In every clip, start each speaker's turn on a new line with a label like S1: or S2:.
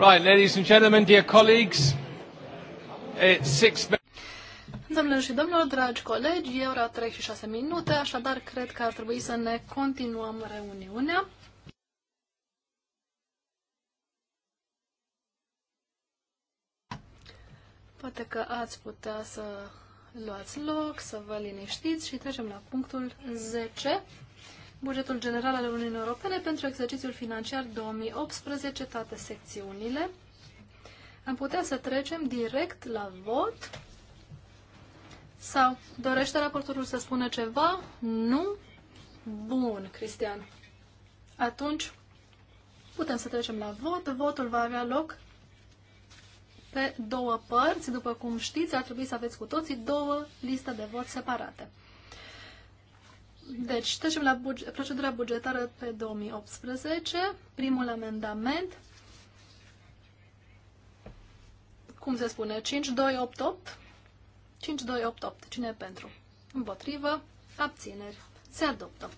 S1: Right, ladies and gentlemen, dear colleagues, it's six...
S2: Domnilor și domnilor, dragi colegi, e ora 3 și 6 minute, așadar cred că ar trebui să ne continuăm reuniunea. Poate că ați putea să luați loc, să vă liniștiți și trecem la punctul 10 Bugetul general al Uniunii Europene pentru exercițiul financiar 2018, toate secțiunile. Am putea să trecem direct la vot. Sau dorește raportorul să spună ceva? Nu? Bun, Cristian. Atunci putem să trecem la vot. Votul va avea loc pe două părți. După cum știți, ar trebui să aveți cu toții două liste de vot separate. Deci, trecem la buge procedura bugetară pe 2018. Primul amendament. Cum se spune? 5288. 5288. Cine e pentru? Împotrivă. Abțineri. Se adoptă.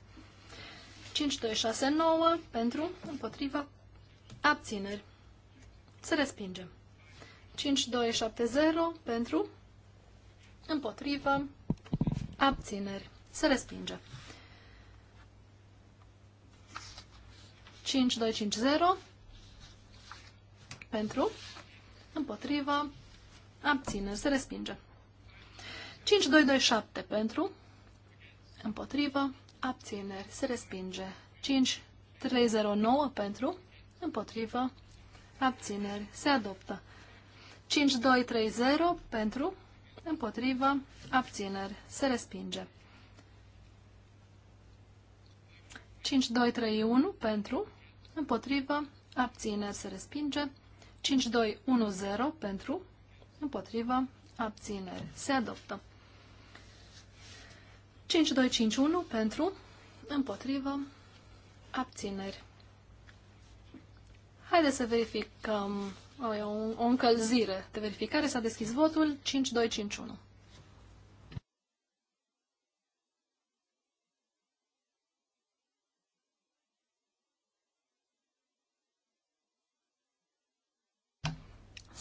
S2: 5269 pentru, împotrivă, abțineri. Se respinge. 5270 pentru, împotrivă, abțineri. Se respinge. 0 pentru, împotrivă, abține, se respinge. 7 pentru, împotrivă, abțineri, se respinge. 9 pentru, împotrivă, abțineri, se adoptă. 0 pentru, împotrivă, abțineri, se respinge. 5231 pentru, împotrivă, abțineri se respinge. 5210 pentru, împotrivă, abțineri se adoptă. 5251 pentru, împotrivă, abțineri. Haideți să verificăm o, o încălzire de verificare. S-a deschis votul 5251.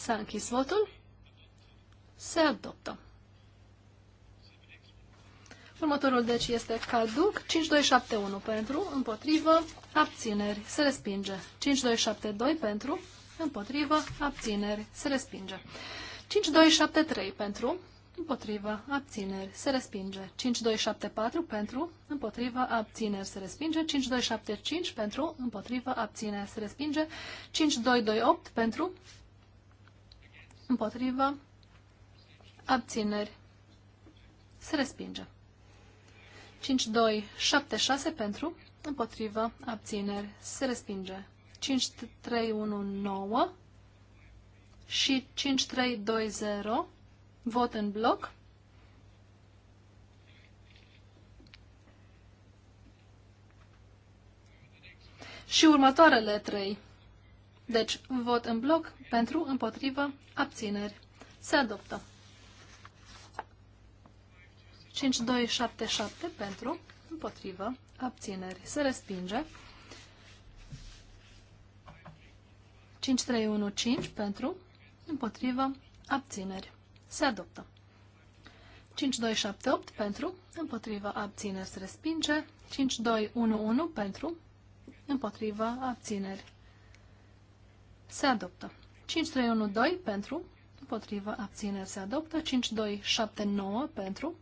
S2: S-a închis votul. Se adoptă. Următorul deci este caduc. 5271 pentru, împotrivă, abțineri, se respinge. 5272 pentru, împotrivă, abțineri, se respinge. 5273 pentru, împotrivă, abțineri, se respinge. 5274 pentru, împotrivă, abțineri, se respinge. 5275 pentru, împotrivă, abțineri, se respinge. 5228 pentru, împotrivă, abțineri, se respinge. 5, 2, 7, 6 pentru, împotrivă, abțineri, se respinge. 5, 3, 1, 9 și 5, 3, 2, 0, vot în bloc. Și următoarele trei deci, vot în bloc pentru, împotrivă, abțineri. Se adoptă. 5277 pentru, împotrivă, abțineri. Se respinge. 5315 pentru, împotrivă, abțineri. Se adoptă. 5278 pentru, împotrivă, abțineri. Se respinge. 5211 pentru, împotrivă, abțineri se adoptă. 5312 pentru, împotrivă, abțineri se adoptă. 5279 pentru,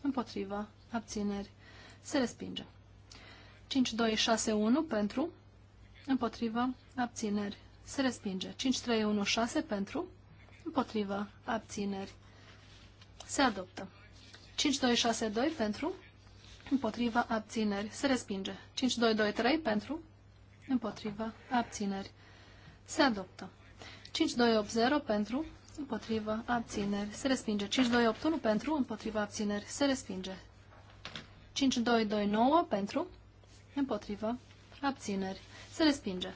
S2: împotrivă, abțineri se respinge. 5261 pentru, împotrivă, abțineri se respinge. 5316 pentru, împotrivă, abțineri se adoptă. 5262 pentru, împotriva abțineri. Se respinge. 5-2-2-3 pentru, împotriva abțineri se adoptă. 5280 pentru, împotrivă, abțineri, se respinge. 5281 pentru, împotrivă, abțineri, se respinge. 5229 pentru, împotrivă, abțineri, se respinge.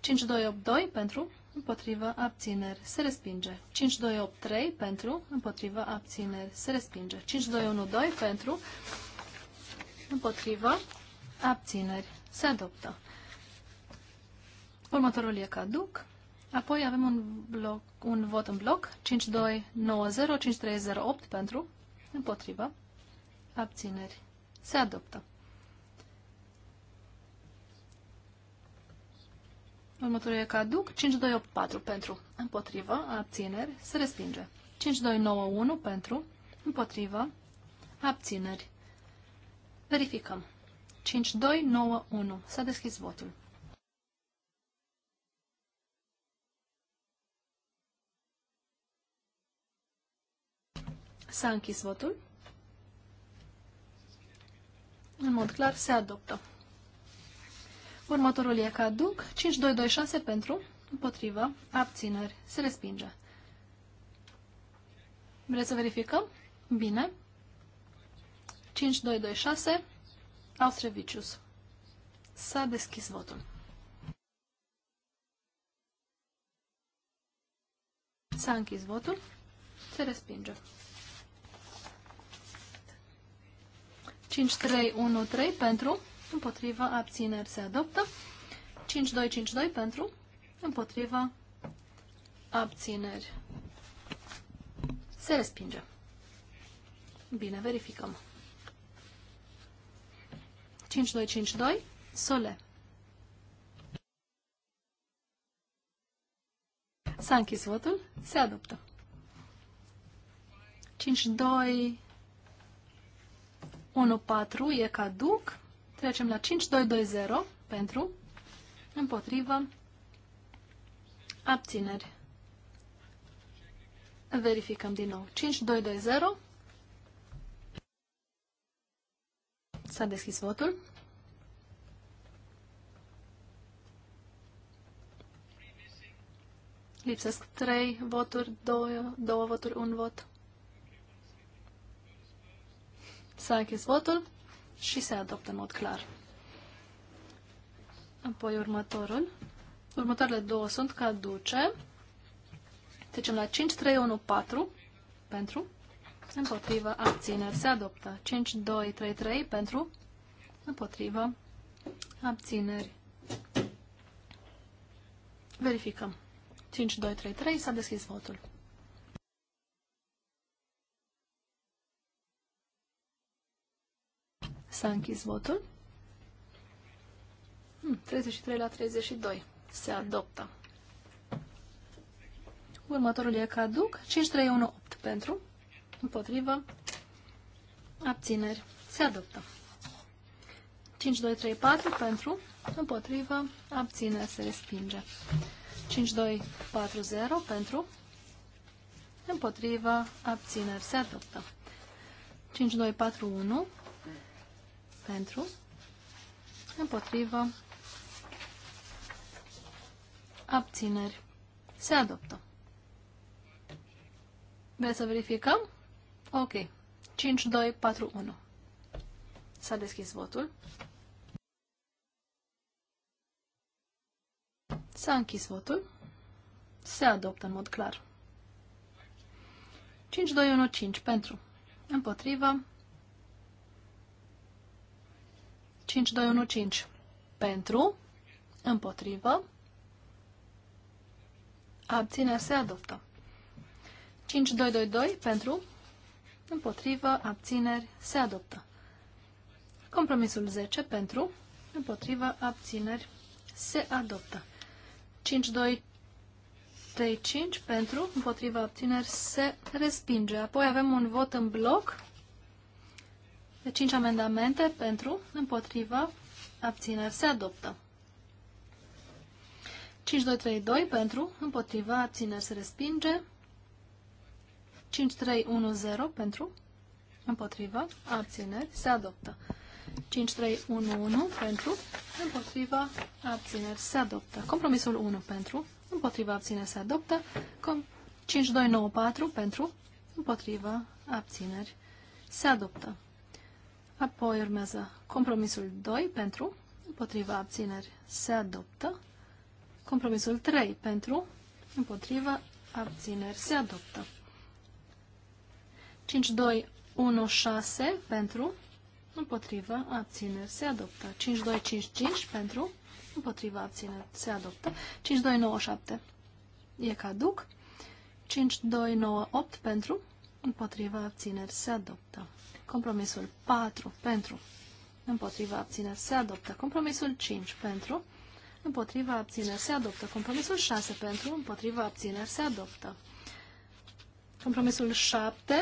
S2: 5282 pentru, împotrivă, abțineri, se respinge. 5283 pentru, împotrivă, abțineri, se respinge. 5212 pentru, împotrivă, abțineri, se adoptă. Următorul e caduc. Apoi avem un, bloc, un vot în bloc, 5290, 5308 pentru, împotrivă, abțineri. Se adoptă. Următorul e caduc, 5284 pentru, împotrivă, abțineri, se respinge. 5291 pentru, împotrivă, abțineri. Verificăm. 5291. S-a deschis votul. S-a închis votul. În mod clar, se adoptă. Următorul e caduc. 5226 pentru, împotrivă, abțineri, se respinge. Vreți să verificăm? Bine. 5226, Austrevicius. S-a deschis votul. S-a închis votul. Se respinge. 5313 pentru, împotriva, abțineri se adoptă. 5252 pentru, împotriva, abțineri se respinge. Bine, verificăm. 5252 Sole. S-a închis votul, se adoptă. 5, 2, 1-4 e caduc. Trecem la 5-2-2-0 pentru, împotrivă, abțineri. Verificăm din nou. 0 S-a deschis votul. Lipsesc 3 voturi, 2, 2 voturi, 1 vot. să achizi votul și se adoptă în mod clar. Apoi următorul. Următoarele două sunt caduce. Trecem la 5, 3, 1, 4 pentru, împotrivă, abțineri, se adoptă. 5, 2, 3, 3 pentru, împotrivă, abțineri. Verificăm. 5, 2, 3, 3 s-a deschis votul. S-a închis votul. 33 hmm, la 32. Se adoptă. Următorul e caduc. 5-3-1-8 pentru. Împotrivă. Abțineri. Se adoptă. 5-2-3-4 pentru. Împotrivă. Abțineri. Se respinge. 5-2-4-0 pentru. Împotrivă. Abțineri. Se adoptă. 5241 pentru, împotrivă, abțineri, se adoptă. Vreți să verificăm? Ok. 5, 2, 4, 1. S-a deschis votul. S-a închis votul. Se adoptă în mod clar. 5, 2, 1, 5 pentru. Împotrivă. 5215 pentru, împotrivă, abțineri se adoptă. 5222 pentru, împotrivă, abțineri se adoptă. Compromisul 10 pentru, împotrivă, abțineri se adoptă. 5235 pentru, împotrivă, abțineri se respinge. Apoi avem un vot în bloc 5 deci, amendamente pentru, împotrivă, abțineri se adoptă. 5232 pentru, împotriva, abțineri se respinge. 5310 pentru, împotriva, abțineri se adoptă. 5311 pentru, împotriva, abțineri se adoptă. Compromisul 1 pentru, împotriva, abțineri se adoptă. 5294 pentru, împotriva, abțineri se adoptă. Apoi urmează compromisul 2 pentru, împotriva abțineri se adoptă. Compromisul 3 pentru, împotriva abțineri se adoptă. 6 pentru, împotriva abțineri se adoptă. 5 pentru, împotriva abțineri se adoptă. 7 e caduc. 8 pentru, împotriva abțineri se adoptă. Compromisul 4 pentru. Împotriva abțineri se adoptă. Compromisul 5 pentru. Împotriva abțineri se adoptă. Compromisul 6 pentru. Împotriva abțineri se adoptă. Compromisul 7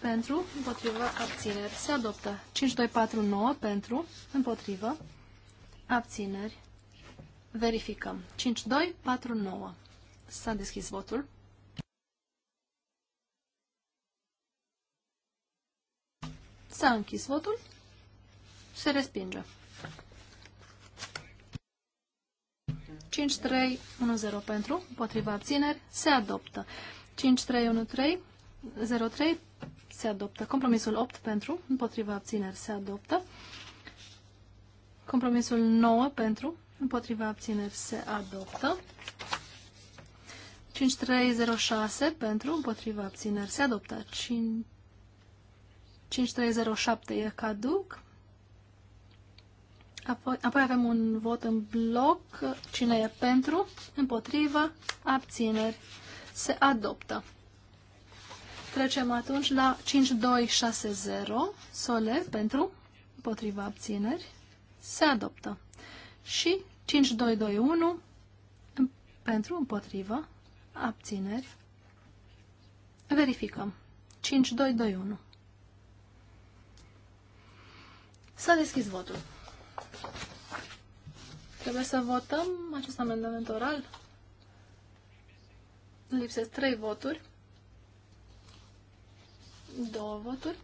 S2: pentru. Împotriva abțineri se adoptă. 5, 2, 4, 9, pentru. Împotriva abțineri. Verificăm. 5, 2, 4, 9. S-a deschis votul. S-a închis votul. Se respinge. 5310 pentru, împotriva abțineri, se adoptă. 5313 03 se adoptă. Compromisul 8 pentru, împotriva abțineri, se adoptă. Compromisul 9 pentru, împotriva abțineri, se adoptă. 5306 pentru, împotriva abțineri, se adoptă. 5 5307 e caduc. Apoi, apoi avem un vot în bloc. Cine e pentru? Împotrivă? Abțineri. Se adoptă. Trecem atunci la 5260. Sole pentru? Împotrivă? abțineri. Se adoptă. Și 5221 pentru? Împotrivă? Abțineri. Verificăm. 5221. S-a deschis votul. Trebuie să votăm acest amendament oral. Lipsesc trei voturi. Două voturi.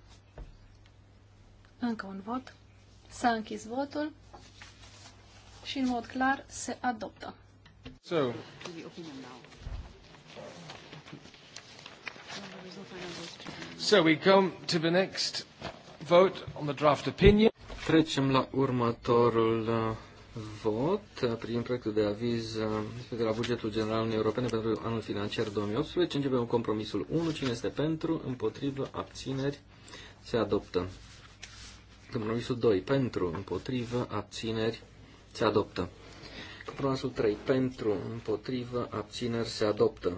S2: Încă un vot. S-a închis votul și în mod clar se adoptă.
S1: So. So we come to the next vote on the draft opinion. Trecem la următorul uh, vot uh, prin proiectul de aviz uh, de la bugetul general Uniunii Europene pentru anul financiar 2018. Începem cu compromisul 1. Cine este pentru? Împotrivă? Abțineri? Se adoptă. Compromisul 2. Pentru? Împotrivă? Abțineri? Se adoptă. Compromisul 3. Pentru? Împotrivă? Abțineri? Se adoptă.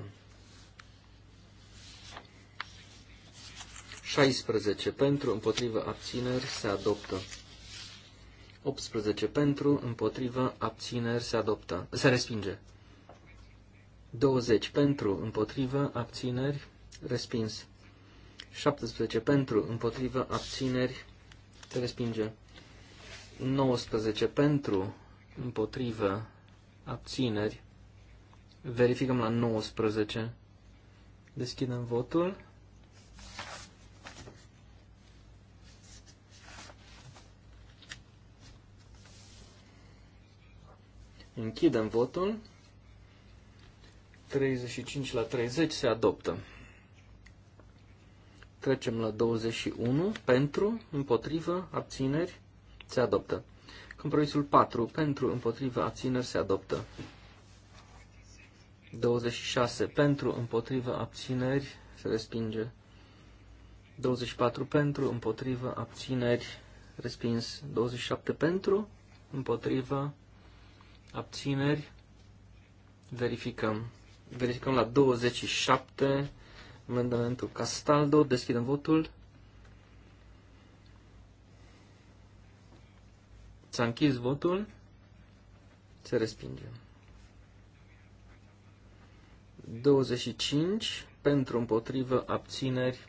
S1: 16. Pentru? Împotrivă? Abțineri? Se adoptă. 18 pentru, împotrivă, abțineri, se adoptă, se respinge. 20 pentru, împotrivă, abțineri, respins. 17 pentru, împotrivă, abțineri, se respinge. 19 pentru, împotrivă, abțineri. Verificăm la 19. Deschidem votul. Închidem votul. 35 la 30 se adoptă. Trecem la 21. Pentru, împotrivă, abțineri, se adoptă. Compromisul 4. Pentru, împotrivă, abțineri, se adoptă. 26. Pentru, împotrivă, abțineri, se respinge. 24 pentru, împotrivă, abțineri, respins. 27 pentru, împotrivă, abțineri, verificăm. Verificăm la 27, amendamentul Castaldo, deschidem votul. S-a închis votul, se respinge. 25 pentru, împotrivă, abțineri,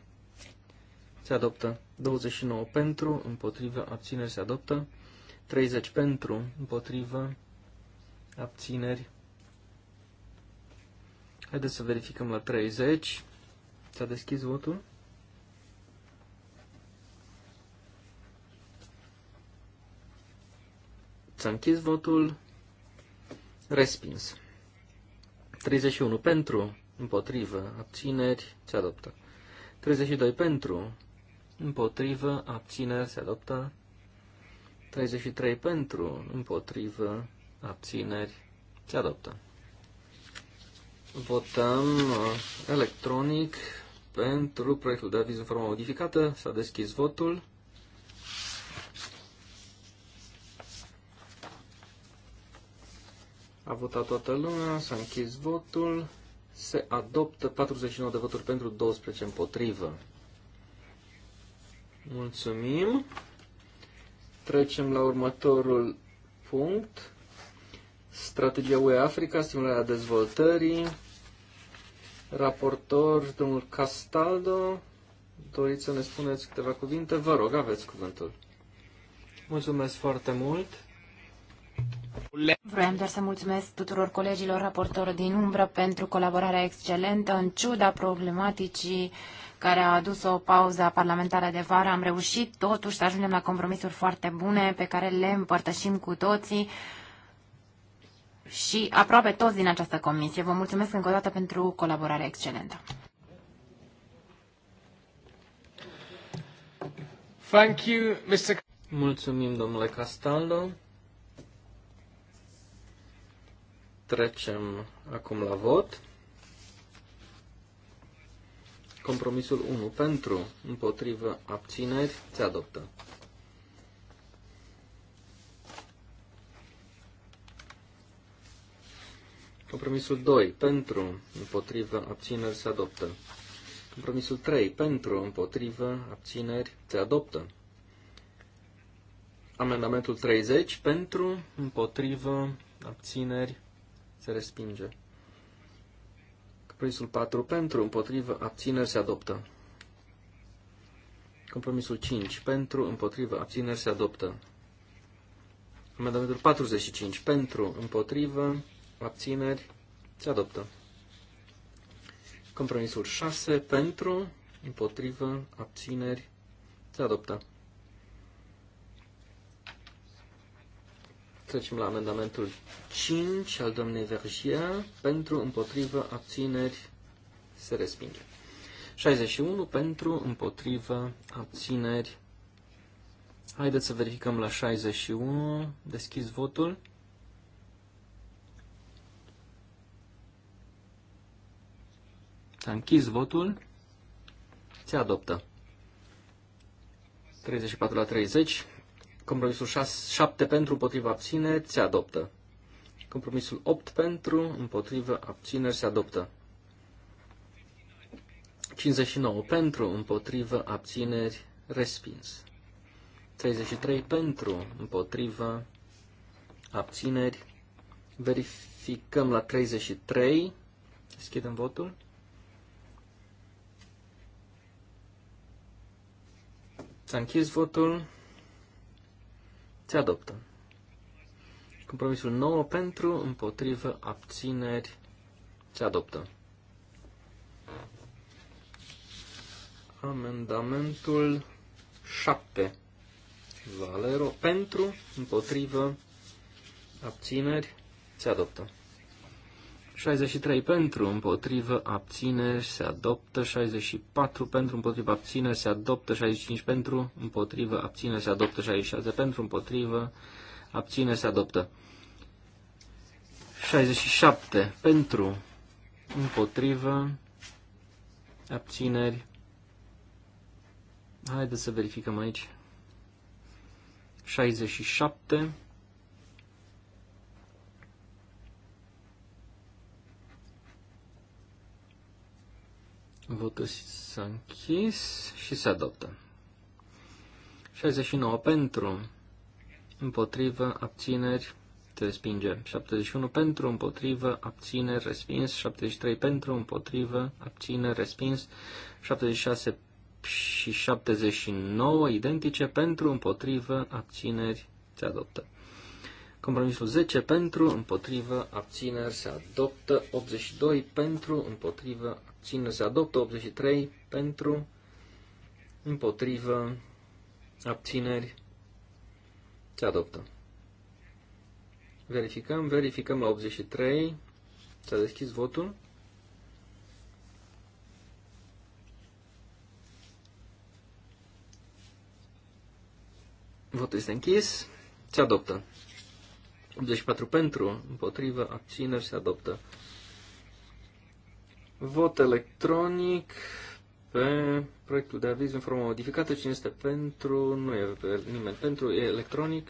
S1: se adoptă. 29 pentru, împotrivă, abțineri, se adoptă. 30 pentru, împotrivă, abțineri. Haideți să verificăm la 30. S-a deschis votul. S-a închis votul. Respins. 31 pentru, împotrivă, abțineri, se adoptă. 32 pentru, împotrivă, abțineri, se adoptă. 33 pentru, împotrivă, abțineri, se adoptă. Votăm uh, electronic pentru proiectul de aviz în formă modificată. S-a deschis votul. A votat toată lumea, s-a închis votul, se adoptă 49 de voturi pentru 12 împotrivă. Mulțumim. Trecem la următorul punct. Strategia UE Africa, stimularea dezvoltării. Raportor, domnul Castaldo, doriți să ne spuneți câteva cuvinte? Vă rog, aveți cuvântul. Mulțumesc foarte mult.
S3: Vreau doar să mulțumesc tuturor colegilor raportori din umbră pentru colaborarea excelentă. În ciuda problematicii care a adus o pauză parlamentară de vară, am reușit totuși să ajungem la compromisuri foarte bune pe care le împărtășim cu toții și aproape toți din această comisie. Vă mulțumesc încă o dată pentru colaborarea excelentă.
S1: Thank you, Mr. Mulțumim, domnule Castaldo. Trecem acum la vot. Compromisul 1 pentru, împotrivă, abțineri, se adoptă. Compromisul 2. Pentru, împotrivă, abțineri se adoptă. Compromisul 3. Pentru, împotrivă, abțineri se adoptă. Amendamentul 30. Pentru, împotrivă, abțineri se respinge. Compromisul 4. Pentru, împotrivă, abțineri se adoptă. Compromisul 5. Pentru, împotrivă, abțineri se adoptă. Amendamentul 45. Pentru, împotrivă, abțineri, se adoptă. Compromisul 6 pentru, împotrivă, abțineri, se adoptă. Trecem la amendamentul 5 al domnului Vergia. Pentru, împotrivă, abțineri, se respinge. 61 pentru, împotrivă, abțineri. Haideți să verificăm la 61. Deschis votul. S-a închis votul. Se adoptă. 34 la 30. Compromisul 6, 7 pentru, împotriva abțineri, se adoptă. Compromisul 8 pentru, împotriva abțineri, se adoptă. 59 pentru, împotriva abțineri, respins. 33 pentru, împotriva abțineri. Verificăm la 33. Deschidem votul. ți a închis votul. Se adoptă. Compromisul 9 pentru, împotrivă, abțineri. Se adoptă. Amendamentul 7. Valero pentru, împotrivă, abțineri. Se adoptă. 63 pentru, împotrivă, abțineri, se adoptă. 64 pentru, împotrivă, abțineri, se adoptă. 65 pentru, împotrivă, abțineri, se adoptă. 66 pentru, împotrivă, abțineri, se adoptă. 67 pentru, împotrivă, abțineri. Haideți să verificăm aici. 67 Votul s-a închis și se adoptă. 69 pentru, împotrivă, abțineri, te respinge. 71 pentru, împotrivă, abțineri, respins. 73 pentru, împotrivă, abțineri, respins. 76 și 79 identice pentru, împotrivă, abțineri, se adoptă. Compromisul 10 pentru, împotrivă, abțineri se adoptă. 82 pentru, împotrivă, abțineri se adoptă. 83 pentru, împotrivă, abțineri se adoptă. Verificăm, verificăm la 83. S-a deschis votul. Votul este închis. Se adoptă. 84 pentru, împotrivă, abțineri, se adoptă. Vot electronic pe proiectul de aviz în formă modificată. Cine este pentru? Nu e pe nimeni pentru, e electronic.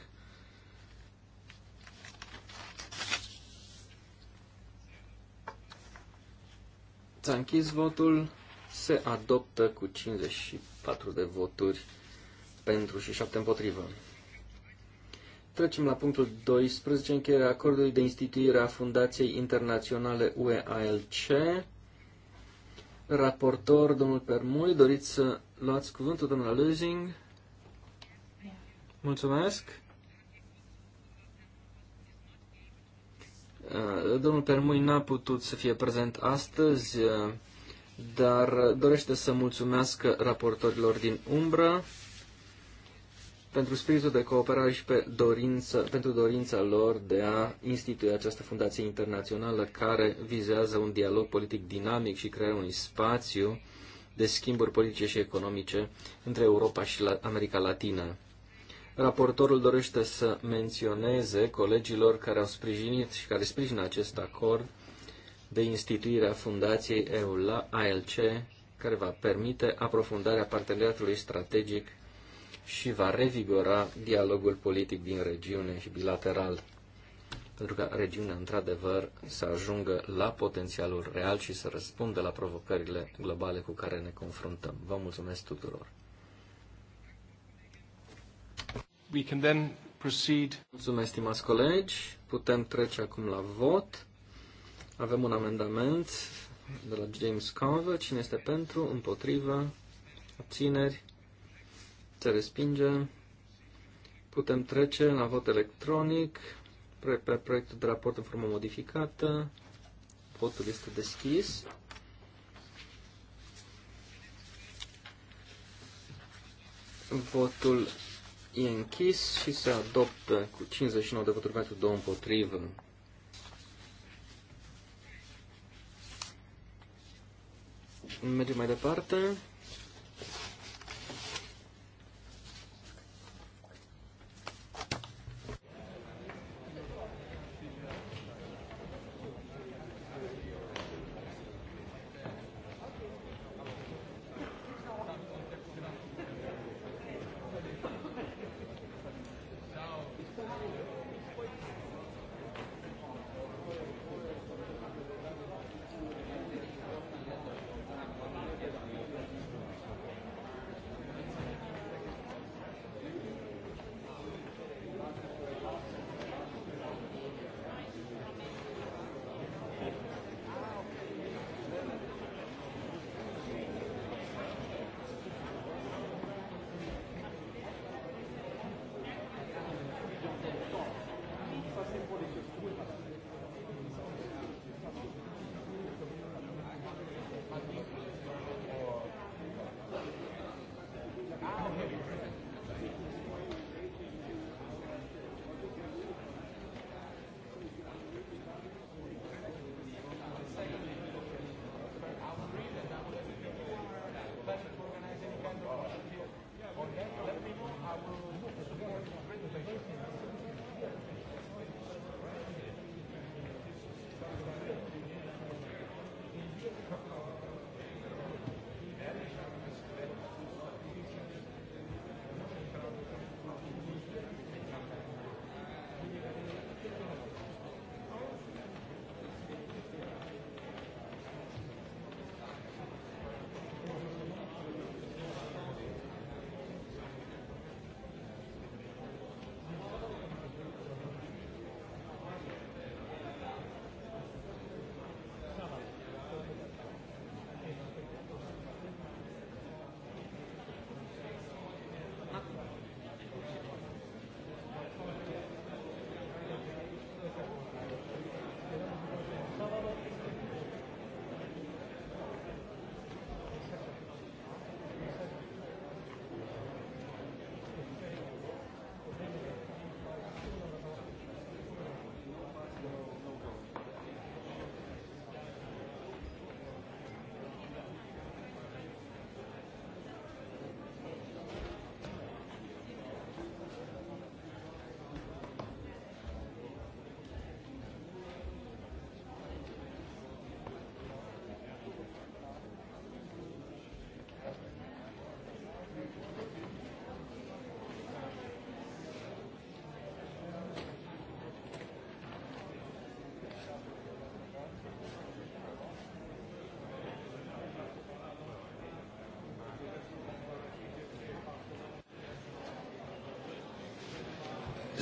S1: S-a închis votul, se adoptă cu 54 de voturi pentru și 7 împotrivă. Trecem la punctul 12, încheierea acordului de instituire a Fundației Internaționale UEALC. Raportor, domnul Permui, doriți să luați cuvântul, domnul Lusing? Mulțumesc. Uh, domnul Permui n-a putut să fie prezent astăzi, uh, dar dorește să mulțumească raportorilor din umbră pentru spiritul de cooperare și pe dorință, pentru dorința lor de a institui această fundație internațională care vizează un dialog politic dinamic și crearea unui spațiu de schimburi politice și economice între Europa și America Latină. Raportorul dorește să menționeze colegilor care au sprijinit și care sprijină acest acord de instituire a Fundației EULA ALC, care va permite aprofundarea parteneriatului strategic și va revigora dialogul politic din regiune și bilateral, pentru ca regiunea, într-adevăr, să ajungă la potențialul real și să răspundă la provocările globale cu care ne confruntăm. Vă mulțumesc tuturor! We can then proceed. Mulțumesc, stimați colegi. Putem trece acum la vot. Avem un amendament de la James Conver. Cine este pentru? Împotrivă? Abțineri? se respinge. Putem trece la vot electronic pe, pe proiectul de raport în formă modificată. Votul este deschis. Votul e închis și se adoptă cu 59 de voturi pentru 2 împotrivă. Mergem mai departe.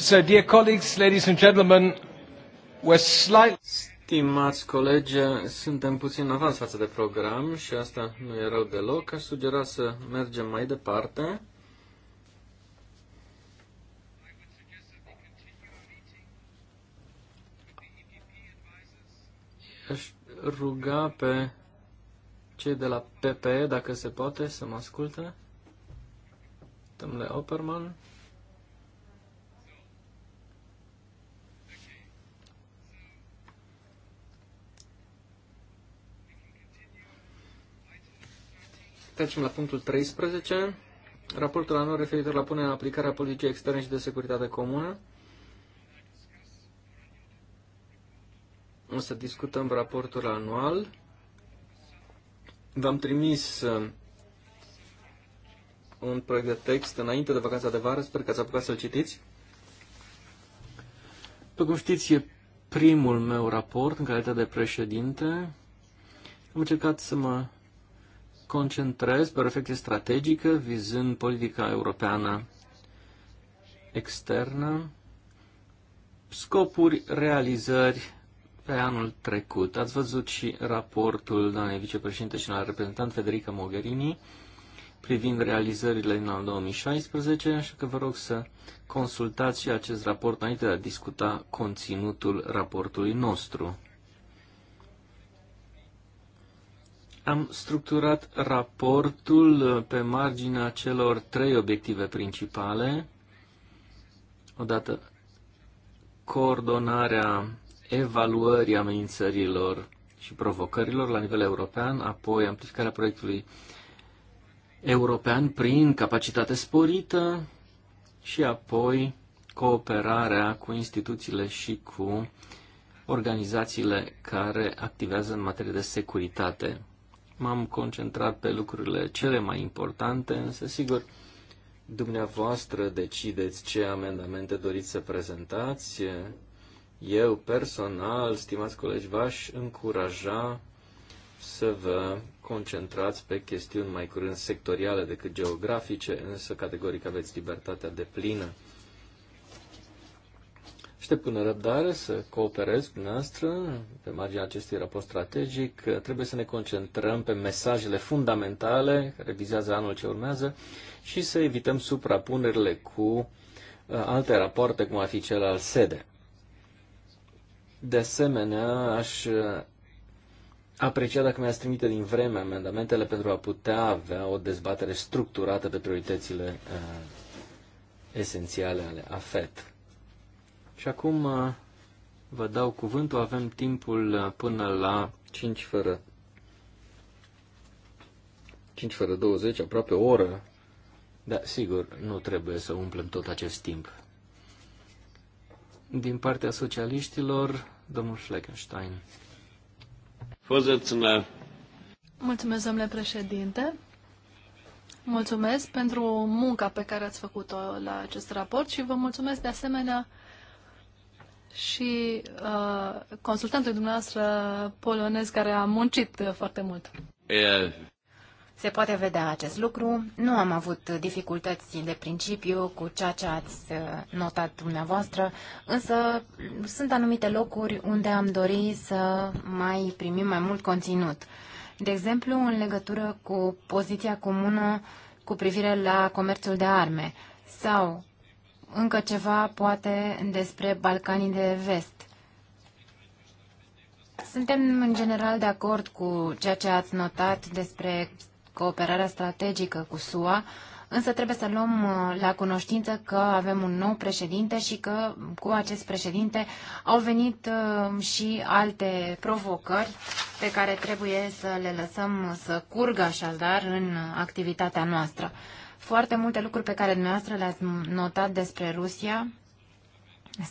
S1: So, dear colleagues, ladies and gentlemen, we're slightly... Stimați colegi, suntem puțin în avans față de program și asta nu e rău deloc. Aș sugera să mergem mai departe. Aș ruga pe cei de la PPE, dacă se poate, să mă asculte. Domnule Opperman. Trecem la punctul 13. Raportul anual referitor la punerea în aplicare a politicii externe și de securitate comună. O să discutăm raportul anual. V-am trimis uh, un proiect de text înainte de vacanța de vară, sper că ați apucat să-l citiți. După cum știți, e primul meu raport în calitate de președinte. Am încercat să mă concentrez pe o reflecție strategică vizând politica europeană externă, scopuri, realizări pe anul trecut. Ați văzut și raportul doamnei vicepreședinte și la reprezentant Federica Mogherini privind realizările în anul 2016, așa că vă rog să consultați și acest raport înainte de a discuta conținutul raportului nostru. Am structurat raportul uh, pe marginea celor trei obiective principale. Odată, coordonarea evaluării amenințărilor și provocărilor la nivel european, apoi amplificarea proiectului european prin capacitate sporită și apoi cooperarea cu instituțiile și cu organizațiile care activează în materie de securitate. M-am concentrat pe lucrurile cele mai importante, însă, sigur, dumneavoastră decideți ce amendamente doriți să prezentați. Eu, personal, stimați colegi, v-aș încuraja să vă concentrați pe chestiuni mai curând sectoriale decât geografice, însă categoric aveți libertatea de plină Aștept cu nerăbdare să cooperez cu noastră pe marginea acestui raport strategic. Trebuie să ne concentrăm pe mesajele fundamentale care vizează anul ce urmează și să evităm suprapunerile cu uh, alte rapoarte, cum ar fi cel al SEDE. De asemenea, aș uh, aprecia dacă mi-ați trimite din vreme amendamentele pentru a putea avea o dezbatere structurată pe prioritățile uh, esențiale ale AFET. Și acum uh, vă dau cuvântul, avem timpul uh, până la 5 fără 5 fără 20, aproape o oră. Da, sigur, nu trebuie să umplem tot acest timp. Din partea socialiștilor, domnul Fleckenstein. Eh,
S2: mulțumesc, domnule președinte. Mulțumesc pentru munca pe care ați făcut-o la acest raport și vă mulțumesc de asemenea și uh, consultantul dumneavoastră polonez care a muncit foarte mult.
S1: Yeah.
S3: Se poate vedea acest lucru. Nu am avut dificultăți de principiu cu ceea ce ați uh, notat dumneavoastră, însă sunt anumite locuri unde am dori să mai primim mai mult conținut. De exemplu, în legătură cu poziția comună cu privire la comerțul de arme sau încă ceva, poate, despre Balcanii de Vest. Suntem, în general, de acord cu ceea ce ați notat despre cooperarea strategică cu SUA, însă trebuie să luăm uh, la cunoștință că avem un nou președinte și că cu acest președinte au venit uh, și alte provocări pe care trebuie să le lăsăm uh, să curgă așadar în activitatea noastră. Foarte multe lucruri pe care dumneavoastră le-ați notat despre Rusia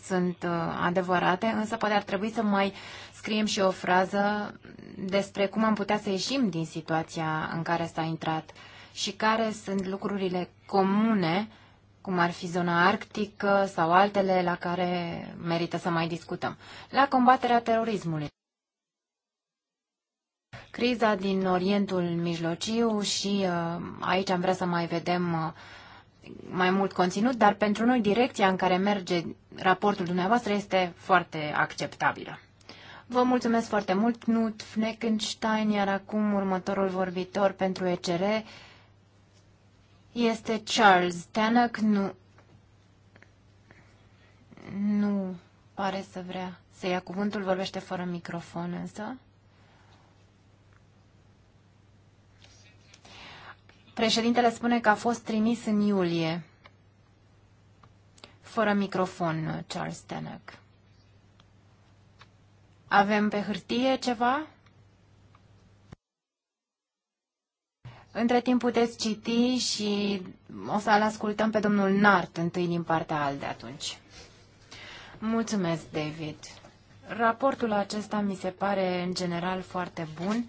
S3: sunt uh, adevărate, însă poate ar trebui să mai scriem și o frază despre cum am putea să ieșim din situația în care s-a intrat și care sunt lucrurile comune, cum ar fi zona arctică sau altele la care merită să mai discutăm. La combaterea terorismului. Criza din Orientul Mijlociu și uh, aici am vrea să mai vedem uh, mai mult conținut, dar pentru noi direcția în care merge raportul dumneavoastră este foarte acceptabilă. Vă mulțumesc foarte mult, Knut Fleckenstein, iar acum următorul vorbitor pentru ECR este Charles Tanak. Nu, nu pare să vrea să ia cuvântul, vorbește fără microfon însă. Președintele spune că a fost trimis în iulie. Fără microfon, Charles Tenek. Avem pe hârtie ceva? Între timp puteți citi și o să-l ascultăm pe domnul Nart întâi din partea al de atunci. Mulțumesc, David. Raportul acesta mi se pare în general foarte bun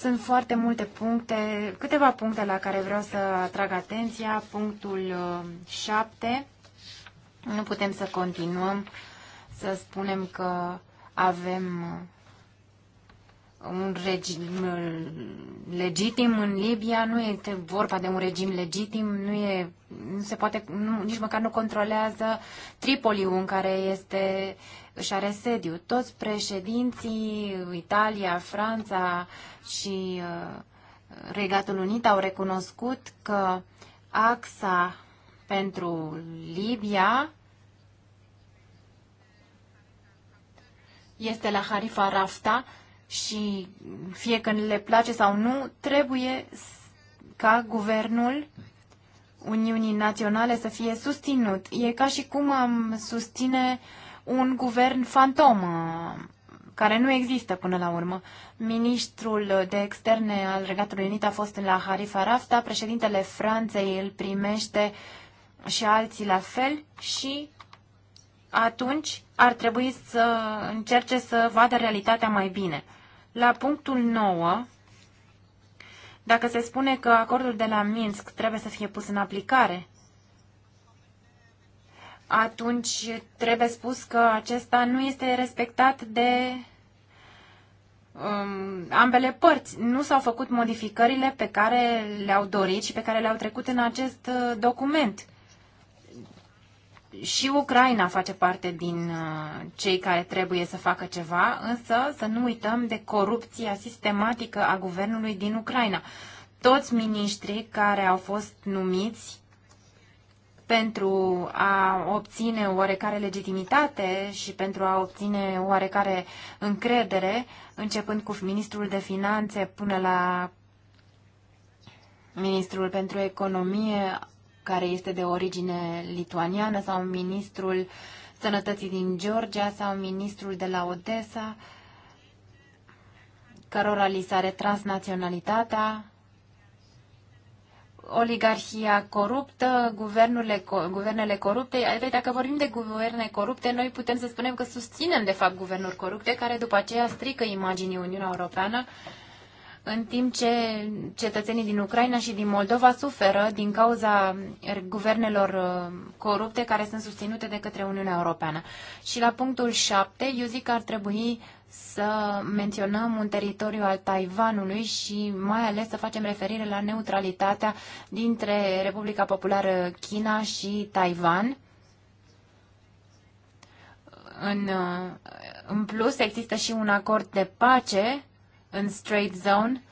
S3: sunt foarte multe puncte, câteva puncte la care vreau să atrag atenția. Punctul 7. Uh, nu putem să continuăm să spunem că avem uh, un regim uh, legitim în Libia, nu este vorba de un regim legitim, nu, e, nu se poate, nu, nici măcar nu controlează Tripoliul în care este uh, își are sediu. Toți președinții, Italia, Franța și uh, Regatul Unit au recunoscut că axa pentru Libia este la Harifa Rafta și fie când le place sau nu, trebuie ca guvernul Uniunii Naționale să fie susținut. E ca și cum am susține uh, un guvern fantomă uh, care nu există până la urmă. Ministrul de externe al Regatului Unit a fost la Harifa Rafta, președintele Franței îl primește și alții la fel și atunci ar trebui să încerce să vadă realitatea mai bine. La punctul 9, dacă se spune că acordul de la Minsk trebuie să fie pus în aplicare, atunci trebuie spus că acesta nu este respectat de um, ambele părți. Nu s-au făcut modificările pe care le-au dorit și pe care le-au trecut în acest uh, document. Și Ucraina face parte din uh, cei care trebuie să facă ceva, însă să nu uităm de corupția sistematică a guvernului din Ucraina. Toți miniștrii care au fost numiți pentru a obține oarecare legitimitate și pentru a obține oarecare încredere, începând cu ministrul de finanțe până la ministrul pentru economie, care este de origine lituaniană, sau ministrul sănătății din Georgia, sau ministrul de la Odessa, cărora li s-a retras naționalitatea, oligarhia coruptă, guvernurile, guvernele corupte. Deci dacă vorbim de guverne corupte, noi putem să spunem că susținem, de fapt, guvernuri corupte, care după aceea strică imaginii Uniunea Europeană, în timp ce cetățenii din Ucraina și din Moldova suferă din cauza er, guvernelor uh, corupte care sunt susținute de către Uniunea Europeană. Și la punctul 7, eu zic că ar trebui să menționăm un teritoriu al Taiwanului și mai ales să facem referire la neutralitatea dintre Republica Populară China și Taiwan. În, în plus, există și un acord de pace în Strait Zone.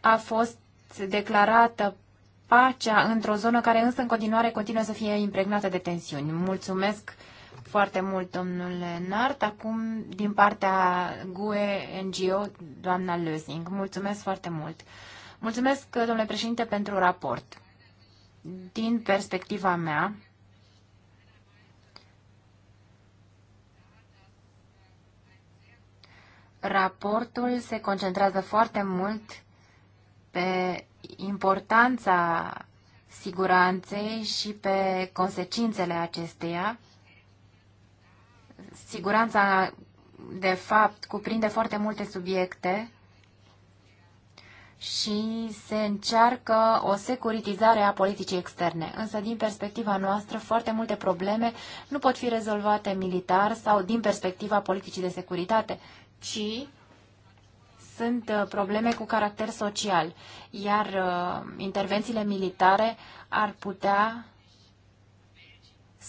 S3: A fost declarată pacea într-o zonă care însă în continuare continuă să fie impregnată de tensiuni. Mulțumesc foarte mult, domnule Nart. Acum, din partea GUE NGO, doamna Lösing. Mulțumesc foarte mult. Mulțumesc, domnule președinte, pentru raport. Din perspectiva mea, raportul se concentrează foarte mult pe importanța siguranței și pe consecințele acesteia siguranța, de fapt, cuprinde foarte multe subiecte și se încearcă o securitizare a politicii externe. Însă, din perspectiva noastră, foarte multe probleme nu pot fi rezolvate militar sau din perspectiva politicii de securitate, ci sunt uh, probleme cu caracter social, iar uh, intervențiile militare ar putea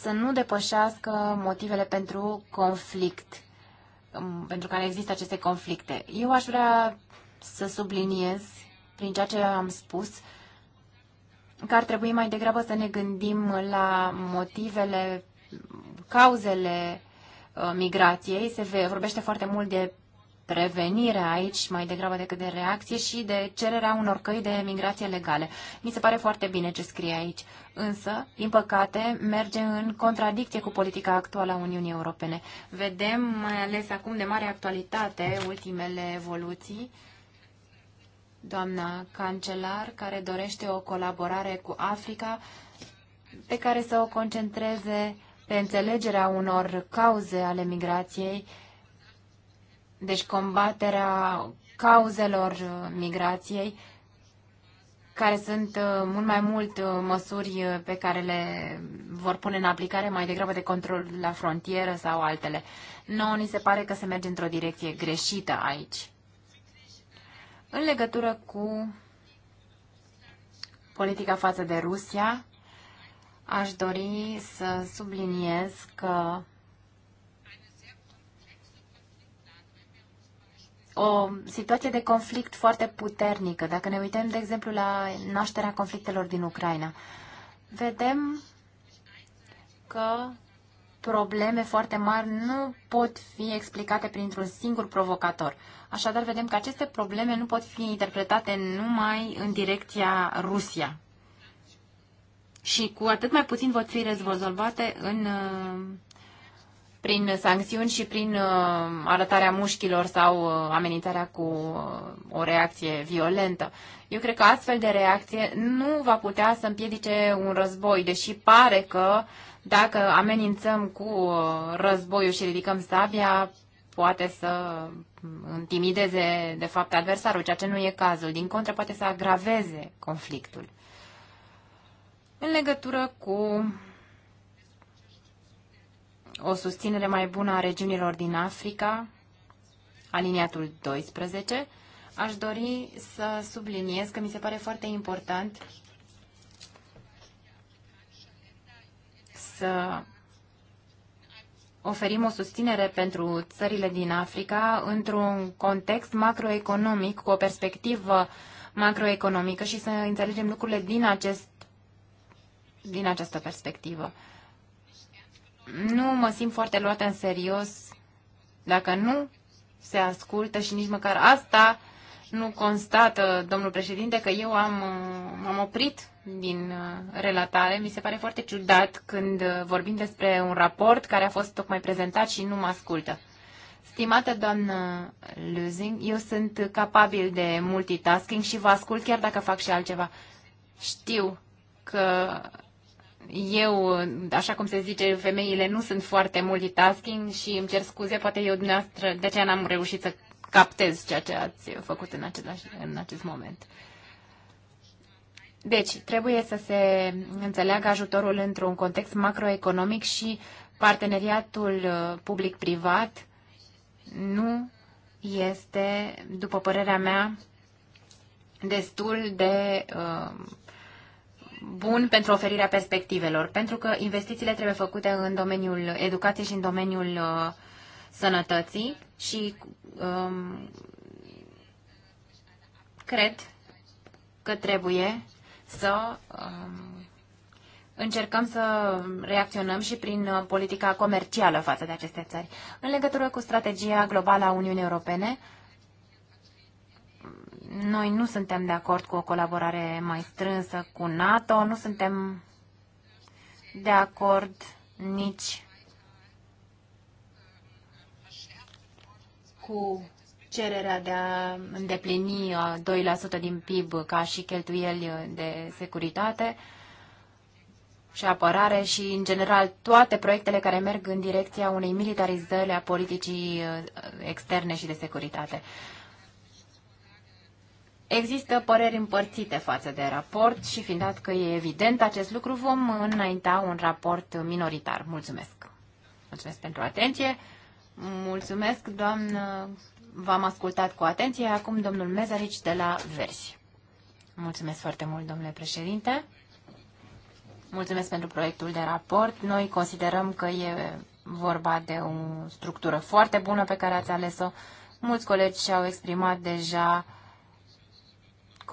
S3: să nu depășească motivele pentru conflict, um, pentru care există aceste conflicte. Eu aș vrea să subliniez, prin ceea ce am spus, că ar trebui mai degrabă să ne gândim la motivele, cauzele uh, migrației. Se vorbește foarte mult de prevenire aici, mai degrabă decât de reacție și de cererea unor căi de migrație legale. Mi se pare foarte bine ce scrie aici, însă, din păcate, merge în contradicție cu politica actuală a Uniunii Europene. Vedem, mai ales acum de mare actualitate, ultimele evoluții, doamna cancelar care dorește o colaborare cu Africa pe care să o concentreze pe înțelegerea unor cauze ale migrației deci combaterea cauzelor uh, migrației, care sunt uh, mult mai mult uh, măsuri pe care le vor pune în aplicare mai degrabă de control la frontieră sau altele. Nouă ni se pare că se merge într-o direcție greșită aici. În legătură cu politica față de Rusia, aș dori să subliniez că o situație de conflict foarte puternică. Dacă ne uităm, de exemplu, la nașterea conflictelor din Ucraina, vedem că probleme foarte mari nu pot fi explicate printr-un singur provocator. Așadar, vedem că aceste probleme nu pot fi interpretate numai în direcția Rusia. Și cu atât mai puțin vor fi rezolvate în uh, prin sancțiuni și prin uh, arătarea mușchilor sau uh, amenințarea cu uh, o reacție violentă. Eu cred că astfel de reacție nu va putea să împiedice un război, deși pare că dacă amenințăm cu războiul și ridicăm sabia, poate să intimideze, de fapt, adversarul, ceea ce nu e cazul. Din contră, poate să agraveze conflictul. În legătură cu o susținere mai bună a regiunilor din Africa, aliniatul 12, aș dori să subliniez că mi se pare foarte important să oferim o susținere pentru țările din Africa într-un context macroeconomic, cu o perspectivă macroeconomică și să înțelegem lucrurile din, acest, din această perspectivă nu mă simt foarte luată în serios dacă nu se ascultă și nici măcar asta nu constată, domnul președinte, că eu am, am oprit din uh, relatare. Mi se pare foarte ciudat când uh, vorbim despre un raport care a fost tocmai prezentat și nu mă ascultă. Stimată doamnă Lusing, eu sunt capabil de multitasking și vă ascult chiar dacă fac și altceva. Știu că eu, așa cum se zice, femeile nu sunt foarte multitasking și îmi cer scuze, poate eu dumneavoastră, de ce n-am reușit să captez ceea ce ați făcut în, același, în acest moment. Deci, trebuie să se înțeleagă ajutorul într-un context macroeconomic și parteneriatul uh, public-privat nu este, după părerea mea, destul de uh, bun pentru oferirea perspectivelor, pentru că investițiile trebuie făcute în domeniul educației și în domeniul uh, sănătății și um, cred că trebuie să um, încercăm să reacționăm și prin uh, politica comercială față de aceste țări. În legătură cu strategia globală a Uniunii Europene, uh, noi nu suntem de acord cu o colaborare mai strânsă cu NATO, nu suntem de acord nici cu cererea de a îndeplini 2% uh, din PIB ca și cheltuieli de securitate și apărare și, în general, toate proiectele care merg în direcția unei militarizări a politicii uh, externe și de securitate. Există păreri împărțite față de raport și fiind dat că e evident acest lucru, vom înainta un raport minoritar. Mulțumesc! Mulțumesc pentru atenție! Mulțumesc, doamnă! V-am ascultat cu atenție. Acum domnul Mezarici de la Versi. Mulțumesc foarte mult, domnule președinte! Mulțumesc pentru proiectul de raport. Noi considerăm că e vorba de o structură foarte bună pe care ați ales-o. Mulți colegi și-au exprimat deja uh,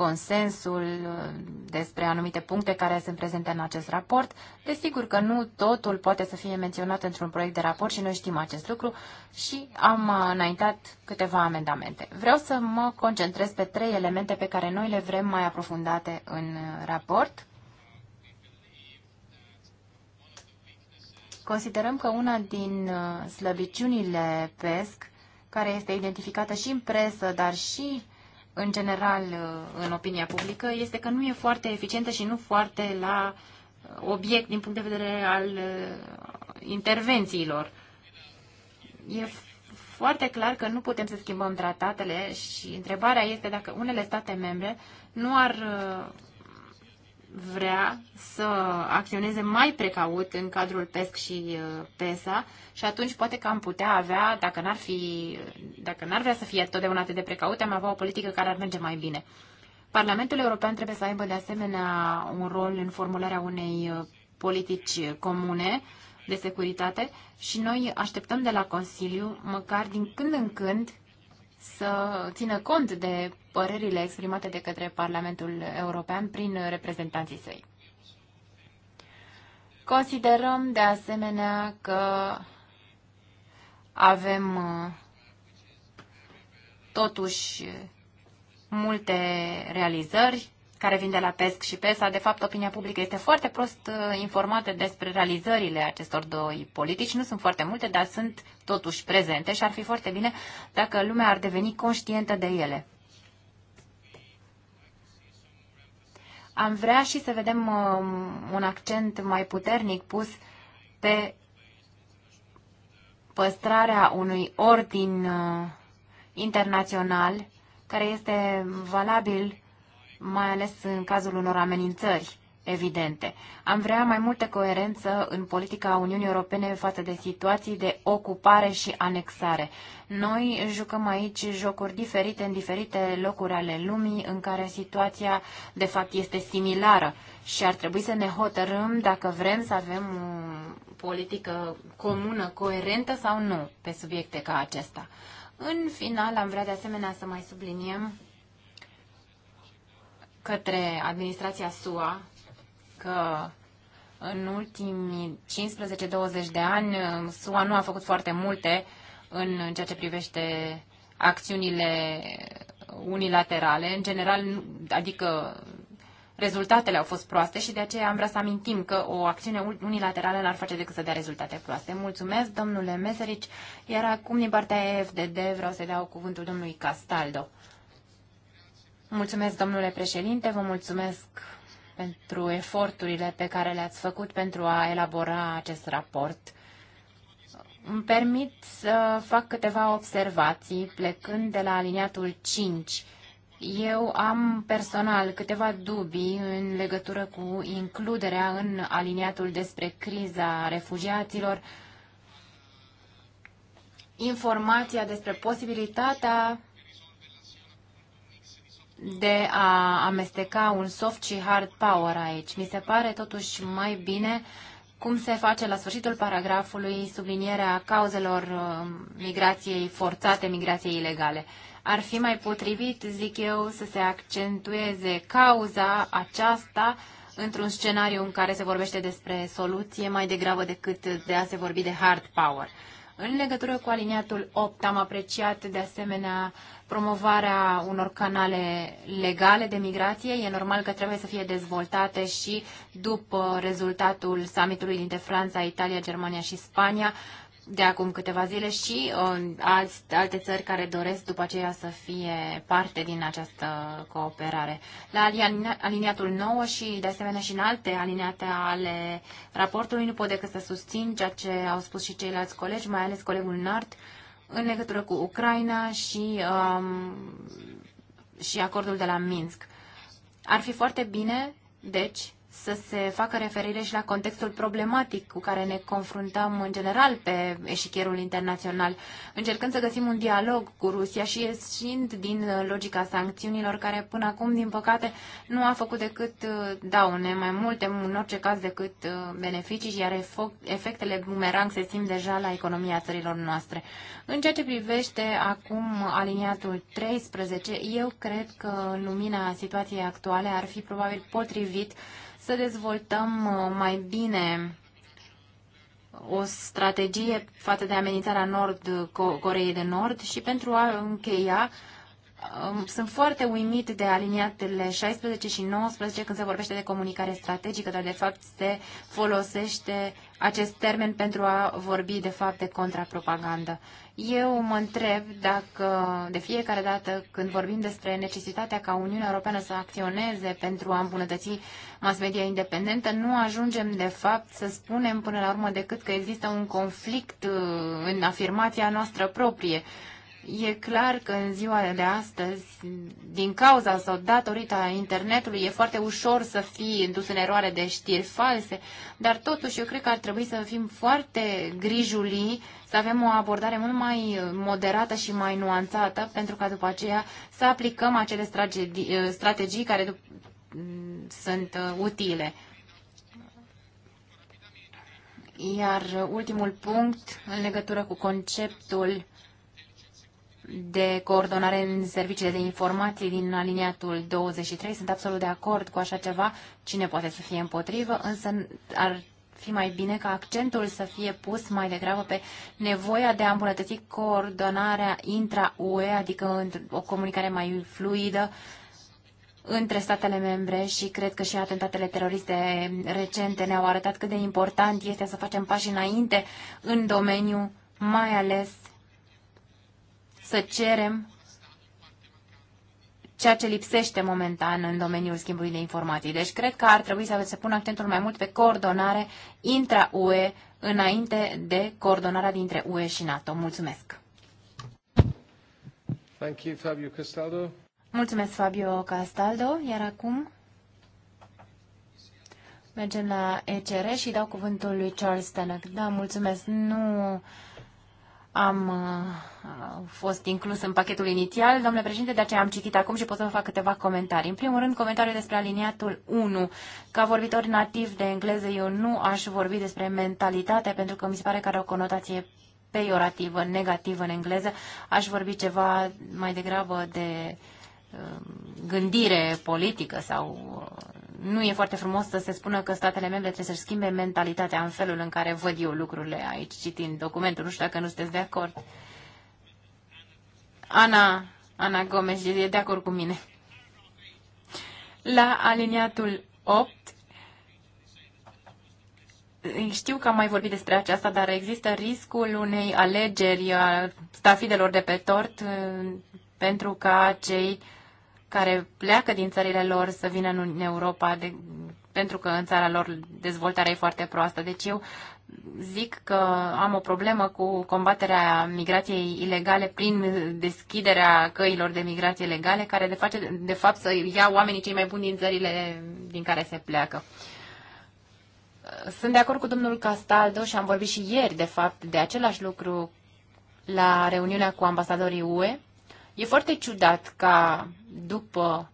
S3: consensul uh, despre anumite puncte care sunt prezente în acest raport. Desigur că nu totul poate să fie menționat într-un proiect de raport și noi știm acest lucru și am uh, înaintat câteva amendamente. Vreau să mă concentrez pe trei elemente pe care noi le vrem mai aprofundate în uh, raport. Considerăm că una din slăbiciunile PESC, care este identificată și în presă, dar și în general uh, în opinia publică este că nu e foarte eficientă și nu foarte la uh, obiect din punct de vedere al uh, intervențiilor. E foarte clar că nu putem să schimbăm tratatele și întrebarea este dacă unele state membre nu ar vrea să acționeze mai precaut în cadrul PESC și uh, PESA și atunci poate că am putea avea, dacă n-ar, fi, dacă n-ar vrea să fie totdeauna atât de precaut, am avea o politică care ar merge mai bine. Parlamentul European trebuie să aibă de asemenea un rol în formularea unei uh, politici comune de securitate și noi așteptăm de la Consiliu, măcar din când în când, să țină cont de părerile exprimate de către Parlamentul European prin reprezentanții săi. Considerăm de asemenea că avem uh, totuși multe realizări care vin de la PESC și PESA. De fapt, opinia publică este foarte prost uh, informată despre realizările acestor doi politici. Nu sunt foarte multe, dar sunt totuși prezente și ar fi foarte bine dacă lumea ar deveni conștientă de ele. Am vrea și să vedem uh, un accent mai puternic pus pe păstrarea unui ordin uh, internațional care este valabil mai ales în cazul unor amenințări evidente. Am vrea mai multă coerență în politica Uniunii Europene față de situații de ocupare și anexare. Noi jucăm aici jocuri diferite în diferite locuri ale lumii în care situația de fapt este similară și ar trebui să ne hotărâm dacă vrem să avem o politică comună, coerentă sau nu pe subiecte ca acesta. În final am vrea de asemenea să mai subliniem către administrația SUA că în ultimii 15-20 de ani uh, SUA nu a făcut foarte multe în ceea ce privește acțiunile unilaterale. În general, adică rezultatele au fost proaste și de aceea am vrea să amintim că o acțiune unilaterală n-ar face decât să dea rezultate proaste. Mulțumesc, domnule Meserici. Iar acum, din partea EFDD, vreau să dau cuvântul domnului Castaldo. Mulțumesc, domnule președinte, vă mulțumesc pentru eforturile pe care le-ați făcut pentru a elabora acest raport. Îmi permit să fac câteva observații plecând de la aliniatul 5. Eu am personal câteva dubii în legătură cu includerea în aliniatul despre criza refugiaților informația despre posibilitatea de a amesteca un soft și hard power aici. Mi se pare totuși mai bine cum se face la sfârșitul paragrafului sublinierea cauzelor uh, migrației forțate, migrației ilegale. Ar fi mai potrivit, zic eu, să se accentueze cauza aceasta într-un scenariu în care se vorbește despre soluție mai degrabă decât de a se vorbi de hard power. În legătură cu aliniatul 8 am apreciat de asemenea promovarea unor canale legale de migrație. E normal că trebuie să fie dezvoltate și după rezultatul summitului dintre Franța, Italia, Germania și Spania de acum câteva zile și uh, alți, alte țări care doresc după aceea să fie parte din această cooperare. La aliniatul 9 și de asemenea și în alte aliniate ale raportului nu pot decât să susțin ceea ce au spus și ceilalți colegi, mai ales colegul Nart, în legătură cu Ucraina și, um, și acordul de la Minsk. Ar fi foarte bine, deci, să se facă referire și la contextul problematic cu care ne confruntăm în general pe eșichierul internațional, încercând să găsim un dialog cu Rusia și ieșind din logica sancțiunilor care până acum, din păcate, nu a făcut decât uh, daune mai multe, în orice caz decât uh, beneficii, iar efectele bumerang se simt deja la economia țărilor noastre. În ceea ce privește acum aliniatul 13, eu cred că în lumina situației actuale ar fi probabil potrivit să dezvoltăm uh, mai bine o strategie față de amenințarea Nord uh, Coreei de Nord și pentru a încheia um, sunt foarte uimit de aliniatele 16 și 19 când se vorbește de comunicare strategică, dar de fapt se folosește acest termen pentru a vorbi de fapt de contrapropagandă. Eu mă întreb dacă de fiecare dată când vorbim despre necesitatea ca Uniunea Europeană să acționeze pentru a îmbunătăți mass media independentă, nu ajungem de fapt să spunem până la urmă decât că există un conflict uh, în afirmația noastră proprie. E clar că în ziua de astăzi, din cauza sau datorită internetului, e foarte ușor să fii indus în eroare de știri false, dar totuși eu cred că ar trebui să fim foarte grijuli, să avem o abordare mult mai moderată și mai nuanțată, pentru ca după aceea să aplicăm acele strategii, strategii care sunt uh, utile. Iar ultimul punct, în legătură cu conceptul de coordonare în serviciile de informații din aliniatul 23. Sunt absolut de acord cu așa ceva. Cine poate să fie împotrivă, însă ar fi mai bine ca accentul să fie pus mai degrabă pe nevoia de a îmbunătăți coordonarea intra-UE, adică o comunicare mai fluidă între statele membre și cred că și atentatele teroriste recente ne-au arătat cât de important este să facem pași înainte în domeniu, mai ales să cerem ceea ce lipsește momentan în domeniul schimbului de informații. Deci cred că ar trebui să se pună accentul mai mult pe coordonare intra-UE înainte de coordonarea dintre UE și NATO. Mulțumesc!
S1: Thank you, Fabio Castaldo.
S3: Mulțumesc, Fabio Castaldo. Iar acum mergem la ECR și dau cuvântul lui Charles Stanek. Da, mulțumesc. Nu am uh, fost inclus în pachetul inițial, domnule președinte, de aceea am citit acum și pot să vă fac câteva comentarii. În primul rând, comentariul despre aliniatul 1. Ca vorbitor nativ de engleză, eu nu aș vorbi despre mentalitate, pentru că mi se pare că are o conotație peiorativă, negativă în engleză. Aș vorbi ceva mai degrabă de uh, gândire politică sau uh, nu e foarte frumos să se spună că statele membre trebuie să-și schimbe mentalitatea în felul în care văd eu lucrurile aici, citind documentul. Nu știu dacă nu sunteți de acord. Ana, Ana Gomes e de acord cu mine. La aliniatul 8, știu că am mai vorbit despre aceasta, dar există riscul unei alegeri a stafidelor de pe tort uh, pentru ca cei uh, care pleacă din țările lor să vină în Europa de, pentru că în țara lor dezvoltarea e foarte proastă. Deci eu zic că am o problemă cu combaterea migrației ilegale prin deschiderea căilor de migrație legale, care de, face, de fapt să ia oamenii cei mai buni din țările din care se pleacă. Sunt de acord cu domnul Castaldo și am vorbit și ieri, de fapt, de același lucru la reuniunea cu ambasadorii UE E foarte ciudat ca după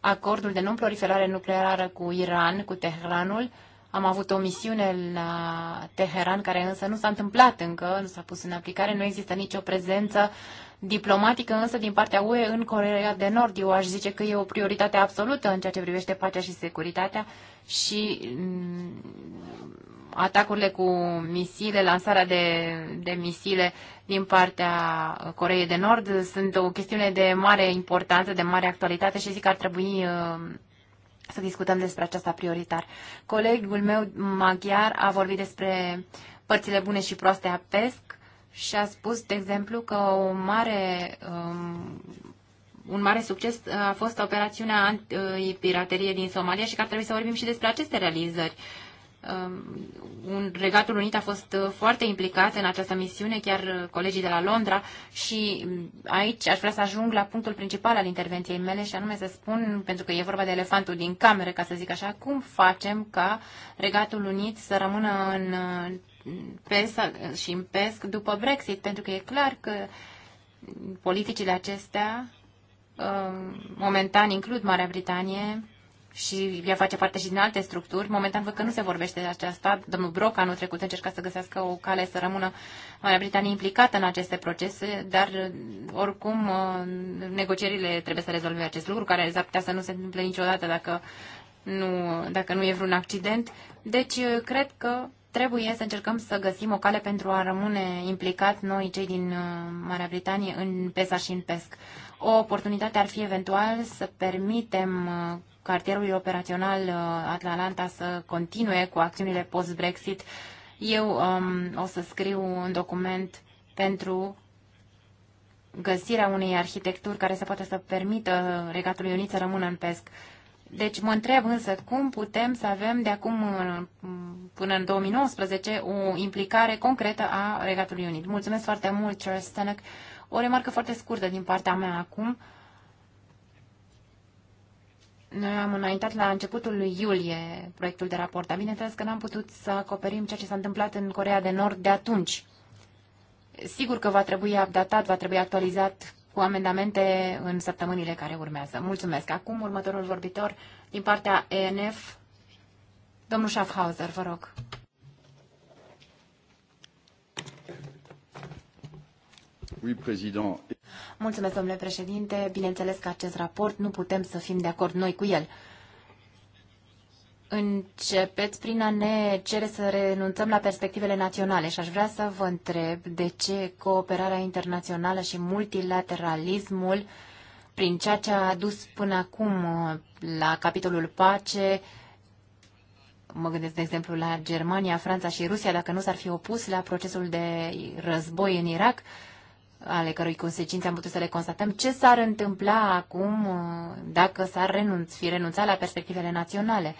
S3: acordul de non-proliferare nucleară cu Iran, cu Teheranul, am avut o misiune la Teheran care însă nu s-a întâmplat încă, nu s-a pus în aplicare, nu există nicio prezență diplomatică însă din partea UE în Corea de Nord. Eu aș zice că e o prioritate absolută în ceea ce privește pacea și securitatea și mm, atacurile cu misile, lansarea de, de misile din partea Coreei de Nord sunt o chestiune de mare importanță, de mare actualitate și zic că ar trebui uh, să discutăm despre aceasta prioritar. Colegul meu maghiar a vorbit despre părțile bune și proaste a PESC și a spus, de exemplu, că o mare, um, un mare succes a fost operațiunea antipiraterie uh, din Somalia și că ar trebui să vorbim și despre aceste realizări. Uh, Um, un Regatul Unit a fost uh, foarte implicat în această misiune, chiar uh, colegii de la Londra și um, aici aș vrea să ajung la punctul principal al intervenției mele și anume să spun, pentru că e vorba de elefantul din cameră, ca să zic așa, cum facem ca Regatul Unit să rămână în uh, PES și în PESC după Brexit, pentru că e clar că politicile acestea momentan includ Marea Britanie și ea face parte și din alte structuri. Momentan văd că nu se vorbește de aceasta. Domnul Broc anul trecut încerca să găsească o cale să rămână Marea Britanie implicată în aceste procese, dar oricum uh, negocierile trebuie să rezolve acest lucru, care s-ar putea să nu se întâmple niciodată dacă nu, dacă nu e vreun accident. Deci uh, cred că trebuie să încercăm să găsim o cale pentru a rămâne implicat noi, cei din uh, Marea Britanie, în PESA și în PESC. O oportunitate ar fi eventual să permitem cartierului operațional uh, Atlanta să continue cu acțiunile post-Brexit. Eu um, o să scriu un document pentru găsirea unei arhitecturi care să poată să permită Regatului Unit să rămână în pesc. Deci mă întreb însă cum putem să avem de acum uh, până în 2019 o implicare concretă a Regatului Unit. Mulțumesc foarte mult, Charles Stanek. O remarcă foarte scurtă din partea mea acum. Uh, noi am înaintat la începutul lui iulie proiectul de raport, dar bineînțeles că n-am putut să acoperim ceea ce s-a întâmplat în Corea de Nord de atunci. Sigur că va trebui updatat, va trebui actualizat cu amendamente în săptămânile care urmează. Mulțumesc. Acum următorul vorbitor din partea ENF, domnul Schaffhauser, vă rog. Oui, président. Mulțumesc, domnule președinte. Bineînțeles că acest raport nu putem să fim de acord noi cu el. Începeți prin a ne cere să renunțăm la perspectivele naționale și aș vrea să vă întreb de ce cooperarea internațională și multilateralismul, prin ceea ce a adus până acum uh, la capitolul pace, mă gândesc de exemplu la Germania, Franța și Rusia, dacă nu s-ar fi opus la procesul de război în Irak, ale cărui consecințe am putut să le constatăm. Ce s-ar întâmpla acum uh, dacă s-ar renunț, fi renunțat la perspectivele naționale?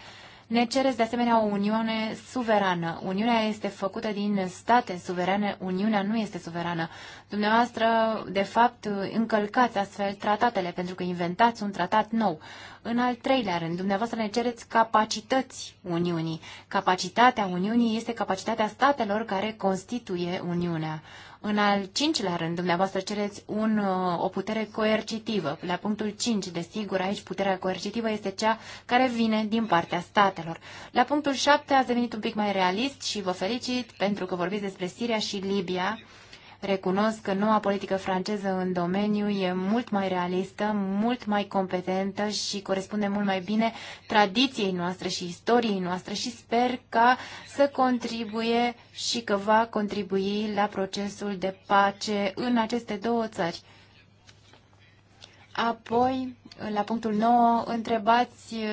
S3: Ne cereți de asemenea o uniune suverană. Uniunea este făcută din state suverane, Uniunea nu este suverană. Dumneavoastră, de fapt, încălcați astfel tratatele pentru că inventați un tratat nou. În al treilea rând, dumneavoastră ne cereți capacități Uniunii. Capacitatea Uniunii este capacitatea statelor care constituie Uniunea. În al cincilea rând, dumneavoastră cereți un, o putere coercitivă. La punctul 5, desigur, aici puterea coercitivă este cea care vine din partea statelor. La punctul 7 ați devenit un pic mai realist și vă felicit pentru că vorbiți despre Siria și Libia recunosc că noua politică franceză în domeniu e mult mai realistă, mult mai competentă și corespunde mult mai bine tradiției noastre și istoriei noastre și sper ca să contribuie și că va contribui la procesul de pace în aceste două țări. Apoi, la punctul 9, întrebați eh,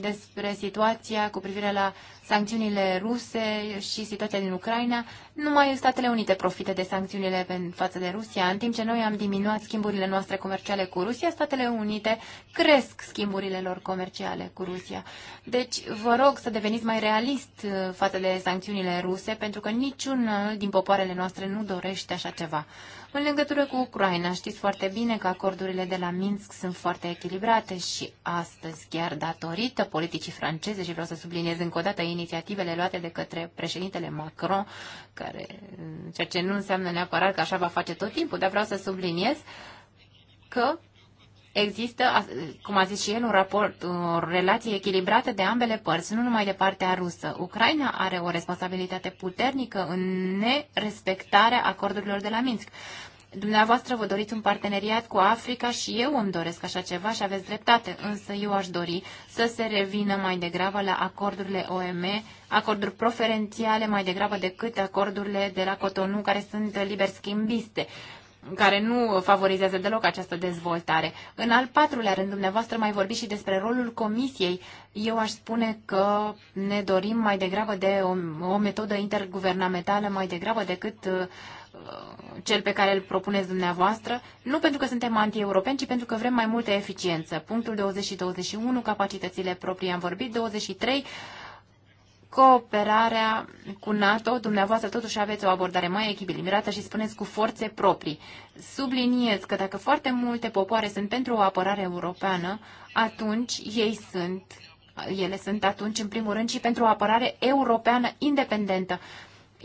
S3: despre situația cu privire la sancțiunile ruse și situația din Ucraina, numai Statele Unite profită de sancțiunile în față de Rusia. În timp ce noi am diminuat schimburile noastre comerciale cu Rusia, Statele Unite cresc schimburile lor comerciale cu Rusia. Deci, vă rog să deveniți mai realist uh, față de sancțiunile ruse, pentru că niciunul uh, din popoarele noastre nu dorește așa ceva. În legătură cu Ucraina, știți foarte bine că acordurile de la Minsk sunt foarte echilibrate și astăzi, chiar datorită politicii franceze, și vreau să subliniez încă o dată inițiativele luate de către președintele Macron, care, ceea ce nu înseamnă neapărat că așa va face tot timpul, dar vreau să subliniez că există, cum a zis și el, un raport, o relație echilibrată de ambele părți, nu numai de partea rusă. Ucraina are o responsabilitate puternică în nerespectarea acordurilor de la Minsk. Dumneavoastră vă doriți un parteneriat cu Africa și eu îmi doresc așa ceva și aveți dreptate, însă eu aș dori să se revină mai degrabă la acordurile OM, acorduri preferențiale mai degrabă decât acordurile de la Cotonou care sunt liber schimbiste care nu favorizează deloc această dezvoltare. În al patrulea rând, dumneavoastră mai vorbiți și despre rolul comisiei. Eu aș spune că ne dorim mai degrabă de o, o metodă interguvernamentală mai degrabă decât uh, Uh, cel pe care îl propuneți dumneavoastră, nu pentru că suntem anti-europeni, ci pentru că vrem mai multă eficiență. Punctul 20 și 21, capacitățile proprii, am vorbit, 23, cooperarea cu NATO, dumneavoastră totuși aveți o abordare mai echilibrată și spuneți cu forțe proprii. Subliniez că dacă foarte multe popoare sunt pentru o apărare europeană, atunci ei sunt, ele sunt atunci în primul rând și pentru o apărare europeană independentă.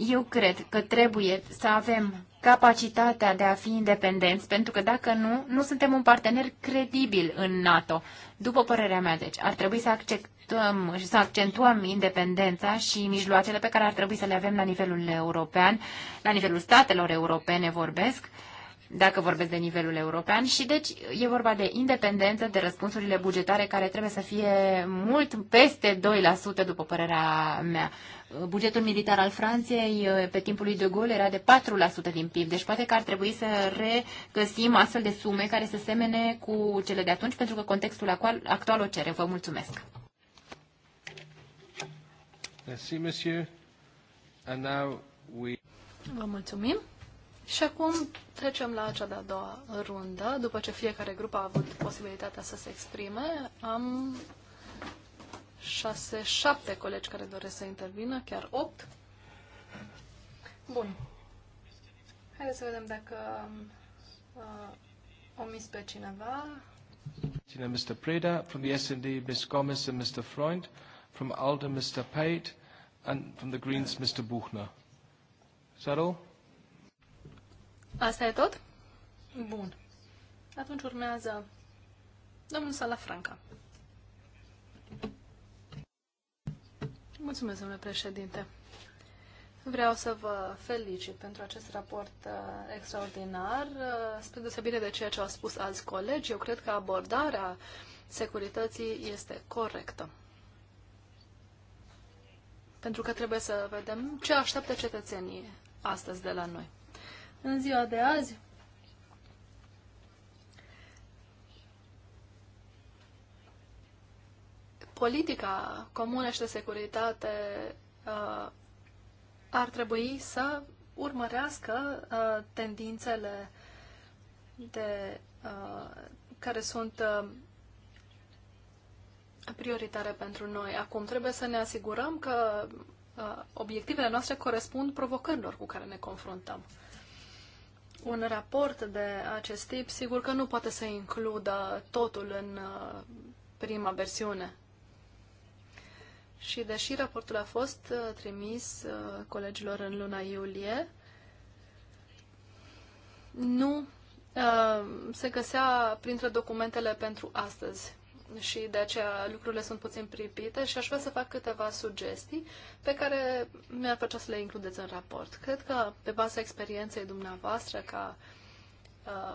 S3: Eu cred că trebuie să avem capacitatea de a fi independenți, pentru că dacă nu, nu suntem un partener credibil în NATO. După părerea mea, deci, ar trebui să acceptăm și să accentuăm independența și mijloacele pe care ar trebui să le avem la nivelul european, la nivelul statelor europene vorbesc, dacă vorbesc de nivelul european și deci e vorba de independență, de răspunsurile bugetare care trebuie să fie mult peste 2% după părerea mea. Bugetul militar al Franței eh, pe timpul lui de Gaulle era de 4% din PIB, deci poate că ar trebui să regăsim astfel de sume care să semene cu cele de atunci, pentru că contextul actual, actual o cere. Vă mulțumesc.
S1: Merci, monsieur. And now we...
S2: Vă mulțumim. Și acum trecem la cea de-a doua rundă. După ce fiecare grup a avut posibilitatea să se exprime, am 6, 7 colegi care doresc să intervină, chiar 8. Bun. Haideți să vedem dacă uh, omis pe cineva.
S1: Cine Mr. Preda, from the S&D, Ms. Gomez and Mr. Freund, from ALDE, Mr. Pate, and from the Greens, Mr. Buchner. Is that all?
S2: Asta e tot? Bun. Atunci urmează domnul Salafranca. Franca. Mulțumesc, domnule președinte. Vreau să vă felicit pentru acest raport uh, extraordinar. Uh, spre deosebire de ceea ce au spus alți colegi, eu cred că abordarea securității este corectă. Pentru că trebuie să vedem ce așteaptă cetățenii astăzi de la noi. În ziua de azi, politica comună și de securitate uh, ar trebui să urmărească uh, tendințele de, uh, care sunt uh, prioritare pentru noi. Acum trebuie să ne asigurăm că uh, obiectivele noastre corespund provocărilor cu care ne confruntăm. Un raport de acest tip sigur că nu poate să includă totul în uh, prima versiune și deși raportul a fost uh, trimis uh, colegilor în luna iulie, nu uh, se găsea printre documentele pentru astăzi și de aceea lucrurile sunt puțin pripite și aș vrea să fac câteva sugestii pe care mi-ar plăcea să le includeți în raport. Cred că pe baza experienței dumneavoastră ca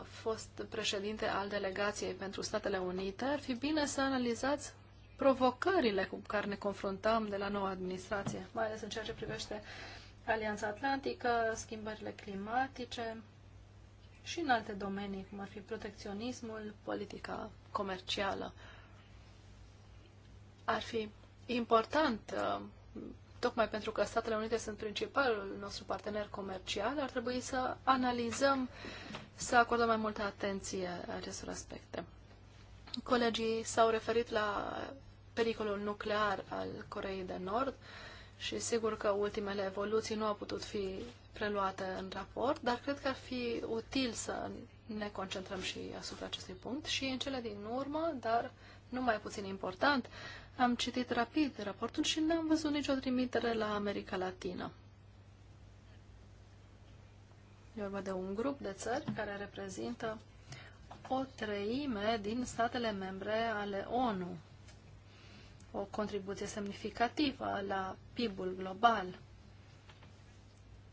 S2: fost președinte al delegației pentru Statele Unite, ar fi bine să analizați provocările cu care ne confruntăm de la noua administrație, mai ales în ceea ce privește Alianța Atlantică, schimbările climatice și în alte domenii, cum ar fi protecționismul, politica comercială. Ar fi important, uh, tocmai pentru că Statele Unite sunt principalul nostru partener comercial, ar trebui să analizăm, să acordăm mai multă atenție acestor aspecte. Colegii s-au referit la pericolul nuclear al Coreei de Nord și sigur că ultimele evoluții nu au putut fi preluate în raport, dar cred că ar fi util să ne concentrăm și asupra acestui punct și în cele din urmă, dar nu mai puțin important, am citit rapid raportul și n-am văzut nicio trimitere la America Latină. E vorba de un grup de țări care reprezintă o treime din statele membre ale ONU o contribuție semnificativă la PIB-ul global.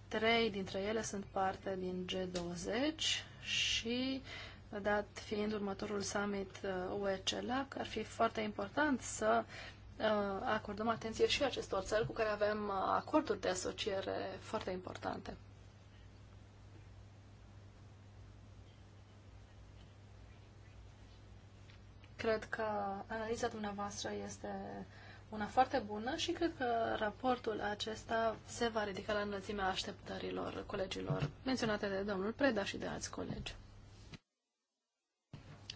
S2: Trei dintre ele sunt parte din G20 și, dat fiind următorul summit UE-CELAC, uh, ar fi foarte important să uh, acordăm atenție și acestor țări cu care avem uh, acorduri de asociere foarte importante. Cred că analiza dumneavoastră este una foarte bună și cred că raportul acesta se va ridica la înălțimea așteptărilor colegilor menționate de domnul Preda și de alți colegi.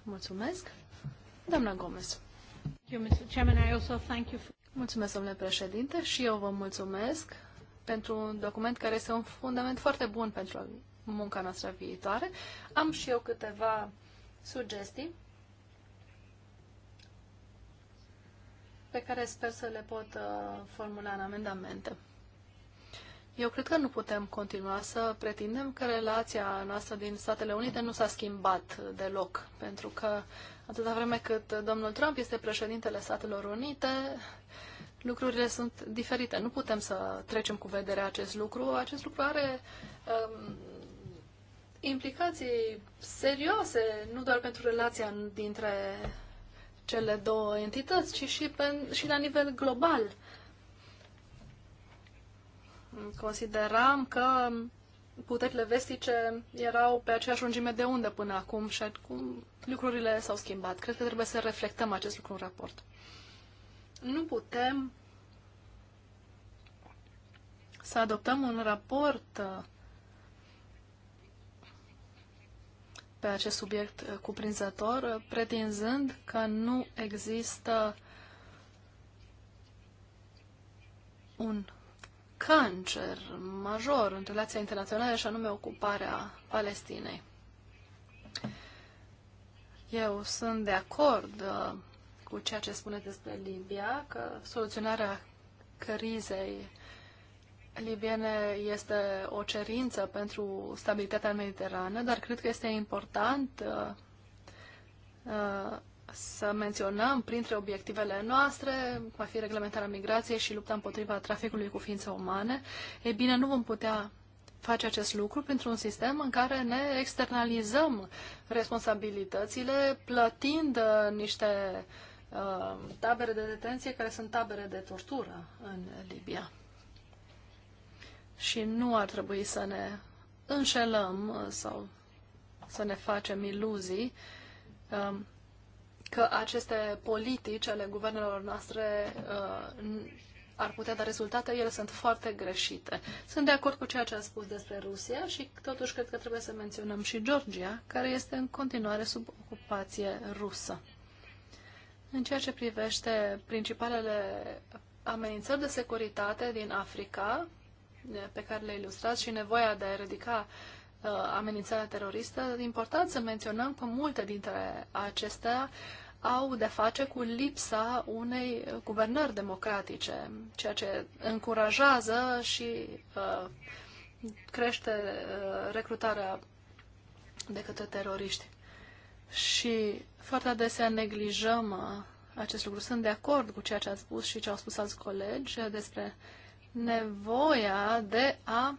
S2: Mulțumesc. Doamna Gomez. Mulțumesc, domnule președinte, și eu vă mulțumesc pentru un document care este un fundament foarte bun pentru munca noastră viitoare. Am și eu câteva sugestii pe care sper să le pot uh, formula în amendamente. Eu cred că nu putem continua să pretindem că relația noastră din Statele Unite nu s-a schimbat deloc, pentru că atâta vreme cât domnul Trump este președintele Statelor Unite, lucrurile sunt diferite. Nu putem să trecem cu vedere acest lucru. Acest lucru are um, implicații serioase, nu doar pentru relația dintre cele două entități, ci și, pe, și la nivel global. Consideram că puterile vestice erau pe aceeași lungime de unde până acum și acum lucrurile s-au schimbat. Cred că trebuie să reflectăm acest lucru în raport. Nu putem să adoptăm un raport uh, pe acest subiect uh, cuprinzător, uh, pretinzând că nu există un cancer major în relația internațională și anume ocuparea Palestinei. Eu sunt de acord uh, cu ceea ce spuneți despre Libia, că soluționarea crizei libiene este o cerință pentru stabilitatea Mediterană, dar cred că este important uh, uh, să menționăm printre obiectivele noastre, va fi reglementarea migrației și lupta împotriva traficului cu ființe umane, e bine, nu vom putea face acest lucru pentru un sistem în care ne externalizăm responsabilitățile, plătind uh, niște uh, tabere de detenție care sunt tabere de tortură în Libia și nu ar trebui să ne înșelăm uh, sau să ne facem iluzii um, că aceste politici ale guvernelor noastre uh, ar putea da rezultate, ele sunt foarte greșite. Sunt de acord cu ceea ce a spus despre Rusia și totuși cred că trebuie să menționăm și Georgia, care este în continuare sub ocupație rusă. În ceea ce privește principalele amenințări de securitate din Africa, pe care le ilustrați și nevoia de a eradica uh, amenințarea teroristă, important să menționăm că multe dintre acestea au de face cu lipsa unei guvernări democratice, ceea ce încurajează și uh, crește uh, recrutarea de către teroriști. Și foarte adesea neglijăm uh, acest lucru. Sunt de acord cu ceea ce ați spus și ce au spus alți colegi despre uh, nevoia de a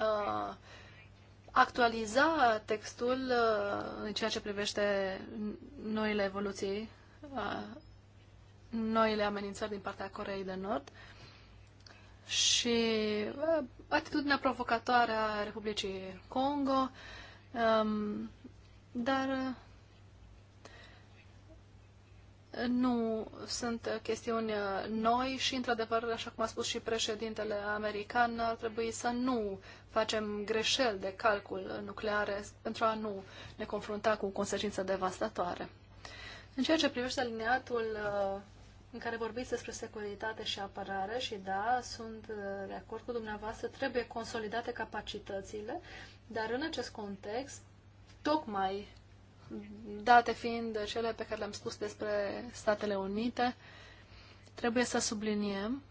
S2: uh, actualiza textul uh, în ceea ce privește noile evoluții, uh, noile amenințări din partea Coreei de Nord și uh, atitudinea provocatoare a Republicii Congo, um, dar nu sunt chestiuni uh, noi și, într-adevăr, așa cum a spus și președintele american, ar trebui să nu facem greșeli de calcul nucleare pentru a nu ne confrunta cu consecințe devastatoare. În ceea ce privește aliniatul uh, în care vorbiți despre securitate și apărare și da, sunt uh, de acord cu dumneavoastră, trebuie consolidate capacitățile, dar în acest context, tocmai date fiind cele pe care le-am spus despre Statele Unite, trebuie să subliniem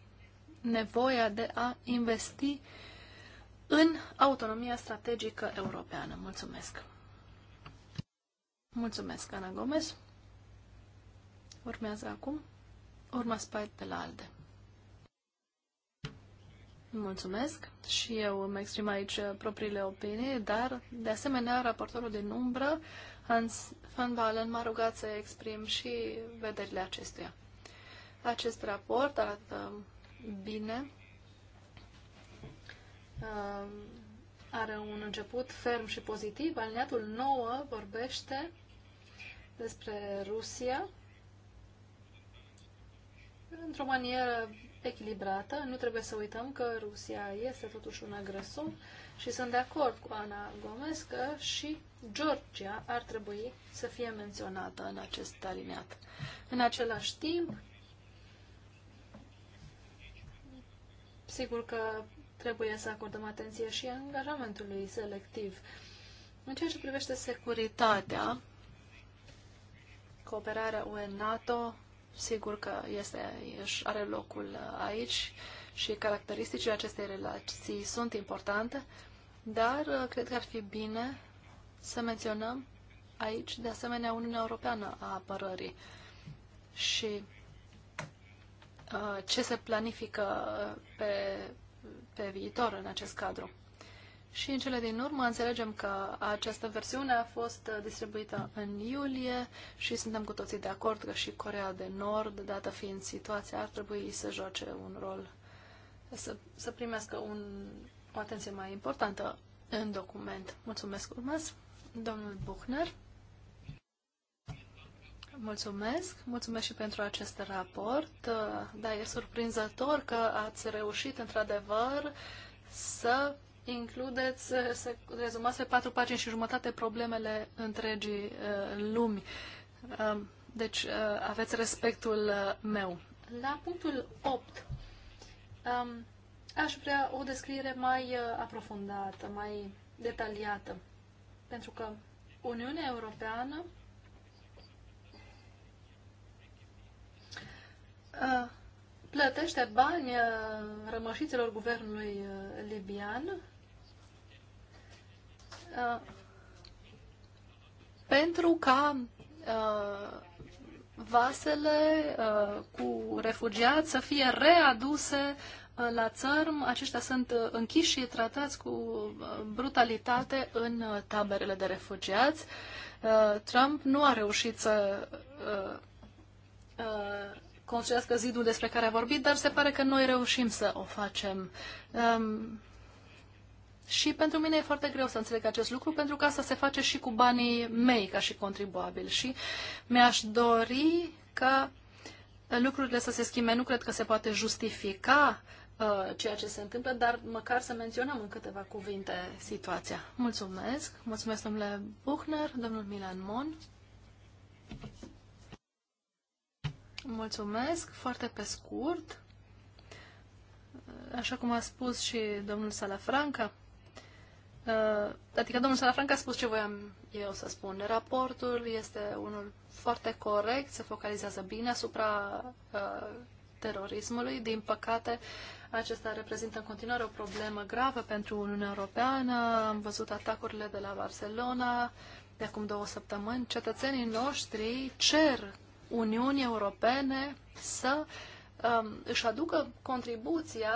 S2: nevoia de a investi în autonomia strategică europeană. Mulțumesc! Mulțumesc, Ana Gomez. Urmează acum Urma spate de la ALDE. Mulțumesc și eu îmi exprim aici propriile opinii, dar, de asemenea, raportorul din umbră Hans Van Balen m-a rugat să exprim și vederile acestuia. Acest raport arată bine. Are un început ferm și pozitiv. Alineatul 9 vorbește despre Rusia într-o manieră echilibrată. Nu trebuie să uităm că Rusia este totuși un agresor și sunt de acord cu Ana Gomez că și Georgia ar trebui să fie menționată în acest alineat. În același timp, sigur că trebuie să acordăm atenție și angajamentului selectiv. În ceea ce privește securitatea, cooperarea UE-NATO, sigur că este, are locul aici și caracteristicile acestei relații sunt importante, dar uh, cred că ar fi bine să menționăm aici, de asemenea, Uniunea Europeană a apărării și uh, ce se planifică pe, pe viitor în acest cadru. Și în cele din urmă înțelegem că această versiune a fost uh, distribuită în iulie și suntem cu toții de acord că și Corea de Nord, dată fiind situația, ar trebui să joace un rol să, să primească un, o atenție mai importantă în document. Mulțumesc urmăs, domnul Buchner. Mulțumesc, mulțumesc și pentru acest raport. Da, e surprinzător că ați reușit într-adevăr să includeți, să rezumați pe patru pagini și jumătate problemele întregii uh, lumi. Uh, deci uh, aveți respectul meu. La punctul 8 Um, aș vrea o descriere mai uh, aprofundată, mai detaliată, pentru că Uniunea Europeană uh, plătește bani uh, rămășiților guvernului libian pentru ca vasele uh, cu refugiați să fie readuse uh, la țărm. Aceștia sunt uh, închiși și tratați cu brutalitate în taberele de refugiați. Trump nu a reușit să construiască zidul despre care a vorbit, dar se pare că noi reușim să o facem. Um, și pentru mine e foarte greu să înțeleg acest lucru, pentru că asta se face și cu banii mei ca și contribuabil. Și mi-aș dori ca lucrurile să se schimbe. Nu cred că se poate justifica uh, ceea ce se întâmplă, dar măcar să menționăm în câteva cuvinte situația. Mulțumesc. Mulțumesc, domnule Buchner, domnul Milan Mon. Mulțumesc. Foarte pe scurt. Așa cum a spus și domnul Salafranca, Uh, adică domnul Salafranca a spus ce voiam eu să spun. Raportul este unul foarte corect, se focalizează bine asupra uh, terorismului. Din păcate, acesta reprezintă în continuare o problemă gravă pentru Uniunea Europeană. Am văzut atacurile de la Barcelona de acum două săptămâni. Cetățenii noștri cer Uniunii Europene să uh, um, își aducă contribuția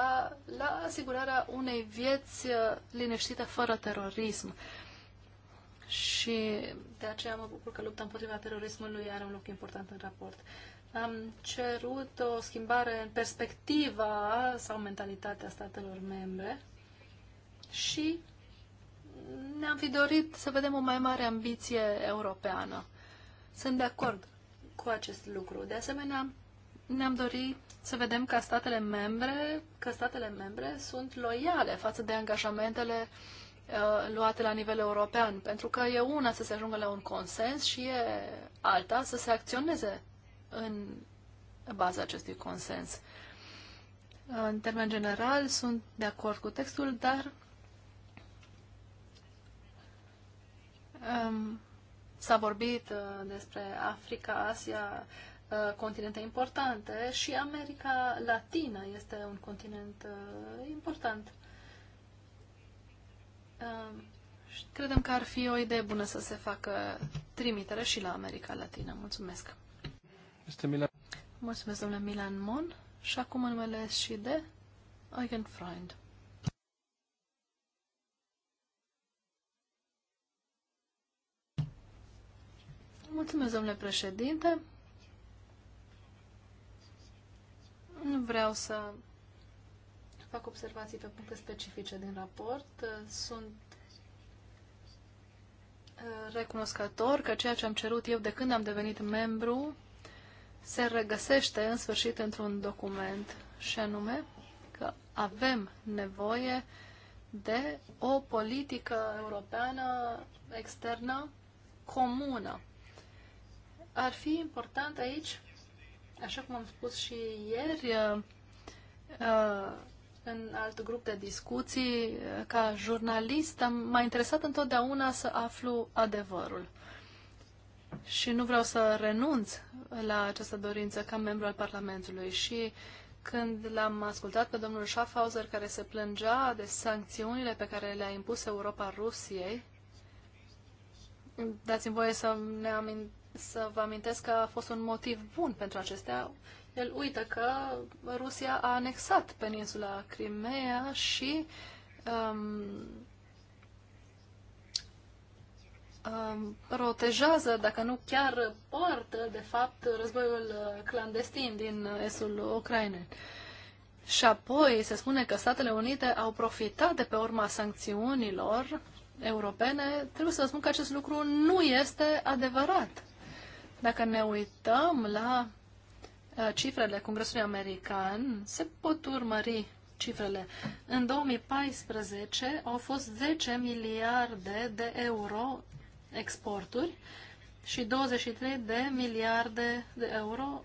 S2: la asigurarea unei vieți uh, liniștite fără terorism. Și de aceea mă bucur că lupta împotriva terorismului are un loc important în raport. Am cerut o schimbare în perspectiva sau mentalitatea statelor membre și ne-am fi dorit să vedem o mai mare ambiție europeană. Sunt de acord cu acest lucru. De asemenea, ne-am dorit să vedem că statele membre, că statele membre sunt loiale față de angajamentele uh, luate la nivel european, pentru că e una să se ajungă la un consens și e alta să se acționeze în baza acestui consens. Uh, în termen general, sunt de acord cu textul, dar um, s-a vorbit uh, despre Africa, Asia, Uh, continente importante și America Latina este un continent uh, important. Uh, credem că ar fi o idee bună să se facă trimitere și la America Latina. Mulțumesc! Este Milan. Mulțumesc, domnule Milan Mon. Și acum în numele și de Eugen Freund. Mulțumesc, domnule președinte. Nu vreau să fac observații pe puncte specifice din raport. Sunt uh, recunoscător că ceea ce am cerut eu de când am devenit membru se regăsește în sfârșit într-un document și anume că avem nevoie de o politică europeană externă comună. Ar fi important aici Așa cum am spus și ieri, uh, uh, în alt grup de discuții, uh, ca jurnalist, am m-a interesat întotdeauna să aflu adevărul. Și nu vreau să renunț la această dorință ca membru al Parlamentului. Și când l-am ascultat pe domnul Schaffhauser, care se plângea de sancțiunile pe care le-a impus Europa Rusiei, dați-mi voie să ne amint să vă amintesc că a fost un motiv bun pentru acestea. El uită că Rusia a anexat peninsula Crimea și um, um, protejează, dacă nu chiar poartă, de fapt, războiul uh, clandestin din uh, estul Ucrainei. Și apoi se spune că Statele Unite au profitat de pe urma sancțiunilor europene. Trebuie să spun că acest lucru nu este adevărat. Dacă ne uităm la uh, cifrele Congresului American, se pot urmări cifrele. În 2014 au fost 10 miliarde de euro exporturi și 23 de miliarde de euro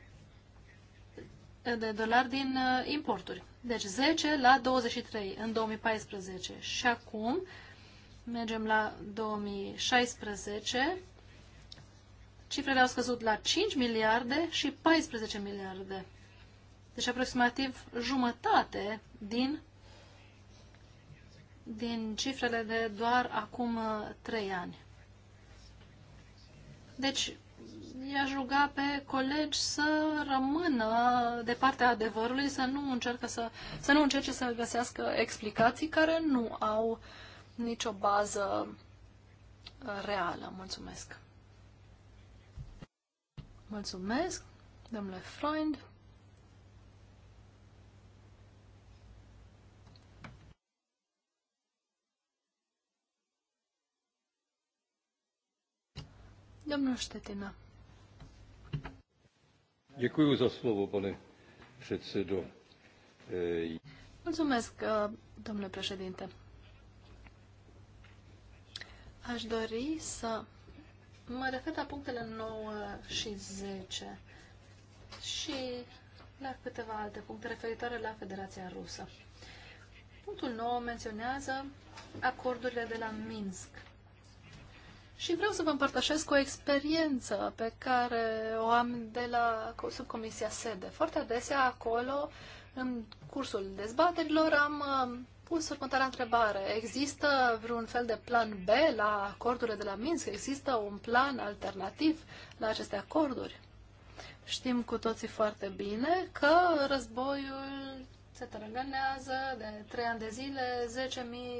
S2: de dolari din uh, importuri. Deci 10 la 23 în 2014. Și acum mergem la 2016 cifrele au scăzut la 5 miliarde și 14 miliarde. Deci aproximativ jumătate din, din cifrele de doar acum 3 uh, ani. Deci i-aș ruga pe colegi să rămână de partea adevărului, să nu, încercă să, să nu încerce să găsească explicații care nu au nicio bază uh, reală. Mulțumesc! Mulțumesc, domnule Freund. Domnul Ștetina.
S1: Děkuji za slovo, pane předsedo.
S2: Mulțumesc, uh, domnule președinte. Aș dori să Mă refer la punctele 9 și 10 și la câteva alte puncte referitoare la Federația Rusă. Punctul 9 menționează acordurile de la Minsk. Și vreau să vă împărtășesc o experiență pe care o am de la subcomisia SEDE. Foarte adesea acolo, în cursul dezbaterilor, am pus următoarea întrebare. Există vreun fel de plan B la acordurile de la Minsk? Există un plan alternativ la aceste acorduri? Știm cu toții foarte bine că războiul se tărângânează de trei ani de zile, 10.000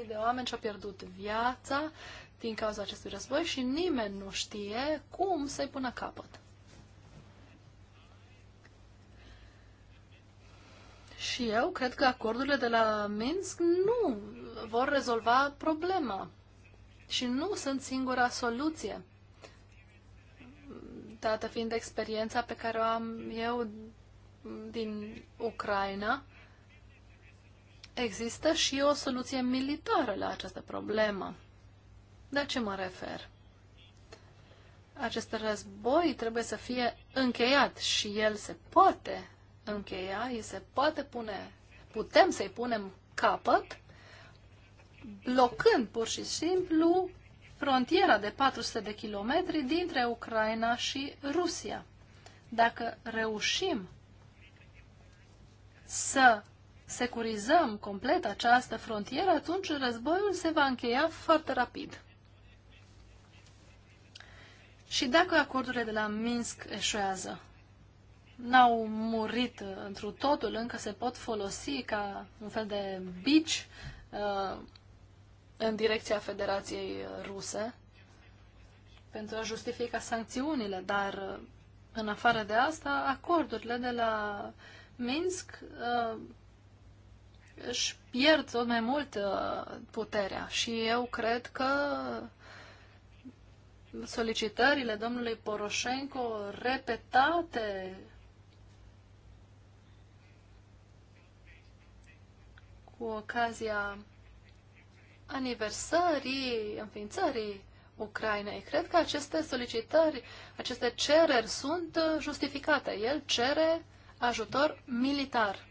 S2: de oameni și-au pierdut viața din cauza acestui război și nimeni nu știe cum să-i pună capăt. Și eu cred că acordurile de la Minsk nu vor rezolva problema și nu sunt singura soluție. Dată fiind experiența pe care o am eu din Ucraina, există și o soluție militară la această problemă. De ce mă refer? Acest război trebuie să fie încheiat și el se poate încheia, îi se poate pune, putem să-i punem capăt, blocând pur și simplu frontiera de 400 de kilometri dintre Ucraina și Rusia. Dacă reușim să securizăm complet această frontieră, atunci războiul se va încheia foarte rapid. Și dacă acordurile de la Minsk eșuează, n-au murit întru totul, încă se pot folosi ca un fel de bici uh, în direcția Federației Ruse pentru a justifica sancțiunile, dar uh, în afară de asta, acordurile de la Minsk uh, își pierd tot mai mult uh, puterea și eu cred că solicitările domnului Poroșenco repetate cu ocazia aniversării înființării Ucrainei. Cred că aceste solicitări, aceste cereri sunt justificate. El cere ajutor militar.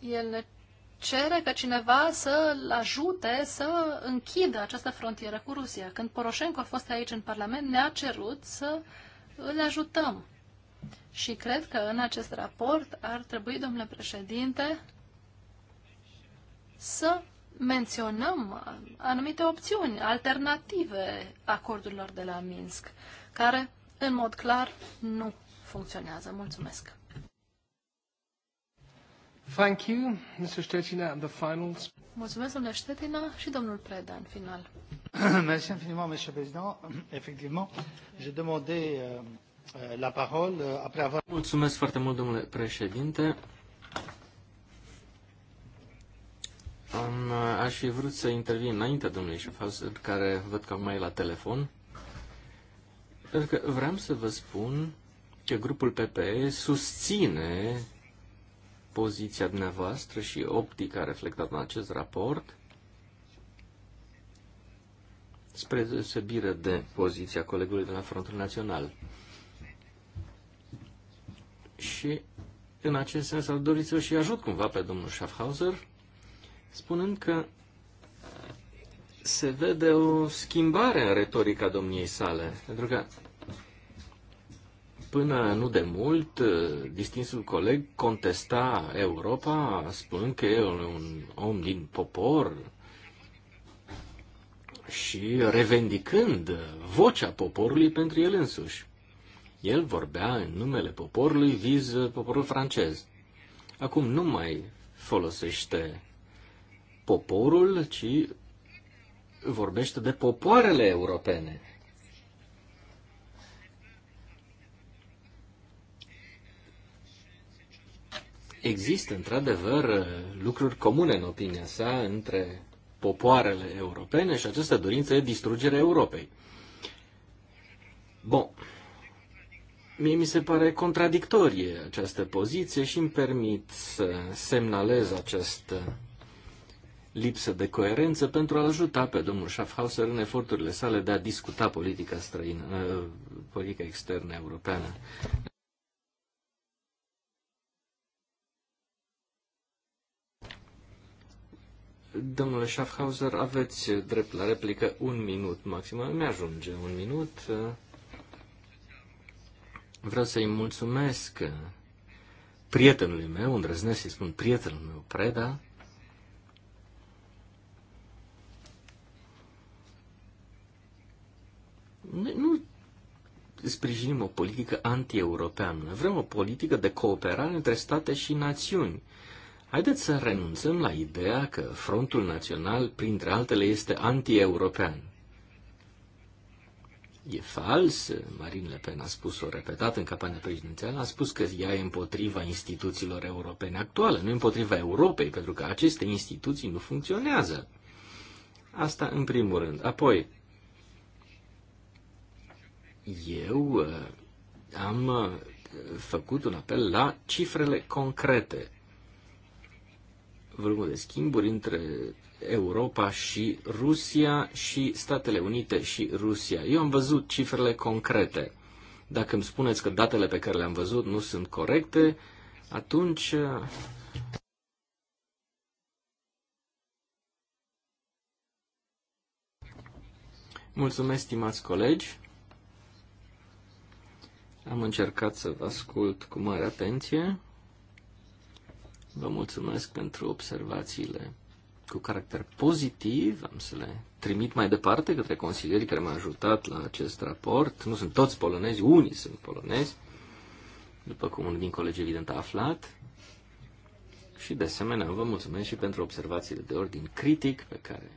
S2: El ne cere ca cineva să-l ajute să închidă această frontieră cu Rusia. Când Poroșenko a fost aici în Parlament, ne-a cerut să îl ajutăm. Și cred că în acest raport ar trebui, domnule președinte, să menționăm anumite opțiuni alternative acordurilor de la Minsk, care, în mod clar, nu funcționează. Mulțumesc!
S1: Thank you, Mr. Stetina, and the final...
S2: Mulțumesc, domnule Ștetina și domnul Preda, în final.
S1: Merci infiniment, monsieur le président. Effectivement, demandé euh, euh, la parole euh, après avoir... Mulțumesc foarte mult, domnule președinte. Am, aș fi vrut să intervin înainte domnului Șefaz, care văd că mai e la telefon, pentru că vreau să vă spun că grupul PPE susține poziția dumneavoastră și optica reflectată în acest raport, spre deosebire de poziția colegului de la Frontul Național. Și în acest sens ar dori să și ajut cumva pe domnul Schaffhauser spunând că se vede o schimbare în retorica domniei sale, pentru că până nu de mult, distinsul coleg contesta Europa, spunând că e un om din popor și revendicând vocea poporului pentru el însuși. El vorbea în numele poporului, viz poporul francez. Acum nu mai folosește poporul, ci vorbește de popoarele europene. Există, într-adevăr, lucruri comune, în opinia sa, între popoarele europene și această dorință de distrugere Europei. Bun. Mie mi se pare contradictorie această poziție și îmi permit să semnalez acest lipsă de coerență pentru a l ajuta pe domnul Schaffhauser în eforturile sale de a discuta politica străină, uh, politica externă europeană. Domnule Schaffhauser, aveți drept la replică un minut maxim. Mi-ajunge un minut. Vreau să-i mulțumesc prietenului meu, îndrăznesc să-i spun prietenul meu, Preda, Noi nu sprijinim o politică anti-europeană. Vrem o politică de cooperare între state și națiuni. Haideți să renunțăm la ideea că Frontul Național, printre altele, este anti-european. E fals, Marine Le Pen a spus-o repetat în campania prezidențială, a spus că ea e împotriva instituțiilor europene actuale, nu împotriva Europei, pentru că aceste instituții nu funcționează. Asta în primul rând. Apoi, eu uh, am uh, făcut un apel la cifrele concrete. Vorbim de schimburi între Europa și Rusia și Statele Unite și Rusia. Eu am văzut cifrele concrete. Dacă îmi spuneți că datele pe care le-am văzut nu sunt corecte, atunci uh, Mulțumesc, stimați colegi. Am încercat să vă ascult cu mare atenție. Vă mulțumesc pentru observațiile cu caracter pozitiv. Am să le trimit mai departe către consilierii care m-au ajutat la acest raport. Nu sunt toți polonezi, unii sunt polonezi, după cum unul din colegi evident a aflat. Și de asemenea vă mulțumesc și pentru observațiile de ordin critic pe care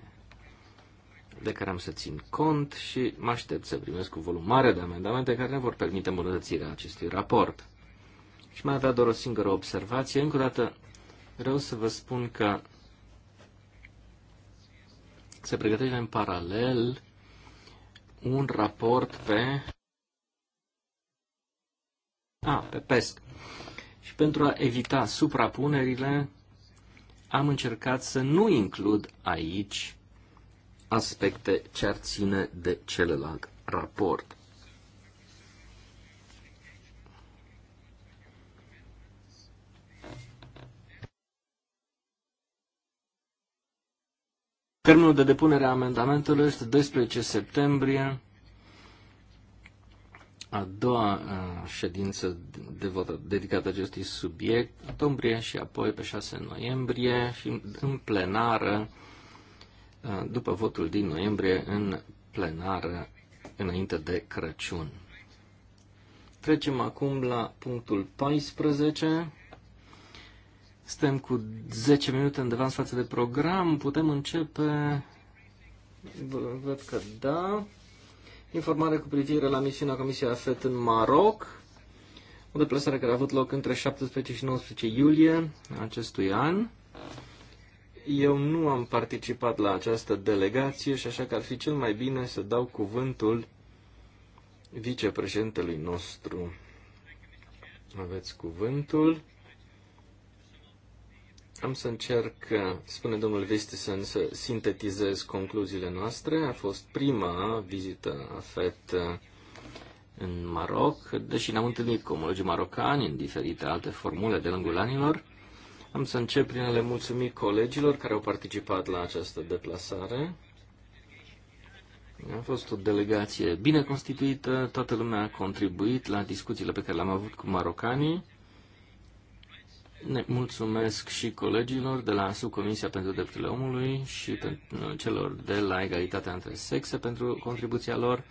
S1: de care am să țin cont și mă aștept să primesc cu volum mare de amendamente care ne vor permite îmbunătățirea acestui raport. Și mai avea doar o singură observație. Încă o dată vreau să vă spun că se pregătește în paralel un raport pe... A, pe PESC. Și pentru a evita suprapunerile, am încercat să nu includ aici aspecte ce ar ține de celălalt raport. Termenul de depunere a amendamentelor este 12 septembrie, a doua ședință de vot dedicată acestui subiect, octombrie și apoi pe 6 noiembrie și în plenară după votul din noiembrie în plenară înainte de Crăciun. Trecem acum la punctul 14. Suntem cu 10 minute în devans față de program. Putem începe? Văd că da. Informare cu privire la misiunea Comisiei AFET în Maroc. O deplasare care a avut loc între 17 și 19 iulie acestui an. Eu nu am participat la această delegație și așa că ar fi cel mai bine să dau cuvântul vicepreședintelui nostru. Aveți cuvântul. Am să încerc, spune domnul Vistisen, să sintetizez concluziile noastre. A fost prima vizită a FET în Maroc, deși ne-am întâlnit cu omologii marocani în diferite alte formule de lungul anilor. Am să încep prin a le mulțumi colegilor care au participat la această deplasare. A fost o delegație bine constituită, toată lumea a contribuit la discuțiile pe care le-am avut cu marocanii. Ne mulțumesc și colegilor de la Subcomisia pentru Drepturile Omului și uh, celor de la Egalitatea între Sexe pentru contribuția lor.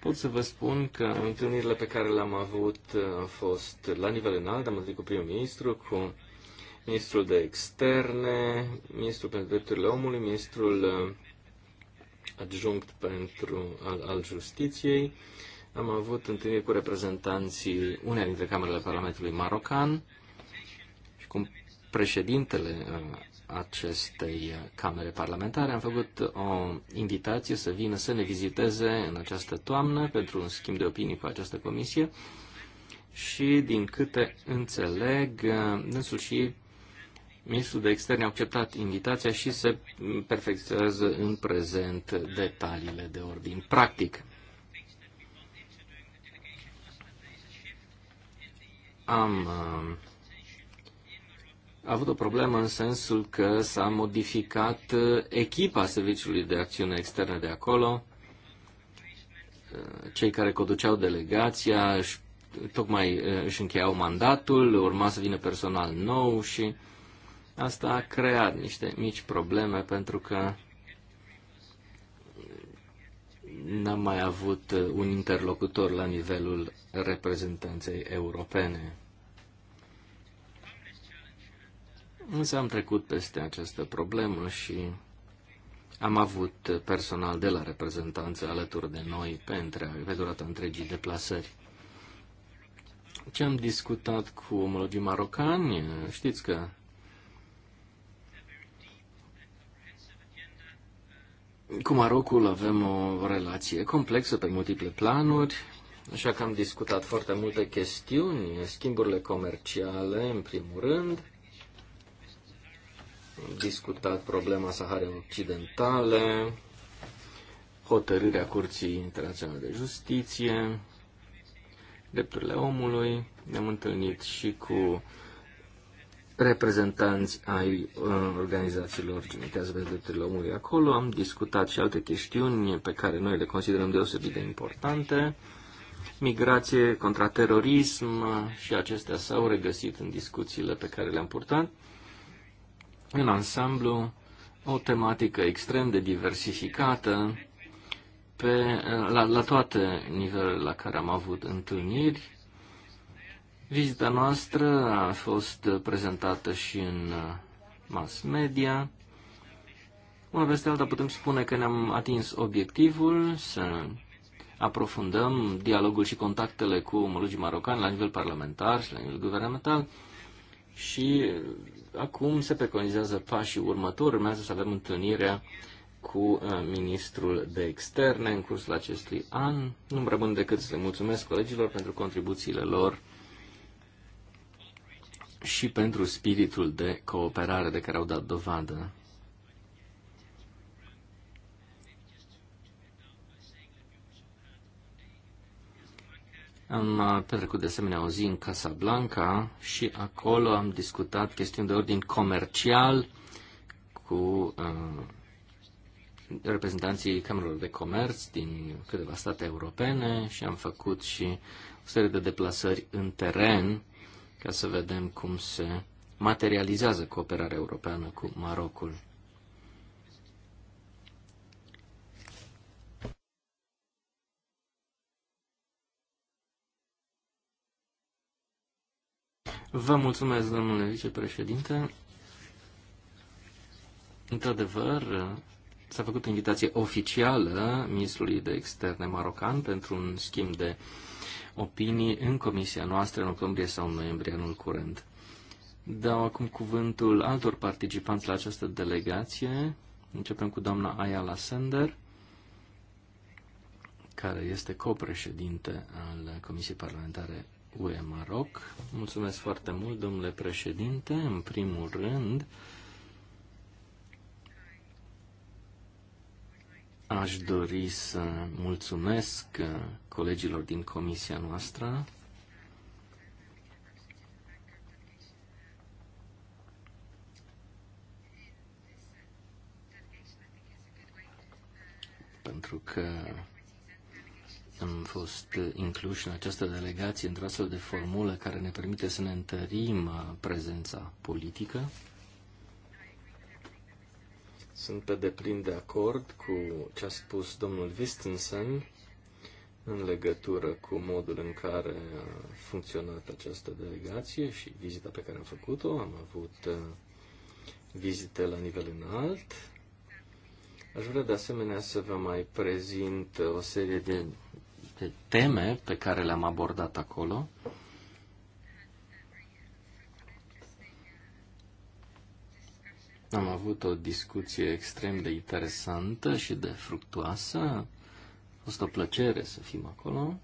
S1: Pot să vă spun că întâlnirile pe care le-am avut uh, au fost la nivel înalt, am întâlnit cu prim-ministru, cu ministrul de externe, ministrul pentru drepturile omului, ministrul uh, adjunct pentru, al, al justiției. Am avut întâlniri cu reprezentanții unei dintre camerele Parlamentului Marocan și cu președintele uh, acestei uh, camere parlamentare. Am făcut o invitație să vină să ne viziteze în această toamnă pentru un schimb de opinii cu această comisie și, din câte înțeleg, dânsul și Ministrul de Externe a acceptat invitația și se perfecționează în prezent detaliile de ordin practic. Am uh, avut o problemă în sensul că s-a modificat uh, echipa Serviciului de Acțiune Externă de acolo. Uh, cei care conduceau delegația tocmai uh, își încheiau mandatul, urma să vină personal nou și uh, Asta a creat niște mici probleme pentru că n-am mai avut un interlocutor la nivelul reprezentanței europene. Însă am trecut peste această problemă și am avut personal de la reprezentanță alături de noi pe, între, pe durata întregii deplasări. Ce am discutat cu omologii marocani, știți că Cu Marocul avem o relație complexă pe multiple planuri, așa că am discutat foarte multe chestiuni, schimburile comerciale, în primul rând, am discutat problema Saharei Occidentale, hotărârea Curții Internaționale de Justiție, drepturile omului, ne-am întâlnit și cu reprezentanți ai uh, organizațiilor ce militează pe drepturile omului acolo. Am discutat și alte chestiuni pe care noi le considerăm deosebit de importante. Migrație, contraterorism uh, și acestea s-au regăsit în discuțiile pe care le-am purtat. În ansamblu, o tematică extrem de diversificată pe, uh, la, la toate nivelele la care am avut întâlniri Vizita noastră a fost prezentată și în uh, mass media. Una peste alta putem spune că ne-am atins obiectivul să aprofundăm dialogul și contactele cu omologii marocani la nivel parlamentar și la nivel guvernamental și uh, acum se preconizează pașii următori. Urmează să avem întâlnirea cu uh, ministrul de externe în cursul acestui an. Nu-mi rămân decât să mulțumesc colegilor pentru contribuțiile lor și pentru spiritul de cooperare de care au dat dovadă. Am uh, petrecut de asemenea o zi în Casablanca și acolo am discutat chestiuni de ordin comercial cu uh, reprezentanții Camerelor de Comerț din câteva state europene și am făcut și o serie de deplasări în teren ca să vedem cum se materializează cooperarea europeană cu Marocul. Vă mulțumesc, domnule vicepreședinte. Într-adevăr, s-a făcut invitație oficială ministrului de externe marocan pentru un schimb de uh, opinii în comisia noastră în octombrie sau în noiembrie anul curent. Dau acum cuvântul altor participanți la această delegație. Începem cu doamna Ayala Sender, care este copreședinte al Comisiei Parlamentare UE Maroc. Mulțumesc foarte mult, domnule președinte. În primul rând, Aș dori să mulțumesc uh, colegilor din comisia noastră pentru că am fost incluși în această delegație într-o astfel de formulă care ne permite să ne întărim uh, prezența politică. Sunt pe deplin de acord cu ce a spus domnul Vistensen în legătură cu modul în care a funcționat această delegație și vizita pe care am făcut-o. Am avut uh, vizite la nivel înalt. Aș vrea de asemenea să vă mai prezint o serie de, de teme pe care le-am abordat acolo. Am avut o discuție extrem de interesantă și de fructuoasă. A fost o plăcere să fim acolo.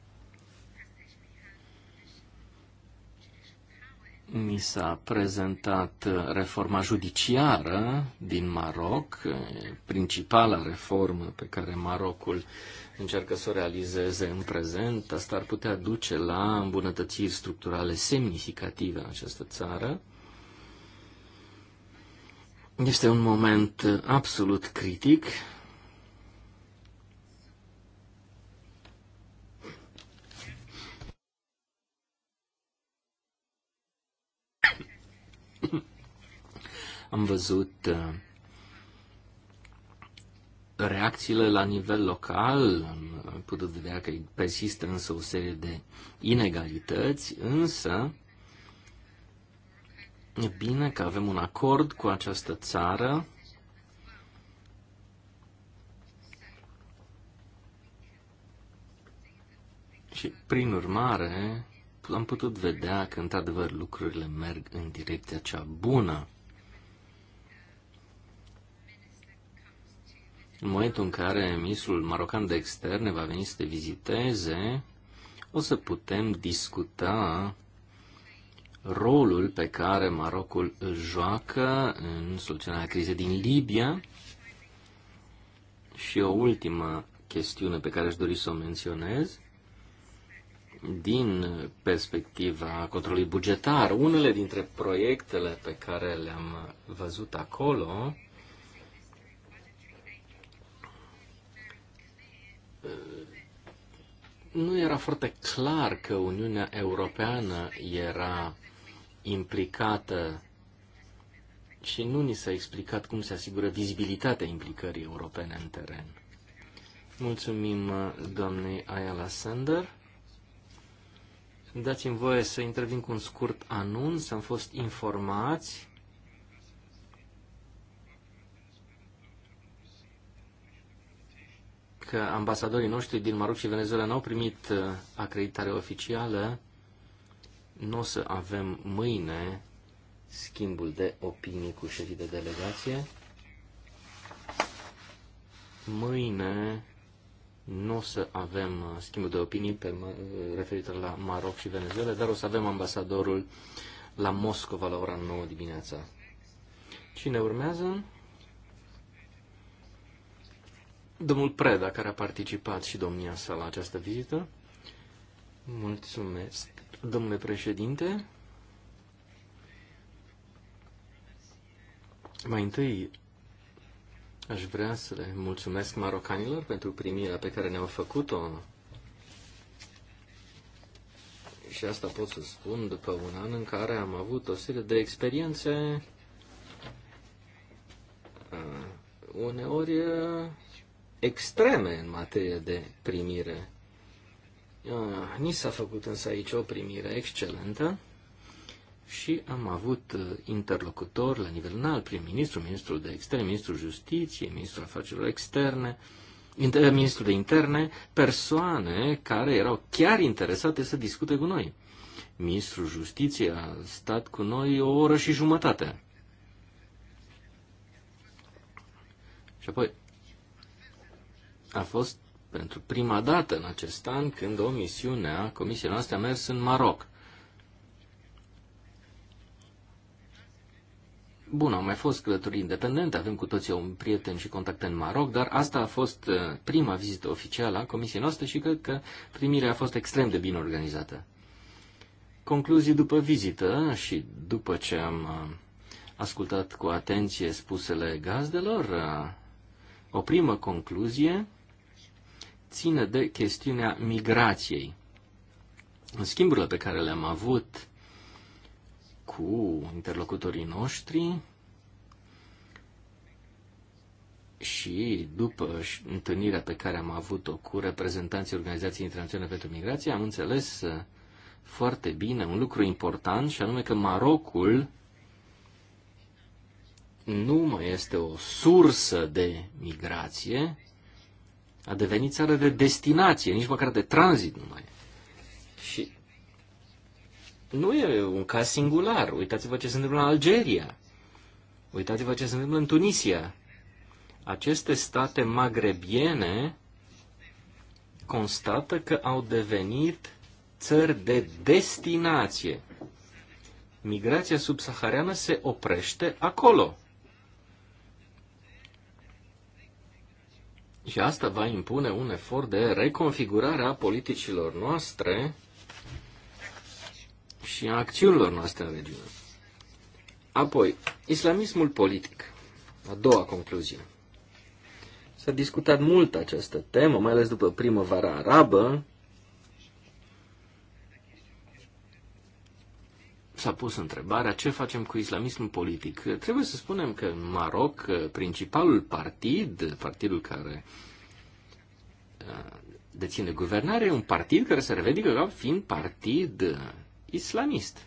S1: Mi s-a prezentat reforma judiciară din Maroc, principala reformă pe care Marocul încearcă să o realizeze în prezent. Asta ar putea duce la îmbunătățiri structurale semnificative în această țară. Este un moment uh, absolut critic. Am văzut uh, reacțiile la nivel local, am putut vedea că persistă însă o serie de inegalități, însă E bine că avem un acord cu această țară. Și, prin urmare, am putut vedea că, într-adevăr, lucrurile merg în direcția cea bună. În momentul în care ministrul marocan de externe va veni să te viziteze, o să putem discuta rolul pe care Marocul îl joacă în soluționarea crizei din Libia. Și o ultimă chestiune pe care aș dori să o menționez, din perspectiva controlului bugetar, unele dintre proiectele pe care le-am văzut acolo nu era foarte clar că Uniunea Europeană era implicată și nu ni s-a explicat cum se asigură vizibilitatea implicării europene în teren. Mulțumim uh, doamnei Ayala Sander. Dați-mi voie să intervin cu un scurt anunț. Am fost informați că ambasadorii noștri din Maroc și Venezuela n-au primit uh, acreditare oficială nu o să avem mâine schimbul de opinii cu șefii de delegație. Mâine nu o să avem uh, schimbul de opinii pe, uh, referitor la Maroc și Venezuela, dar o să avem ambasadorul la Moscova la ora 9 dimineața. Cine urmează? Domnul Preda, care a participat și domnia sa la această vizită. Mulțumesc. Domnule președinte, mai întâi aș vrea să le mulțumesc marocanilor pentru primirea pe care ne-au făcut-o. Și asta pot să spun după un an în care am avut o serie de experiențe uh, uneori uh, extreme în materie de primire Ah, ni s-a făcut însă aici o primire excelentă și am avut uh, interlocutor la nivel înalt, prim-ministru, ministrul de externe, ministrul justiției, ministrul afacerilor externe, ministrul de interne, persoane care erau chiar interesate să discute cu noi. Ministrul Justiției a stat cu noi o oră și jumătate. Și apoi a fost pentru prima dată în acest an când o misiune a comisiei noastre a mers în Maroc. Bun, au mai fost călătorii independente, avem cu toții un prieten și contact în Maroc, dar asta a fost uh, prima vizită oficială a comisiei noastre și cred că primirea a fost extrem de bine organizată. Concluzii după vizită și după ce am uh, ascultat cu atenție spusele gazdelor, uh, o primă concluzie ține de chestiunea migrației. În Schimburile pe care le-am avut cu interlocutorii noștri și după întâlnirea pe care am avut-o cu reprezentanții Organizației Internaționale pentru Migrație, am înțeles uh, foarte bine un lucru important și anume că Marocul nu mai este o sursă de migrație, a devenit țară de destinație, nici măcar de tranzit nu mai e. Și nu e un caz singular. Uitați-vă ce se întâmplă în Algeria. Uitați-vă ce se întâmplă în Tunisia. Aceste state magrebiene constată că au devenit țări de destinație. Migrația subsahariană se oprește acolo. Și asta va impune un efort de reconfigurare a politicilor noastre și a acțiunilor noastre în regiune. Apoi, islamismul politic. A doua concluzie. S-a discutat mult această temă, mai ales după primăvara arabă, s-a pus întrebarea ce facem cu islamismul politic. Trebuie să spunem că în Maroc, principalul partid, partidul care uh, deține guvernare, e un partid care se revedică ca fiind partid uh, islamist.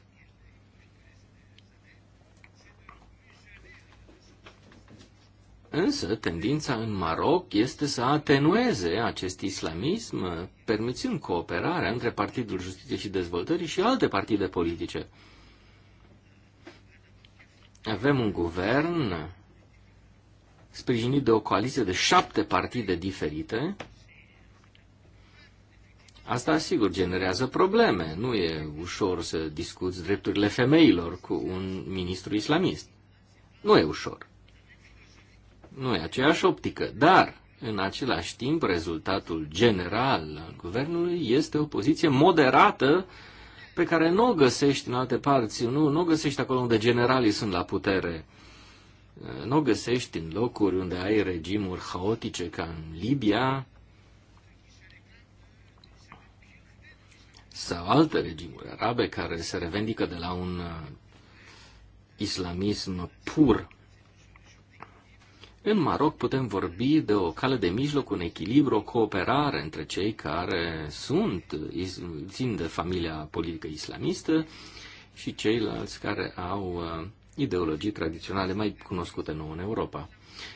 S1: Însă, tendința în Maroc este să atenueze acest islamism, uh, permițând cooperarea între Partidul Justiției și Dezvoltării și alte partide politice. Avem un guvern sprijinit de o coaliție de șapte partide diferite. Asta, sigur, generează probleme. Nu e ușor să discuți drepturile femeilor cu un ministru islamist. Nu e ușor. Nu e aceeași optică, dar în același timp, rezultatul general al guvernului este o poziție moderată pe care nu o găsești în alte părți, nu, nu o găsești acolo unde generalii sunt la putere. Uh, nu o găsești în locuri unde ai regimuri haotice ca în Libia sau alte regimuri arabe care se revendică de la un uh, islamism pur. În Maroc putem vorbi de o cale de mijloc, un echilibru, o cooperare între cei care sunt, țin de familia politică islamistă și ceilalți care au uh, ideologii tradiționale mai cunoscute nouă în Europa.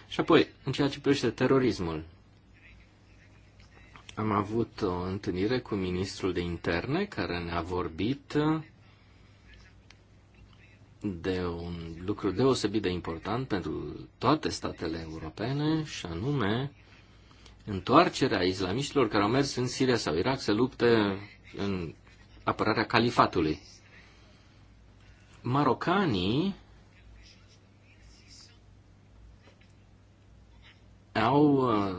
S1: Și apoi, în ceea ce privește terorismul, am avut o întâlnire cu ministrul de interne care ne-a vorbit de un lucru deosebit de important pentru toate statele europene, și anume întoarcerea islamiștilor care au mers în Siria sau Irak să lupte în apărarea califatului. Marocanii au uh,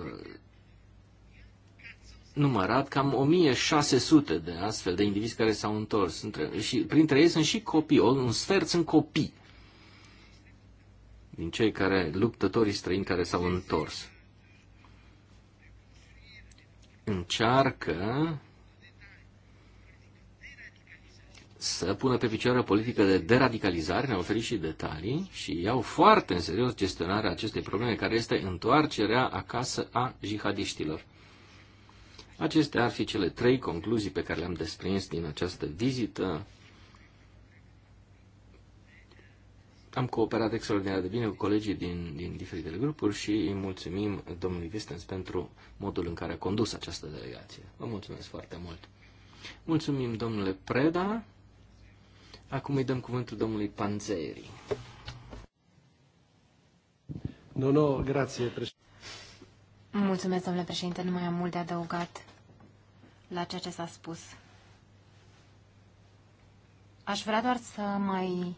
S1: numărat cam 1600 de astfel de indivizi care s-au întors. Între, și printre ei sunt și copii, un sfert sunt copii din cei care, luptătorii străini care s-au întors. Încearcă să pună pe picioare o politică de deradicalizare, ne-au oferit și detalii, și iau foarte în serios gestionarea acestei probleme, care este întoarcerea acasă a jihadiștilor. Acestea ar fi cele trei concluzii pe care le-am desprins din această vizită. Am cooperat extraordinar de bine cu colegii din, din diferitele grupuri și îi mulțumim domnului Vistens pentru modul în care a condus această delegație. Vă mulțumesc foarte mult! Mulțumim, domnule Preda. Acum îi dăm cuvântul domnului Panzeri. No, no, grazie, președinte.
S3: Mulțumesc, domnule președinte, nu mai am mult de adăugat la ceea ce s-a spus. Aș vrea doar să mai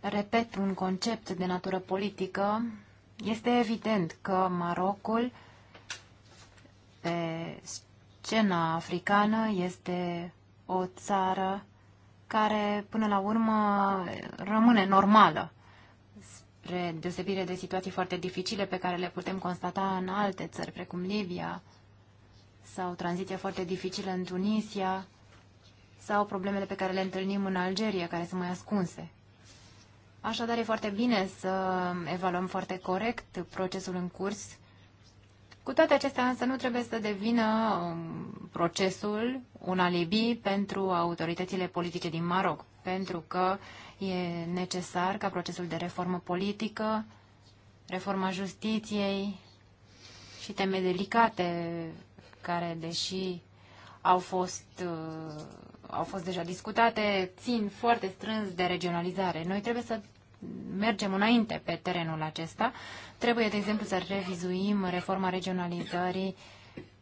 S3: repet un concept de natură politică. Este evident că Marocul pe scena africană este o țară care până la urmă rămâne normală spre deosebire de situații foarte dificile pe care le putem constata în alte țări, precum Libia, sau tranziția foarte dificilă în Tunisia, sau problemele pe care le întâlnim în Algeria, care sunt mai ascunse. Așadar, e foarte bine să evaluăm foarte corect procesul în curs. Cu toate acestea, însă, nu trebuie să devină um, procesul un alibi pentru autoritățile politice din Maroc, pentru că uh, E necesar ca procesul de reformă politică, reforma justiției și teme delicate care, deși au fost, uh, au fost deja discutate, țin foarte strâns de regionalizare. Noi trebuie să mergem înainte pe terenul acesta. Trebuie, de exemplu, să revizuim reforma regionalizării uh,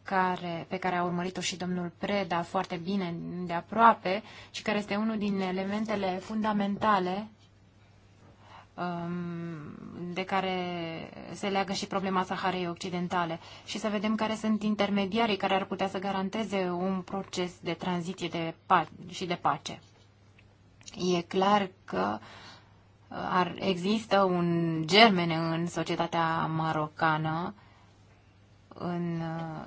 S3: care, pe care a urmărit-o și domnul Preda foarte bine de aproape și care este unul din elementele fundamentale um, de care se leagă și problema Saharei Occidentale și să vedem care sunt intermediarii care ar putea să garanteze un proces de tranziție de pa- și de pace. E clar că uh, ar, există un germen în societatea marocană în uh,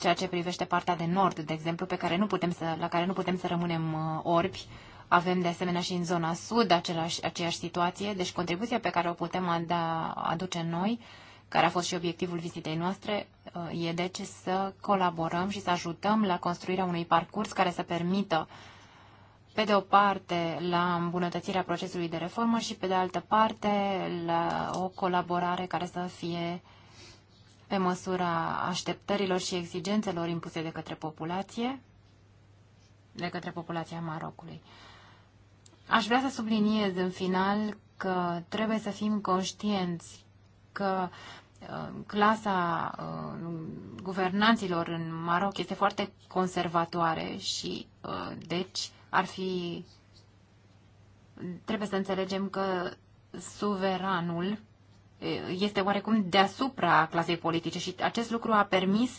S3: ceea ce privește partea de nord, de exemplu, pe care nu putem să, la care nu putem să rămânem uh, orbi. Avem de asemenea și în zona sud același, aceeași situație, deci contribuția pe care o putem ada, aduce noi, care a fost și obiectivul vizitei noastre, uh, e deci să colaborăm și să ajutăm la construirea unui parcurs care să permită pe de o parte la îmbunătățirea procesului de reformă și pe de altă parte la o colaborare care să fie uh, pe măsura așteptărilor și exigențelor impuse de către populație, de către populația Marocului. Aș vrea să subliniez în final că trebuie să fim conștienți că uh, clasa uh, guvernanților în Maroc este foarte conservatoare și uh, deci ar fi trebuie să înțelegem că suveranul este oarecum deasupra clasei politice și acest lucru a permis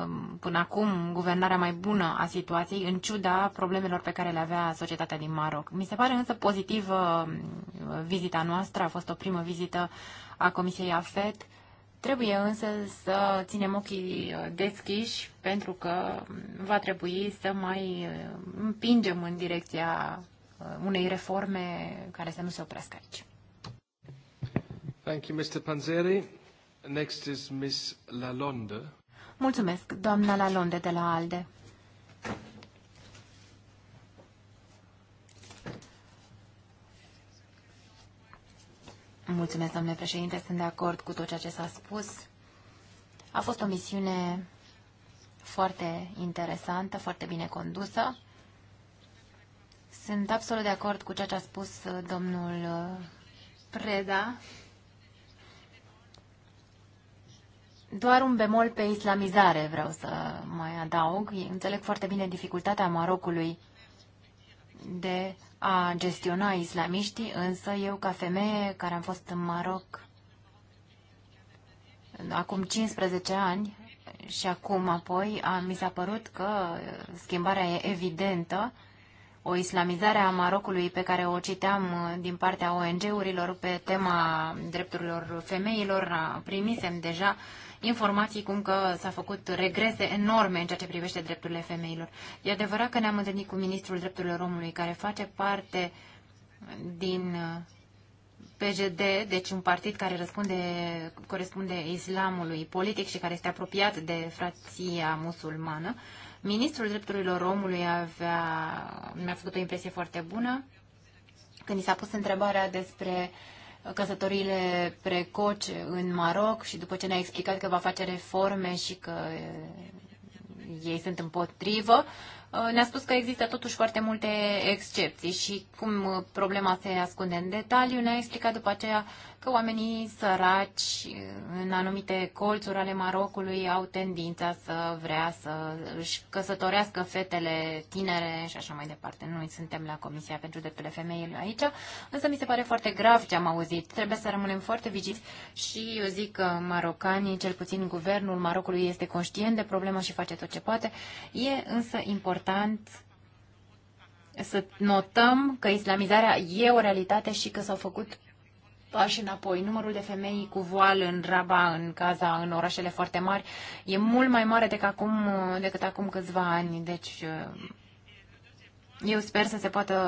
S3: um, până acum guvernarea mai bună a situației, în ciuda problemelor pe care le avea societatea din Maroc. Mi se pare însă pozitivă um, vizita noastră, a fost o primă vizită a Comisiei AFET. Trebuie însă să ținem ochii uh, deschiși pentru că um, va trebui să mai uh, împingem în direcția uh, unei reforme care să nu se oprească aici.
S1: Thank you, Mr. Panzeri. Next is Miss Lalonde.
S3: Mulțumesc, doamna Lalonde de la ALDE. Mulțumesc, domnule președinte, sunt de acord cu tot ceea ce s-a spus. A fost o misiune foarte interesantă, foarte bine condusă. Sunt absolut de acord cu ceea ce a spus domnul Preda Doar un bemol pe islamizare vreau să mai adaug. Înțeleg foarte bine dificultatea Marocului de a gestiona islamiștii, însă eu ca femeie care am fost în Maroc acum 15 ani și acum apoi a, mi s-a părut că schimbarea e evidentă. O islamizare a Marocului pe care o citeam uh, din partea ONG-urilor pe tema drepturilor femeilor primisem deja uh, informații cum că s-a făcut regrese enorme în ceea ce privește drepturile femeilor. E adevărat că ne-am întâlnit cu Ministrul Drepturilor Omului, care face parte din uh, PJD, deci un partid care răspunde, corespunde islamului politic și care este apropiat de frația musulmană. Ministrul Drepturilor Omului avea, mi-a făcut o impresie foarte bună când i s-a pus întrebarea despre căsătorile precoce în Maroc și după ce ne-a explicat că va face reforme și că eh, ei sunt împotrivă, eh, ne-a spus că există totuși foarte multe excepții și cum eh, problema se ascunde în detaliu, ne-a explicat după aceea că oamenii săraci în anumite colțuri ale Marocului au tendința să vrea să își căsătorească fetele tinere și așa mai departe. Noi suntem la Comisia pentru Drepturile Femeilor aici, însă mi se pare foarte grav ce am auzit. Trebuie să rămânem foarte vigiți și eu zic că marocanii, cel puțin guvernul Marocului, este conștient de problemă și face tot ce poate. E însă important să notăm că islamizarea e o realitate și că s-au făcut pași înapoi. Numărul de femei cu voal în Raba, în Gaza, în orașele foarte mari, e mult mai mare decât acum, decât acum câțiva ani. Deci eu sper să se poată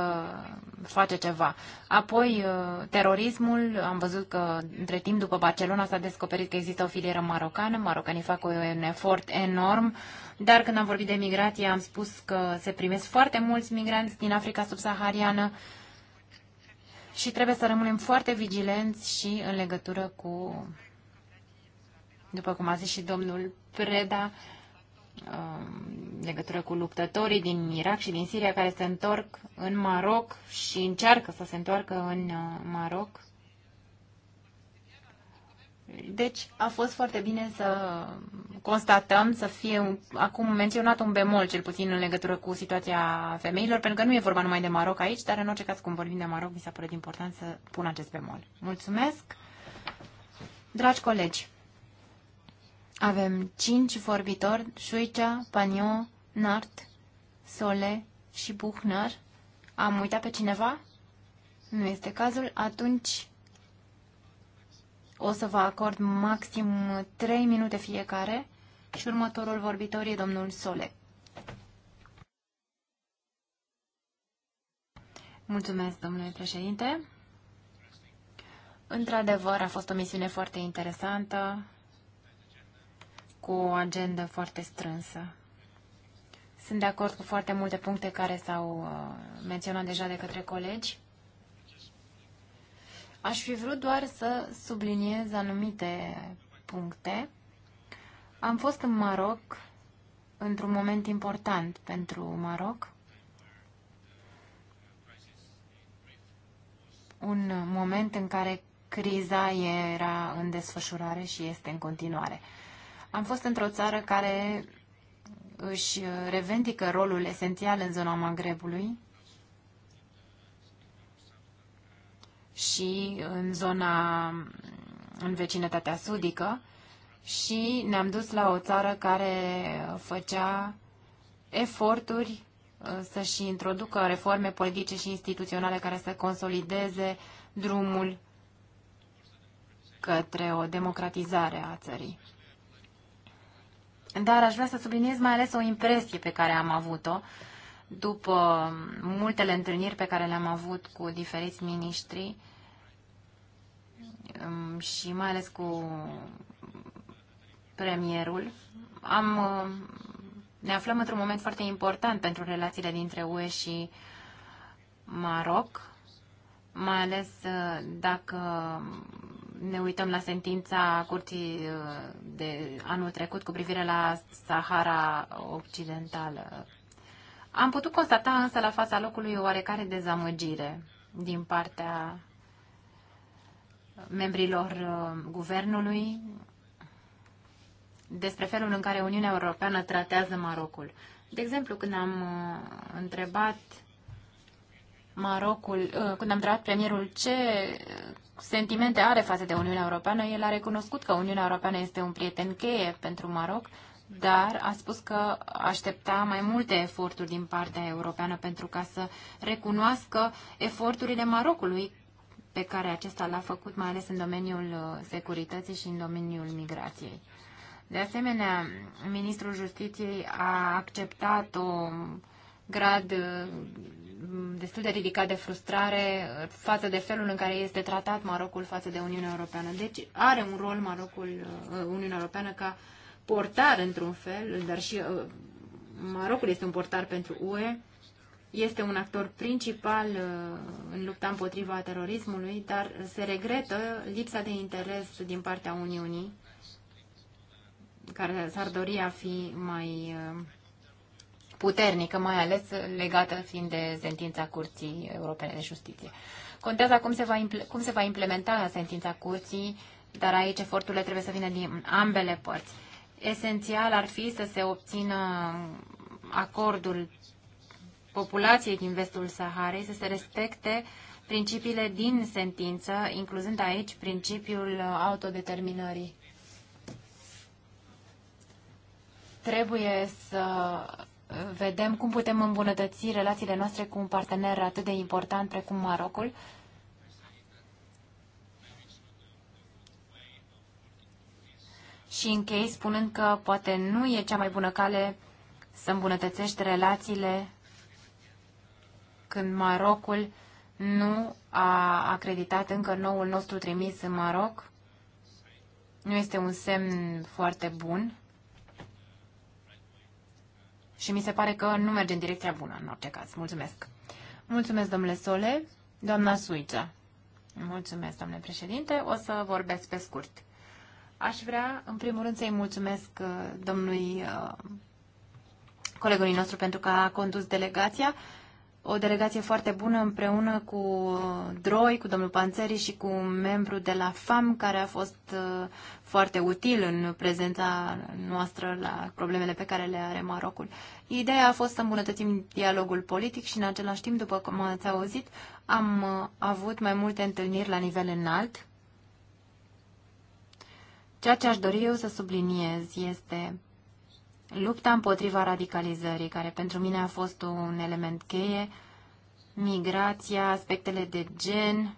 S3: face ceva. Apoi, terorismul, am văzut că între timp după Barcelona s-a descoperit că există o filieră marocană, marocanii fac un efort enorm, dar când am vorbit de migrație am spus că se primesc foarte mulți migranți din Africa subsahariană, și trebuie să rămânem foarte vigilenți și în legătură cu, după cum a zis și domnul Preda, um, legătură cu luptătorii din Irak și din Siria care se întorc în Maroc și încearcă să se întoarcă în uh, Maroc deci a fost foarte bine să constatăm să fie acum menționat un bemol, cel puțin în legătură cu situația femeilor, pentru că nu e vorba numai de Maroc aici, dar în orice caz, cum vorbim de Maroc, mi s-a părut important să pun acest bemol. Mulțumesc! Dragi colegi, avem cinci vorbitori, Șuicea, Panio, Nart, Sole și Buchner. Am uitat pe cineva? Nu este cazul. Atunci o să vă acord maxim 3 minute fiecare și următorul vorbitor e domnul Sole. Mulțumesc, domnule președinte. Într-adevăr, a fost o misiune foarte interesantă, cu o agendă foarte strânsă. Sunt de acord cu foarte multe puncte care s-au uh, menționat deja de către colegi. Aș fi vrut doar să subliniez anumite puncte. Am fost în Maroc într-un moment important pentru Maroc. Un moment în care criza era în desfășurare și este în continuare. Am fost într-o țară care își revendică rolul esențial în zona Magrebului și în zona, în vecinătatea sudică și ne-am dus la o țară care făcea eforturi uh, să-și introducă reforme politice și instituționale care să consolideze drumul către o democratizare a țării. Dar aș vrea să subliniez mai ales o impresie pe care am avut-o, după multele întâlniri pe care le-am avut cu diferiți miniștri um, și mai ales cu premierul, am, um, ne aflăm într-un moment foarte important pentru relațiile dintre UE și Maroc, mai ales uh, dacă ne uităm la sentința curții uh, de anul trecut cu privire la Sahara Occidentală, am putut constata însă la fața locului o oarecare dezamăgire din partea membrilor uh, guvernului despre felul în care Uniunea Europeană tratează Marocul. De exemplu, când am uh, întrebat Marocul, uh, când am întrebat premierul ce sentimente are față de Uniunea Europeană, el a recunoscut că Uniunea Europeană este un prieten cheie pentru Maroc, dar a spus că aștepta mai multe eforturi din partea europeană pentru ca să recunoască eforturile Marocului pe care acesta l-a făcut, mai ales în domeniul uh, securității și în domeniul migrației. De asemenea, ministrul Justiției a acceptat o grad uh, destul de ridicat de frustrare față de felul în care este tratat Marocul față de Uniunea Europeană. Deci are un rol Marocul, uh, Uniunea Europeană ca uh, portar într-un fel, dar și uh, Marocul este un portar pentru UE, este un actor principal uh, în lupta împotriva terorismului, dar se regretă lipsa de interes din partea Uniunii, care s-ar dori a fi mai uh, puternică, mai ales legată fiind de sentința Curții Europene de Justiție. Contează cum se va, cum se va implementa sentința Curții, dar aici eforturile trebuie să vină din ambele părți. Esențial ar fi să se obțină acordul populației din vestul Saharei, să se respecte principiile din sentință, incluzând aici principiul autodeterminării. Trebuie să vedem cum putem îmbunătăți relațiile noastre cu un partener atât de important precum Marocul și închei spunând că poate nu e cea mai bună cale să îmbunătățești relațiile când Marocul nu a acreditat încă noul nostru trimis în Maroc. Nu este un semn foarte bun și mi se pare că nu merge în direcția bună în orice caz. Mulțumesc. Mulțumesc, domnule Sole. Doamna Suicea. Mulțumesc, domnule președinte. O să vorbesc pe scurt. Aș vrea, în primul rând, să-i mulțumesc uh, domnului uh, colegului nostru pentru că a condus delegația. O delegație foarte bună împreună cu uh, Droi, cu domnul Panțeri și cu un membru de la FAM care a fost foarte util în prezența noastră la problemele pe care le are Marocul. Ideea a fost să îmbunătățim dialogul politic și în același timp, după cum ați auzit, am avut mai multe întâlniri la nivel înalt Ceea ce aș dori eu să subliniez este lupta împotriva radicalizării, care pentru mine a fost un element cheie, migrația, aspectele de gen.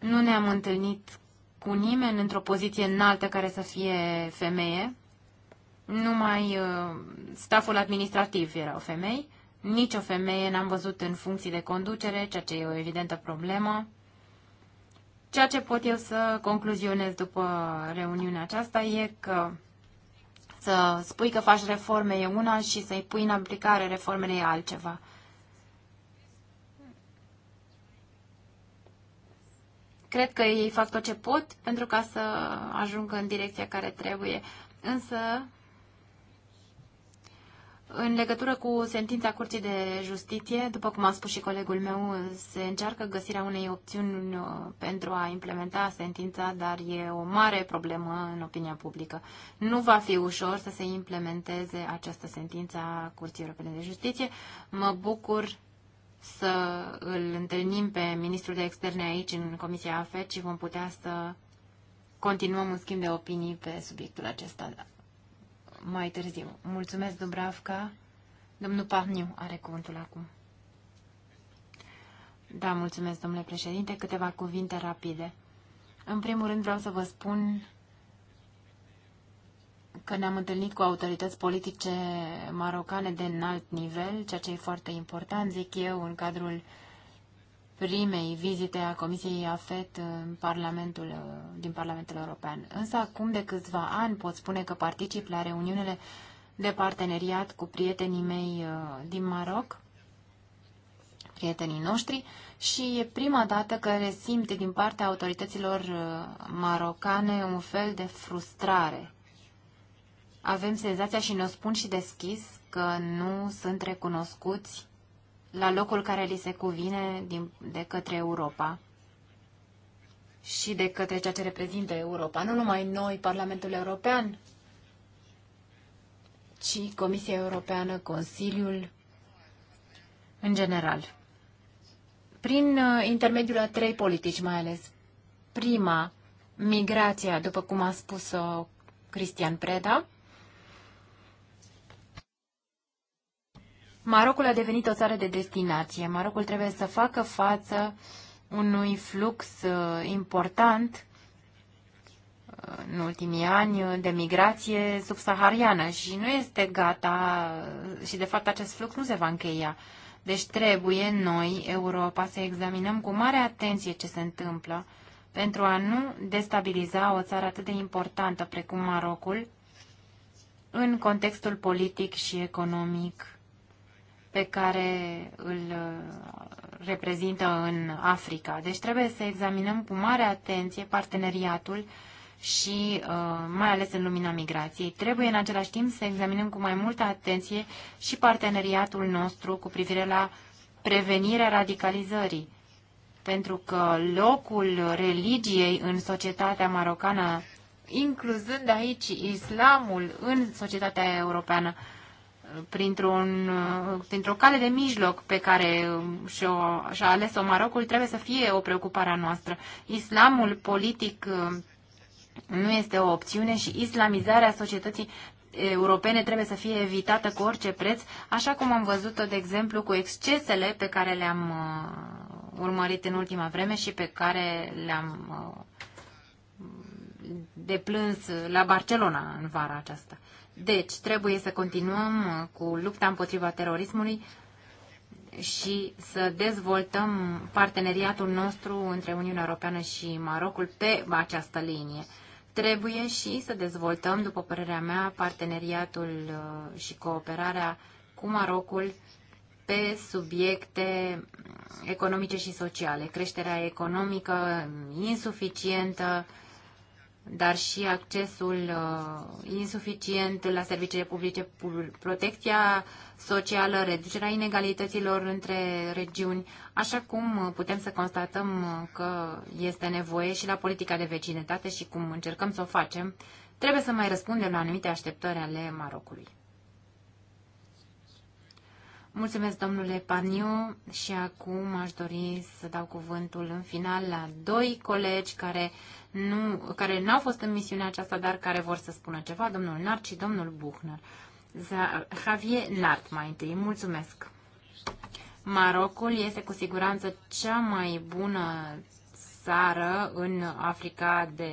S3: Nu ne-am întâlnit cu nimeni într-o poziție înaltă care să fie femeie. Numai uh, staful administrativ erau femei. Nici o femeie n-am văzut în funcții de conducere, ceea ce e o evidentă problemă. Ceea ce pot eu să concluzionez după reuniunea aceasta e că să spui că faci reforme e una și să-i pui în aplicare reformele e altceva. Cred că ei fac tot ce pot pentru ca să ajungă în direcția care trebuie, însă în legătură cu sentința Curții de Justiție, după cum a spus și colegul meu, se încearcă găsirea unei opțiuni uh, pentru a implementa sentința, dar e o mare problemă în opinia publică. Nu va fi ușor să se implementeze această sentință a Curții Europene de Justiție. Mă bucur să îl întâlnim pe ministrul de externe aici în Comisia AFET și vom putea să continuăm un schimb de opinii pe subiectul acesta mai târziu. Mulțumesc, Dubravka. Domnul Pahniu are cuvântul acum. Da, mulțumesc, domnule președinte. Câteva cuvinte rapide. În primul rând vreau să vă spun că ne-am întâlnit cu autorități politice marocane de înalt nivel, ceea ce e foarte important, zic eu, în cadrul uh, primei vizite a Comisiei AFET în Parlamentul, din Parlamentul European. Însă acum de câțiva ani pot spune că particip la reuniunile de parteneriat cu prietenii mei uh, din Maroc, prietenii noștri, și e prima dată că resimt din partea autorităților uh, marocane un fel de frustrare. Avem senzația și ne spun și deschis că nu sunt recunoscuți la locul care li se cuvine din, de către Europa și de către ceea ce reprezintă Europa. Nu numai noi, Parlamentul European, ci Comisia Europeană, Consiliul, în general. Prin uh, intermediul a trei politici, mai ales. Prima, migrația, după cum a spus-o Cristian Preda, Marocul a devenit o țară de destinație. Marocul trebuie să facă față unui flux uh, important uh, în ultimii ani uh, de migrație subsahariană și nu este gata și de fapt acest flux nu se va încheia. Deci trebuie noi, Europa, să examinăm cu mare atenție ce se întâmplă pentru a nu destabiliza o țară atât de importantă precum Marocul în contextul politic și economic pe care îl uh, reprezintă în Africa. Deci trebuie să examinăm cu mare atenție parteneriatul și uh, mai ales în lumina migrației. Trebuie în același timp să examinăm cu mai multă atenție și parteneriatul nostru cu privire la prevenirea radicalizării. Pentru că locul religiei în societatea marocană, incluzând aici islamul în societatea europeană, printr-un, printr-o cale de mijloc pe care um, și-o, și-a ales-o Marocul, trebuie să fie o preocupare a noastră. Islamul politic um, nu este o opțiune și islamizarea societății europene trebuie să fie evitată cu orice preț, așa cum am văzut-o, de exemplu, cu excesele pe care le-am uh, urmărit în ultima vreme și pe care le-am uh, deplâns la Barcelona în vara aceasta. Deci, trebuie să continuăm uh, cu lupta împotriva terorismului și să dezvoltăm parteneriatul nostru între Uniunea Europeană și Marocul pe această linie. Trebuie și să dezvoltăm, după părerea mea, parteneriatul uh, și cooperarea cu Marocul pe subiecte uh, economice și sociale. Creșterea economică insuficientă, dar și accesul uh, insuficient la serviciile publice, protecția socială, reducerea inegalităților între regiuni, așa cum uh, putem să constatăm uh, că este nevoie și la politica de vecinătate și cum încercăm să o facem, trebuie să mai răspundem la anumite așteptări ale Marocului. Mulțumesc, domnule Paniu, și acum aș dori să dau cuvântul în final la doi colegi care uh, nu, care n-au fost în misiunea aceasta, dar care vor să spună ceva, domnul Nart și domnul Buchner. Javier Nart, mai întâi, mulțumesc. Marocul este cu siguranță cea mai bună țară în Africa de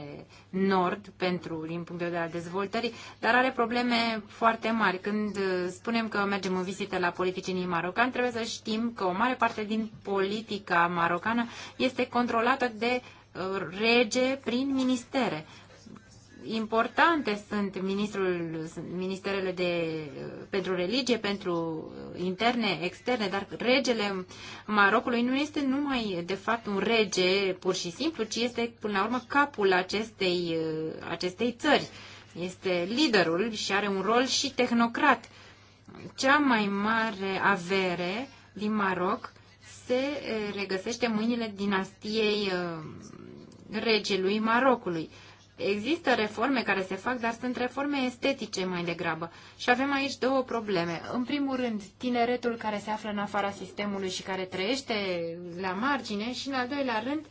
S3: Nord pentru, din punct de vedere al dezvoltării, dar are probleme foarte mari. Când spunem că mergem în vizită la politicienii marocani, trebuie să știm că o mare parte din politica marocană este controlată de uh, rege prin ministere. Importante sunt ministrul, ministerele de, pentru religie, pentru interne, externe, dar regele Marocului nu este numai, de fapt, un rege pur și simplu, ci este, până la urmă, capul acestei, acestei țări. Este liderul și are un rol și tehnocrat. Cea mai mare avere din Maroc se regăsește mâinile dinastiei regelui Marocului. Există reforme care se fac, dar sunt reforme estetice mai degrabă. Și avem aici două probleme. În primul rând, tineretul care se află în afara sistemului și care trăiește la margine și, în al doilea rând,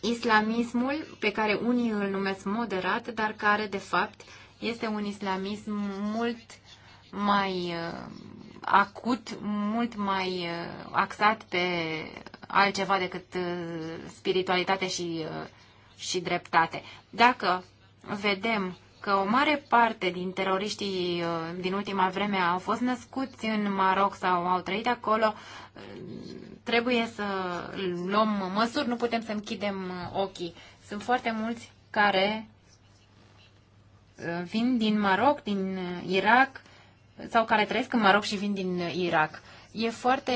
S3: islamismul pe care unii îl numesc moderat, dar care, de fapt, este un islamism mult mai acut, mult mai uh, axat pe altceva decât uh, spiritualitate și, uh, și dreptate. Dacă vedem că o mare parte din teroriștii din ultima vreme au fost născuți în Maroc sau au trăit acolo, trebuie să luăm măsuri, nu putem să închidem ochii. Sunt foarte mulți care vin din Maroc, din Irak, sau care trăiesc în Maroc și vin din Irak. E foarte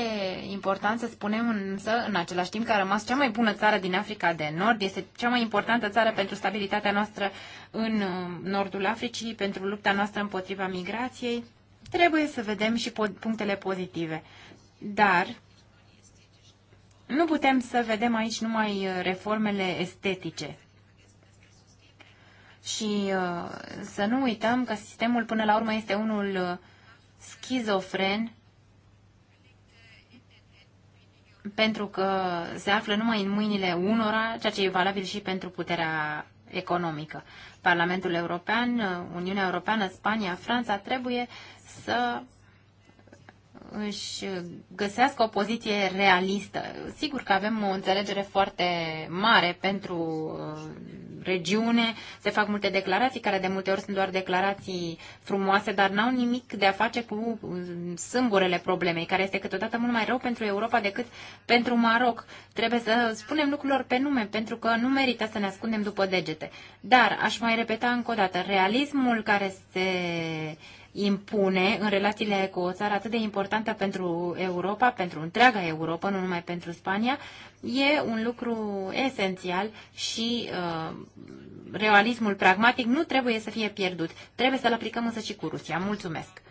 S3: important să spunem însă, în același timp, că a rămas cea mai bună țară din Africa de Nord, este cea mai importantă țară pentru stabilitatea noastră în uh, Nordul Africii, pentru lupta noastră împotriva migrației. Trebuie să vedem și punctele pozitive. Dar nu putem să vedem aici numai uh, reformele estetice. Și uh, să nu uităm că sistemul până la urmă este unul uh, schizofren pentru că se află numai în mâinile unora, ceea ce e valabil și pentru puterea economică. Parlamentul European, uh, Uniunea Europeană, Spania, Franța trebuie să își găsească o poziție realistă. Sigur că avem o înțelegere foarte mare pentru uh, regiune, se fac multe declarații care de multe ori sunt doar declarații frumoase, dar n-au nimic de a face cu uh, sâmburele problemei, care este câteodată mult mai rău pentru Europa decât pentru Maroc. Trebuie să spunem lucrurilor pe nume, pentru că nu merită să ne ascundem după degete. Dar aș mai repeta încă o dată, realismul care se impune în relațiile cu o țară atât de importantă pentru Europa, pentru întreaga Europa, nu numai pentru Spania, e un lucru esențial și uh, realismul pragmatic nu trebuie să fie pierdut. Trebuie să-l aplicăm însă și cu Rusia. Mulțumesc!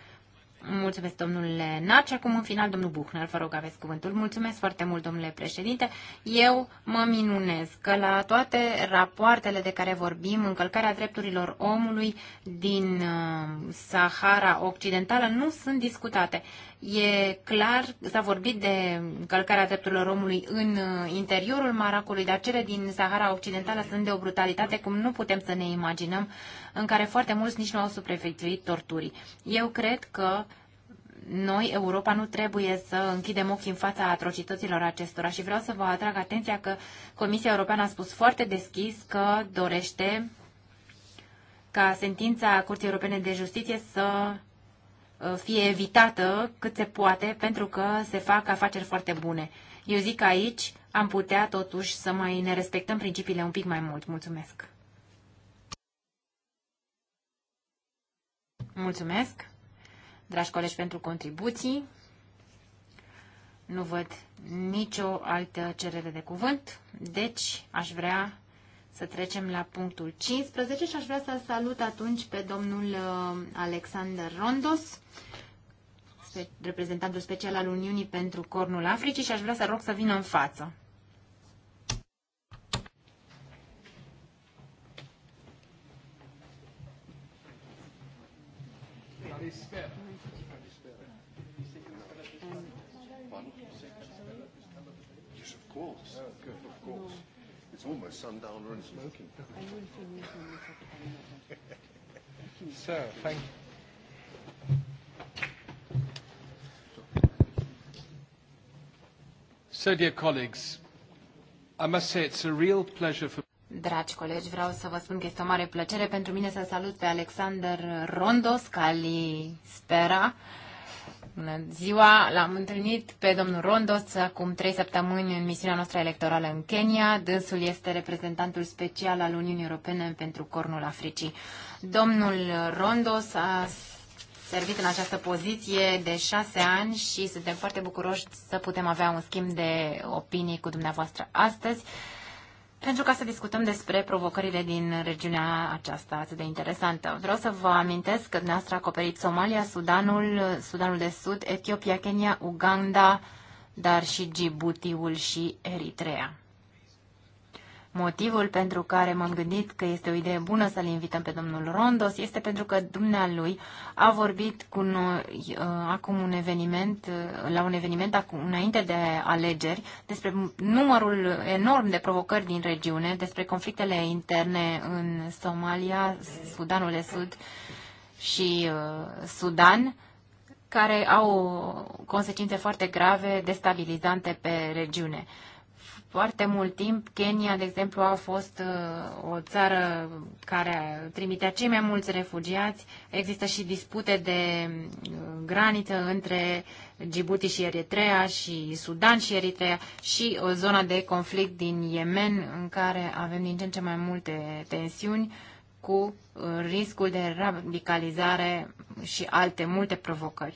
S3: Mulțumesc, domnule Naci. Acum, în final, domnul Buchner, vă rog, aveți cuvântul. Mulțumesc foarte mult, domnule președinte. Eu mă minunez că la toate rapoartele de care vorbim, încălcarea drepturilor omului din uh, Sahara Occidentală nu sunt discutate. E clar, s-a vorbit de încălcarea drepturilor omului în uh, interiorul Maracului, dar cele din Sahara Occidentală sunt de o brutalitate cum nu putem să ne imaginăm, în care foarte mulți nici nu au supraviețuit torturii. Eu cred că noi, Europa, nu trebuie să închidem ochii în fața atrocităților acestora și vreau să vă atrag atenția că Comisia Europeană a spus foarte deschis că dorește ca sentința Curții Europene de Justiție să uh, fie evitată cât se poate pentru că se fac afaceri foarte bune. Eu zic că aici am putea totuși să mai ne respectăm principiile un pic mai mult. Mulțumesc! Mulțumesc! dragi colegi, pentru contribuții. Nu văd nicio altă cerere de cuvânt, deci aș vrea să trecem la punctul 15 și aș vrea să salut atunci pe domnul uh, Alexander Rondos, reprezentantul special al Uniunii pentru Cornul Africii și aș vrea să rog să vină în față.
S1: Respect. It's almost sundown and smoking. so, thank you. So, dear colleagues, I must say it's a real pleasure for
S3: Dragi colegi, vreau să vă spun că este o mare plăcere pentru mine să salut pe Alexander Rondos, Cali Spera, bună ziua! L-am întâlnit pe domnul Rondos acum trei săptămâni în misiunea noastră electorală în Kenya. Dânsul este reprezentantul special al Uniunii Europene pentru Cornul Africii. Domnul Rondos a servit în această poziție de șase ani și suntem foarte bucuroși să putem avea un schimb de opinii cu dumneavoastră astăzi pentru ca să discutăm despre provocările din regiunea aceasta atât de interesantă. Vreau să vă amintesc că dumneavoastră acoperit Somalia, Sudanul, Sudanul de Sud, Etiopia, Kenya, Uganda, dar și Djibouti-ul și Eritrea. Motivul pentru care m-am gândit că este o idee bună să-l invităm pe domnul Rondos este pentru că dumnealui a vorbit cu noi uh, acum un eveniment, uh, la un eveniment acum, înainte de alegeri despre numărul enorm de provocări din regiune, despre conflictele interne în Somalia, Sudanul de Sud și uh, Sudan care au consecințe foarte grave, destabilizante pe regiune foarte mult timp, Kenya, de exemplu, a fost uh, o țară care trimitea cei mai mulți refugiați. Există și dispute de uh, graniță între Djibouti și Eritrea și Sudan și Eritrea și o zonă de conflict din Yemen în care avem din ce în ce mai multe tensiuni cu uh, riscul de radicalizare și alte multe provocări.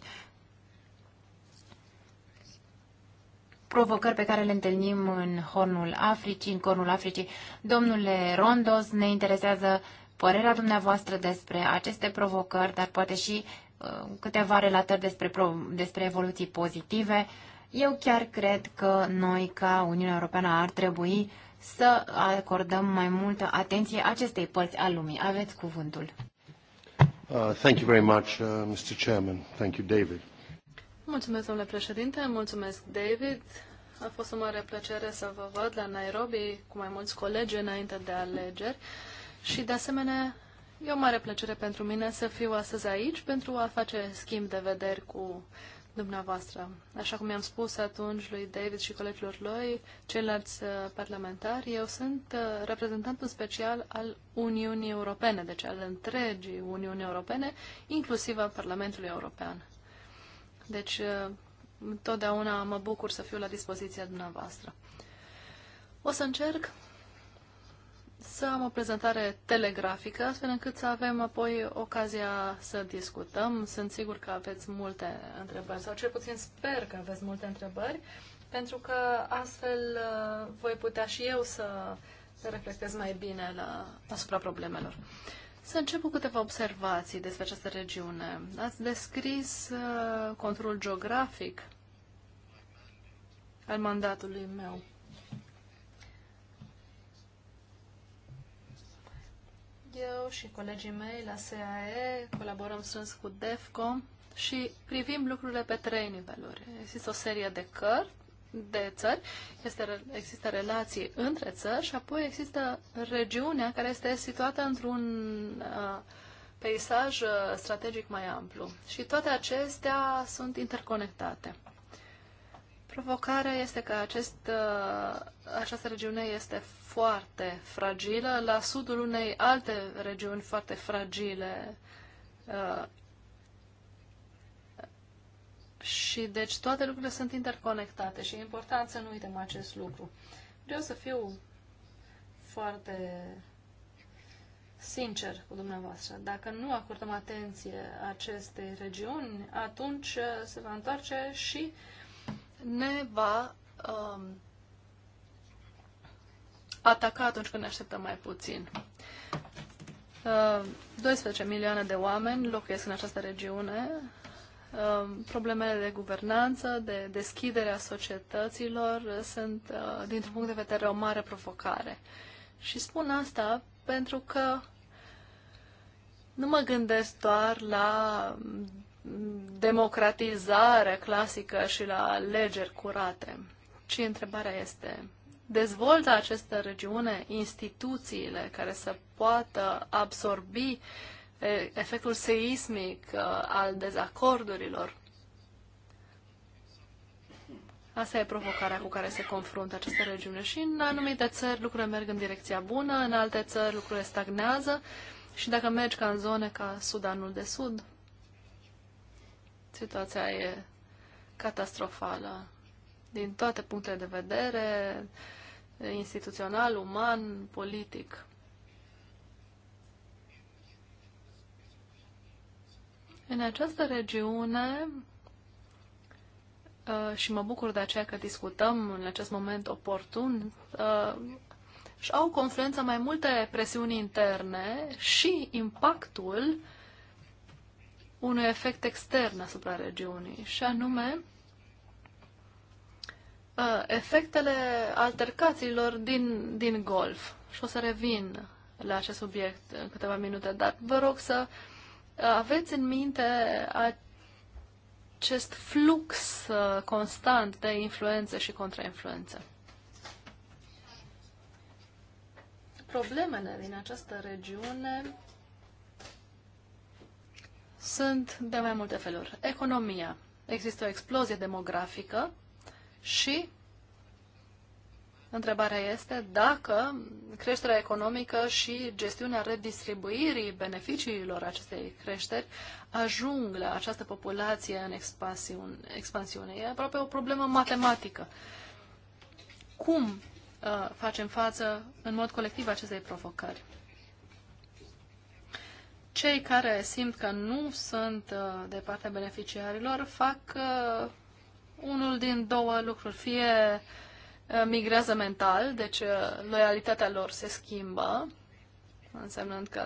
S3: provocări pe care le întâlnim în Hornul Africii, în Cornul Africii. Domnule Rondos, ne interesează părerea dumneavoastră despre aceste provocări, dar poate și uh, câteva relatări despre, pro, despre evoluții pozitive. Eu chiar cred că noi, ca Uniunea Europeană, ar trebui să acordăm mai multă atenție acestei părți a lumii. Aveți cuvântul. Uh, thank you very much, uh, Mr. Chairman. Thank you, David.
S2: Mulțumesc, domnule președinte, mulțumesc, David. A fost o mare plăcere să vă văd la Nairobi cu mai mulți colegi înainte de alegeri și, de asemenea, e o mare plăcere pentru mine să fiu astăzi aici pentru a face schimb de vederi cu dumneavoastră. Așa cum i-am spus atunci lui David și colegilor lui, ceilalți uh, parlamentari, eu sunt uh, reprezentantul special al Uniunii Europene, deci al întregii Uniunii Europene, inclusiv al Parlamentului European. Deci, uh, întotdeauna mă bucur să fiu la dispoziția dumneavoastră. O să încerc să am o prezentare telegrafică, astfel încât să avem apoi ocazia să discutăm. Sunt sigur că aveți multe întrebări, sau cel puțin sper că aveți multe întrebări, pentru că astfel uh, voi putea și eu să reflectez mai bine la, asupra problemelor. Să încep cu câteva observații despre această regiune. Ați descris uh, controlul geografic al mandatului meu. Eu și colegii mei la SAE colaborăm strâns cu DEFCO și privim lucrurile pe trei niveluri. Există o serie de cărți de țări, este, există relații între țări și apoi există regiunea care este situată într-un uh, peisaj uh, strategic mai amplu. Și toate acestea sunt interconectate. Provocarea este că acest, uh, această regiune este foarte fragilă, la sudul unei alte regiuni foarte fragile și deci toate lucrurile sunt interconectate și e important să nu uităm acest lucru. Vreau să fiu foarte sincer cu dumneavoastră. Dacă nu acordăm atenție acestei regiuni, atunci uh, se va întoarce și ne va um, ataca atunci când ne așteptăm mai puțin. 12 uh, milioane de oameni locuiesc în această regiune Um, problemele de guvernanță, de deschidere a societăților sunt, uh, dintr-un punct de vedere, o mare provocare. Și spun asta pentru că nu mă gândesc doar la mm, democratizare clasică și la legeri curate, ci întrebarea este, dezvoltă această regiune instituțiile care să poată absorbi uh, efectul seismic uh, al dezacordurilor. Asta e provocarea cu care se confruntă aceste regiune și în anumite țări lucrurile merg în direcția bună, în alte țări lucrurile stagnează și dacă mergi ca în zone ca Sudanul de Sud, situația e catastrofală din toate punctele de vedere, instituțional, uman, politic. În această regiune, uh, și mă bucur de aceea că discutăm în acest moment oportun, uh, și au confluență mai multe presiuni interne și impactul unui efect extern asupra regiunii, și anume uh, efectele altercațiilor din, din golf. Și o să revin la acest subiect în câteva minute, dar vă rog să uh, aveți în minte acest flux uh, constant de influențe și contrainfluențe. Problemele din această regiune sunt de mai multe feluri. Economia. Există o explozie demografică și Întrebarea este dacă creșterea economică și gestiunea redistribuirii beneficiilor acestei creșteri ajung la această populație în expansiune. expansiune. E aproape o problemă matematică. Cum uh, facem față în mod colectiv acestei provocări? Cei care simt că nu sunt uh, de partea beneficiarilor fac uh, unul din două lucruri. Fie uh, Eh, migrează mental, deci eh, loialitatea lor se schimbă, însemnând că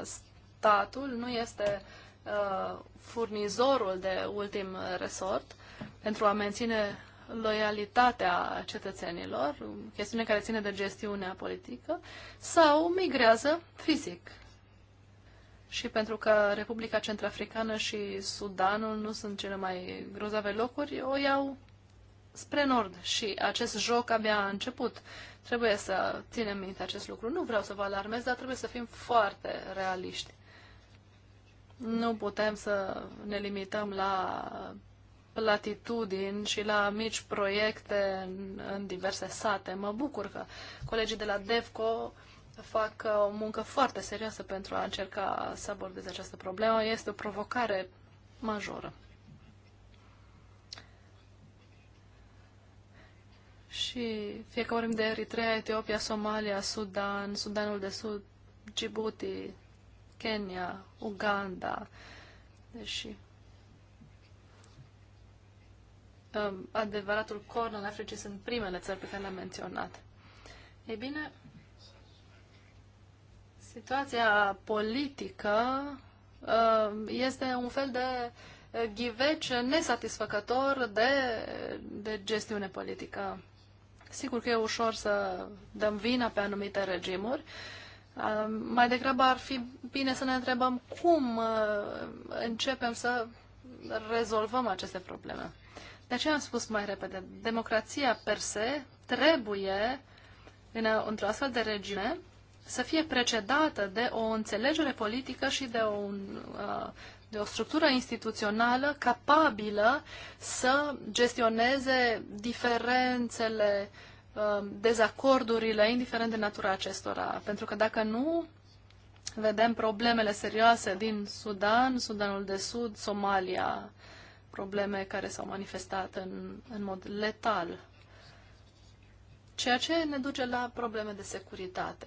S2: statul nu este uh, furnizorul de ultim resort pentru a menține loialitatea cetățenilor, chestiune care ține de gestiunea politică, sau migrează fizic. Și pentru că Republica Centrafricană și Sudanul nu sunt cele mai grozave locuri, o iau spre nord și acest joc abia a început. Trebuie să ținem minte acest lucru. Nu vreau să vă alarmez, dar trebuie să fim foarte realiști. Nu putem să ne limităm la platitudini și la mici proiecte în, în diverse sate. Mă bucur că colegii de la DEVCO fac o muncă foarte serioasă pentru a încerca să abordeze această problemă. Este o provocare majoră. Și fie că vorbim de Eritrea, Etiopia, Somalia, Sudan, Sudanul de Sud, Djibouti, Kenya, Uganda, deși um, adevăratul corn al Africii sunt primele țări pe care le-am menționat. E bine, situația politică um, este un fel de uh, ghivece nesatisfăcător de, de gestiune politică Sigur că e ușor să dăm vina pe anumite regimuri. Mai degrabă ar fi bine să ne întrebăm cum uh, începem să rezolvăm aceste probleme. De aceea am spus mai repede, democrația per se trebuie, în, într-o astfel de regime, să fie precedată de o înțelegere politică și de un uh, de o structură instituțională capabilă să gestioneze diferențele, um, dezacordurile, indiferent de natura acestora. Pentru că dacă nu, vedem problemele serioase din Sudan, Sudanul de Sud, Somalia, probleme care s-au manifestat în, în mod letal. Ceea ce ne duce la probleme de securitate.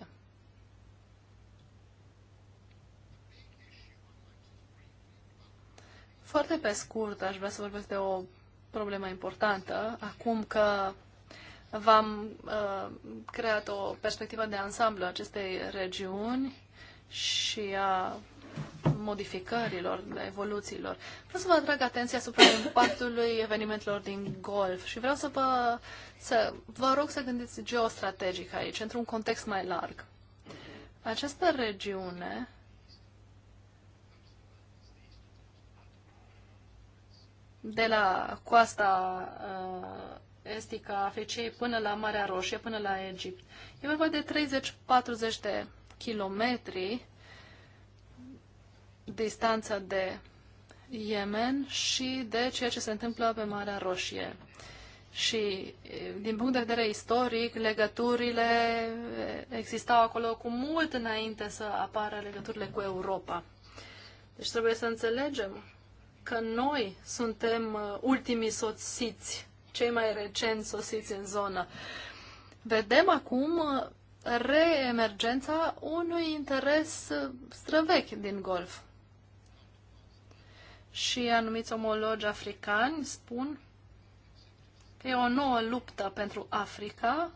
S2: Foarte pe scurt aș vrea să vorbesc de o problemă importantă. Acum că v-am uh, creat o perspectivă de ansamblu acestei regiuni și a modificărilor, a evoluțiilor. Vreau să vă atrag atenția asupra impactului evenimentelor din golf și vreau să vă, să vă rog să gândiți geostrategic aici, într-un context mai larg. Această regiune de la coasta uh, estică a Africei până la Marea Roșie, până la Egipt. E vorba de 30-40 de kilometri distanță de Yemen și de ceea ce se întâmplă pe Marea Roșie. Și uh, din punct de vedere istoric, legăturile uh, existau acolo cu mult înainte să apară legăturile cu Europa. Deci trebuie să înțelegem că noi suntem uh, ultimii sosiți, cei mai recenți sosiți în zonă. Vedem acum uh, reemergența unui interes uh, străvechi din Golf. Și anumiți omologi africani spun că e o nouă luptă pentru Africa,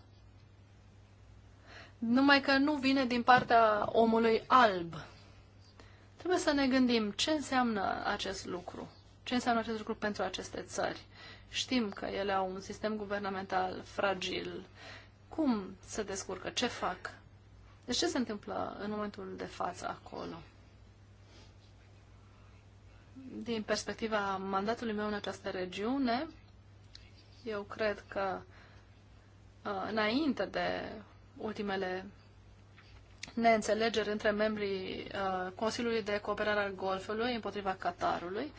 S2: numai că nu vine din partea omului alb Trebuie să ne gândim ce înseamnă acest lucru, ce înseamnă acest lucru pentru aceste țări. Știm că ele au un sistem guvernamental fragil. Cum se descurcă? Ce fac? Deci ce se întâmplă în momentul de față acolo? Din perspectiva mandatului meu în această regiune, eu cred că uh, înainte de ultimele neînțelegeri între membrii uh, Consiliului de Cooperare al Golfului împotriva Qatarului.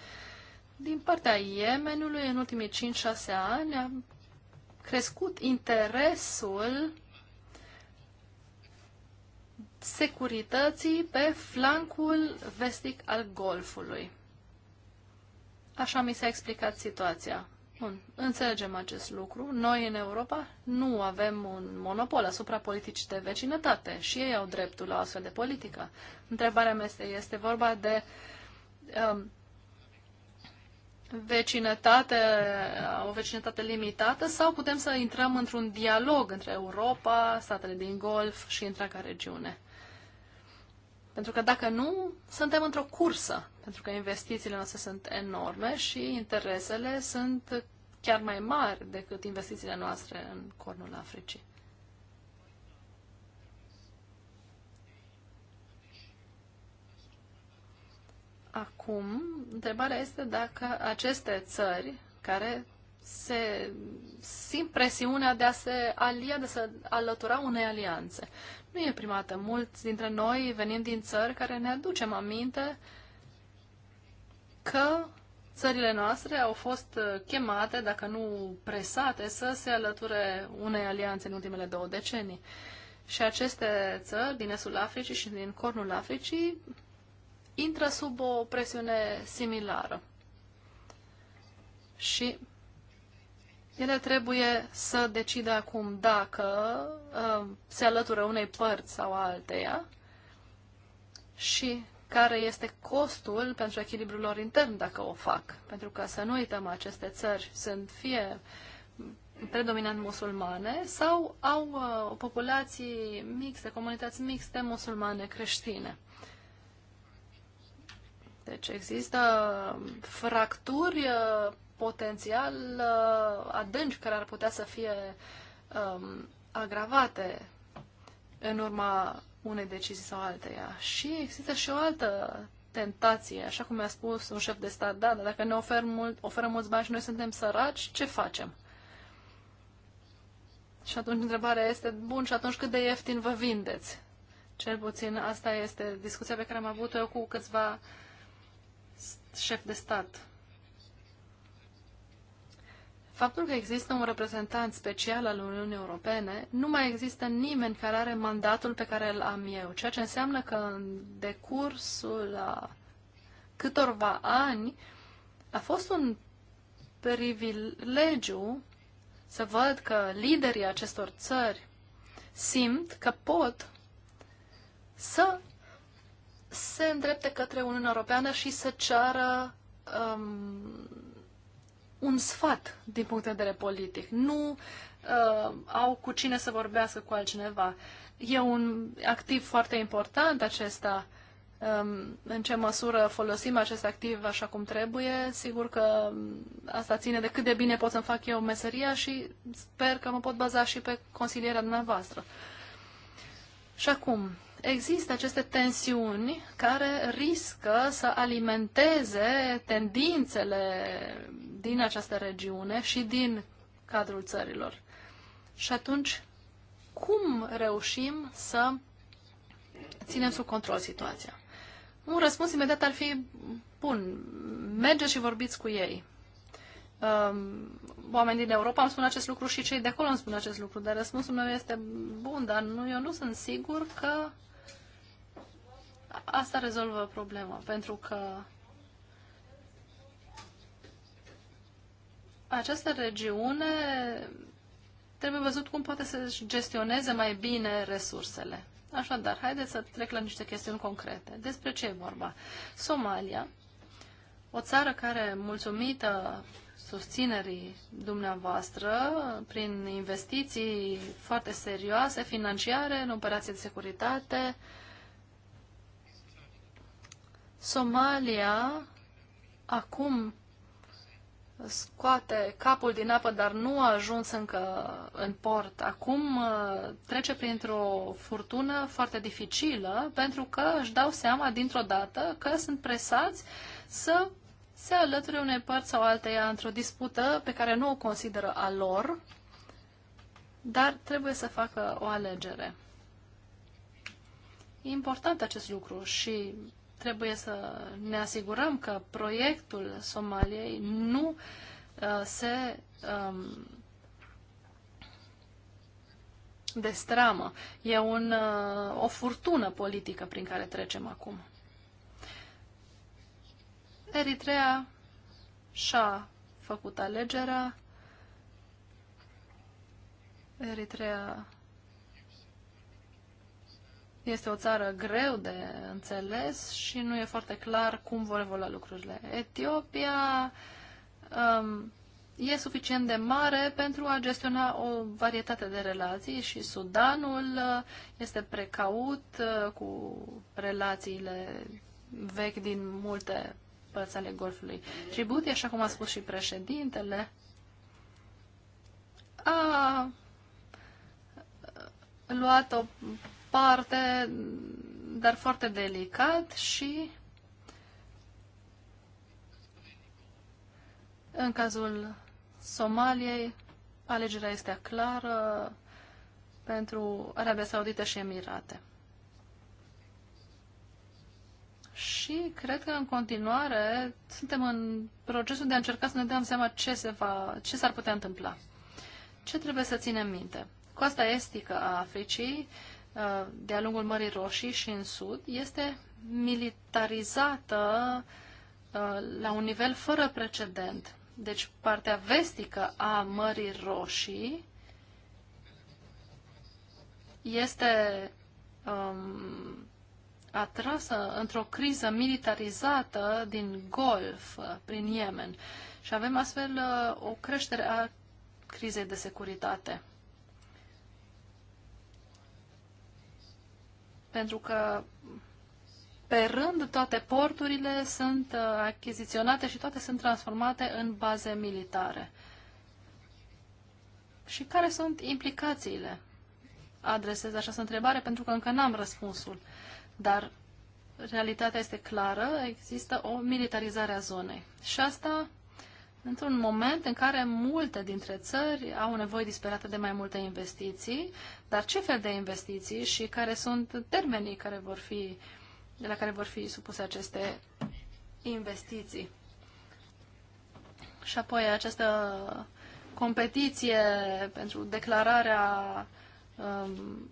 S2: Din partea Yemenului, în ultimii 5-6 ani, a crescut interesul securității pe flancul vestic al Golfului. Așa mi s-a explicat situația. Bun, înțelegem acest lucru. Noi în Europa nu avem un monopol asupra politicii de vecinătate și ei au dreptul la astfel de politică. Întrebarea mea este, este vorba de um, vecinătate, o vecinătate limitată sau putem să intrăm într-un dialog între Europa, statele din Golf și întreaga regiune? Pentru că dacă nu, suntem într-o cursă, pentru că investițiile noastre sunt enorme și interesele sunt chiar mai mari decât investițiile noastre în cornul Africii. Acum, întrebarea este dacă aceste țări care se simt presiunea de a se alia, de a se alătura unei alianțe. Nu e prima dată. Mulți dintre noi venim din țări care ne aducem aminte că țările noastre au fost uh, chemate, dacă nu presate, să se alăture unei alianțe în ultimele două decenii. Și aceste țări din estul Africii și din cornul Africii intră sub o presiune similară. Și ele trebuie să decidă acum dacă uh, se alătură unei părți sau alteia și care este costul pentru echilibrul lor intern dacă o fac. Pentru că să nu uităm, aceste țări sunt fie predominant musulmane sau au uh, o populații mixte, comunități mixte musulmane creștine. Deci există um, fracturi uh, potențial uh, adânci care ar putea să fie um, agravate în urma unei decizii sau alteia. Și există și o altă tentație, așa cum mi-a spus un șef de stat, da, dar dacă ne ofer mult, oferă mulți bani și noi suntem săraci, ce facem? Și atunci întrebarea este, bun, și atunci cât de ieftin vă vindeți? Cel puțin asta este discuția pe care am avut-o eu cu câțiva șef de stat Faptul că există un reprezentant special al Uniunii Europene, nu mai există nimeni care are mandatul pe care îl am eu, ceea ce înseamnă că în decursul a câtorva ani a fost un privilegiu să văd că liderii acestor țări simt că pot să se îndrepte către Uniunea Europeană și să ceară um, un sfat din punct de vedere politic. Nu uh, au cu cine să vorbească cu altcineva. E un activ foarte important acesta. Um, în ce măsură folosim acest activ așa cum trebuie, sigur că um, asta ține de cât de bine pot să-mi fac eu meseria și sper că mă pot baza și pe consilierea dumneavoastră. Și acum, există aceste tensiuni care riscă să alimenteze tendințele din această regiune și din cadrul țărilor. Și atunci, cum reușim să ținem sub control situația? Un răspuns imediat ar fi, bun, mergeți și vorbiți cu ei. Um, Oameni din Europa îmi spun acest lucru și cei de acolo îmi spun acest lucru, dar răspunsul meu este, bun, dar nu, eu nu sunt sigur că uh, asta rezolvă problema, pentru că această regiune trebuie văzut cum poate să gestioneze mai bine resursele. Așadar, haideți să trec la niște chestiuni concrete. Despre ce e vorba? Somalia, o țară care, mulțumită susținerii dumneavoastră, prin investiții foarte serioase, financiare, în operații de securitate, uh, Somalia acum scoate capul din apă, dar nu a ajuns încă în port. Acum uh, trece printr-o furtună foarte dificilă pentru că își dau seama dintr-o dată că sunt presați să se alăture unei părți sau alteia într-o dispută pe care nu o consideră a lor, dar trebuie să facă o alegere. E important acest lucru și Trebuie să ne asigurăm că proiectul Somaliei nu uh, se um, destramă. E un, uh, o furtună politică prin care trecem acum. Eritrea și-a făcut alegerea. Eritrea este o țară greu de înțeles și nu e foarte clar cum vor evolua lucrurile. Etiopia um, e suficient de mare pentru a gestiona o varietate de relații și Sudanul uh, este precaut uh, cu relațiile vechi din multe părți ale Golfului. Djibouti, așa cum a spus și președintele, a uh, luat o departe, dar foarte delicat și în cazul Somaliei alegerea este clară pentru Arabia Saudită și Emirate. Și cred că în continuare suntem în procesul de a încerca să ne dăm seama ce, se va, ce s-ar putea întâmpla. Ce trebuie să ținem minte? Coasta estică a Africii uh, Uh, de-a lungul Mării Roșii și în sud este militarizată uh, la un nivel fără precedent. Deci partea vestică a Mării Roșii este um, atrasă într-o criză militarizată din Golf, uh, prin Yemen. Și avem astfel o creștere a crizei de securitate. Pentru că pe rând toate porturile sunt uh, achiziționate și toate sunt transformate în baze militare. Și care sunt implicațiile? Adresez așa întrebare pentru că încă n-am răspunsul. Dar realitatea este clară, există o militarizare a zonei. Și asta într-un moment în care multe dintre țări au nevoie disperată de mai multe investiții, dar ce fel de investiții și care sunt termenii care vor fi, la care vor fi supuse aceste investiții. Și apoi această competiție pentru declararea um,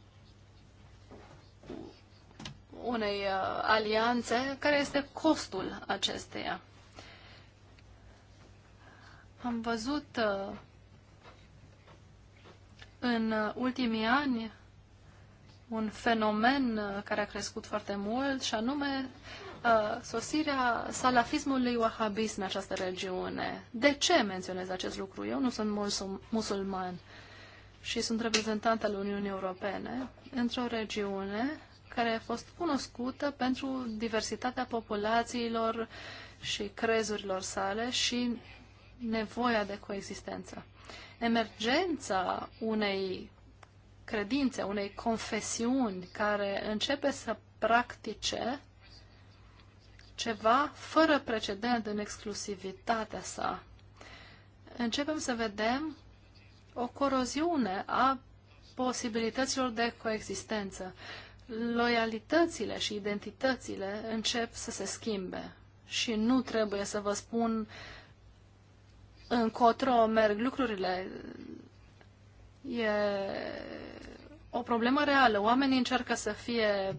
S2: unei uh, alianțe, care este costul acesteia? Am văzut uh, în ultimii ani un fenomen uh, care a crescut foarte mult și anume uh, sosirea salafismului wahabist în această regiune. De ce menționez acest lucru? Eu nu sunt musulman și sunt reprezentant al Uniunii Europene într-o regiune care a fost cunoscută pentru diversitatea populațiilor și crezurilor sale și nevoia de coexistență. Emergența unei credințe, unei confesiuni care începe să practice ceva fără precedent în exclusivitatea sa. Începem să vedem o coroziune a posibilităților de coexistență. Loialitățile și identitățile încep să se schimbe. Și nu trebuie să vă spun uh, încotro merg lucrurile. E o problemă reală. Oamenii încearcă să fie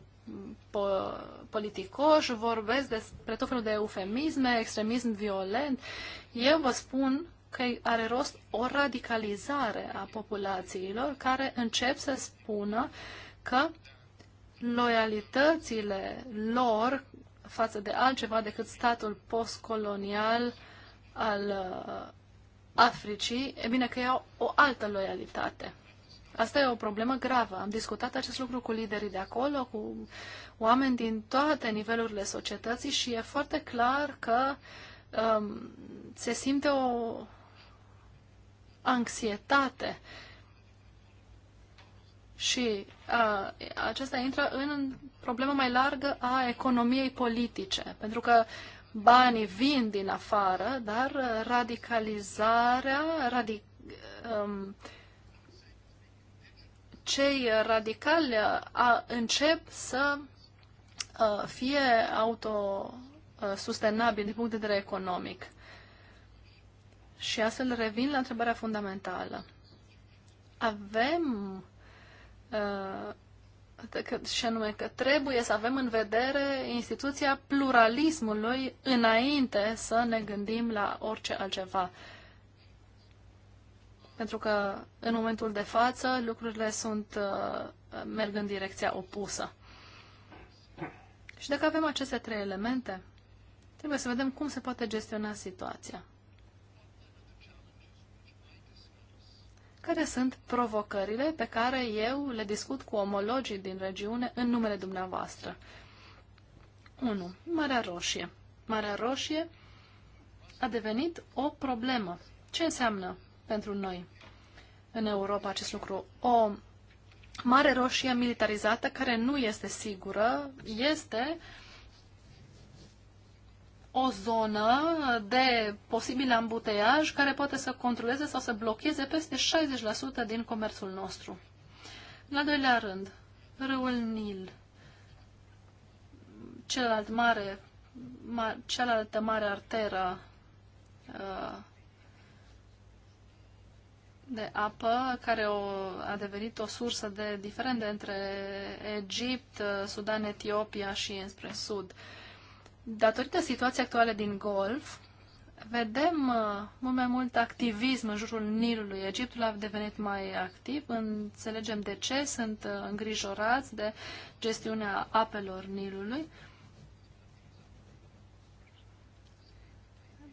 S2: po- politicoși, vorbesc despre tot felul de eufemisme, extremism violent. Eu vă spun că are rost o radicalizare a populațiilor care încep să spună că loialitățile lor față de altceva decât statul postcolonial al Africii, e bine că iau o altă loialitate. Asta e o problemă gravă. Am discutat acest lucru cu liderii de acolo, cu oameni din toate nivelurile societății și e foarte clar că um, se simte o anxietate și uh, aceasta intră în problema mai largă a economiei politice, pentru că banii vin din afară, dar radicalizarea, radic, um, cei radicali uh, a, încep să a, uh, fie autosustenabili din punct de vedere economic. Și astfel revin la întrebarea fundamentală. Avem uh, și anume că trebuie să avem în vedere instituția pluralismului înainte să ne gândim la orice altceva. Pentru că în momentul de față lucrurile sunt, uh, merg în direcția opusă. Și dacă avem aceste trei elemente, trebuie să vedem cum se poate gestiona situația. care sunt provocările pe care eu le discut cu omologii din regiune în numele dumneavoastră. 1. Marea Roșie. Marea Roșie a devenit o problemă. Ce înseamnă pentru noi în Europa acest lucru? O Mare Roșie militarizată care nu este sigură este uh, o zonă de posibil ambuteiaj care poate să controleze sau să blocheze peste 60% din comerțul nostru. La doilea rând, râul Nil, celălalt mare, ma, cealaltă mare arteră uh, de apă, care o, a devenit o sursă de diferende între Egipt, uh, Sudan, Etiopia și înspre sud. Uh, Datorită situației actuale din Golf, vedem uh, mult mai mult activism în jurul Nilului. Egiptul a devenit mai activ, înțelegem de ce, sunt uh, îngrijorați de gestiunea apelor Nilului.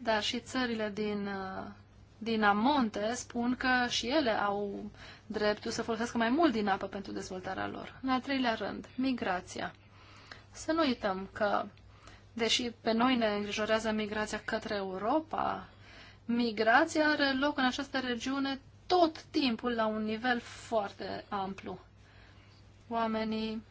S2: Dar și țările din, uh, din Amonte spun că și ele au dreptul să folosească mai mult din apă pentru dezvoltarea lor. În al treilea rând, migrația. Să nu uităm că deși pe noi ne îngrijorează migrația către Europa, migrația are loc în această regiune tot timpul la un nivel foarte amplu. Oamenii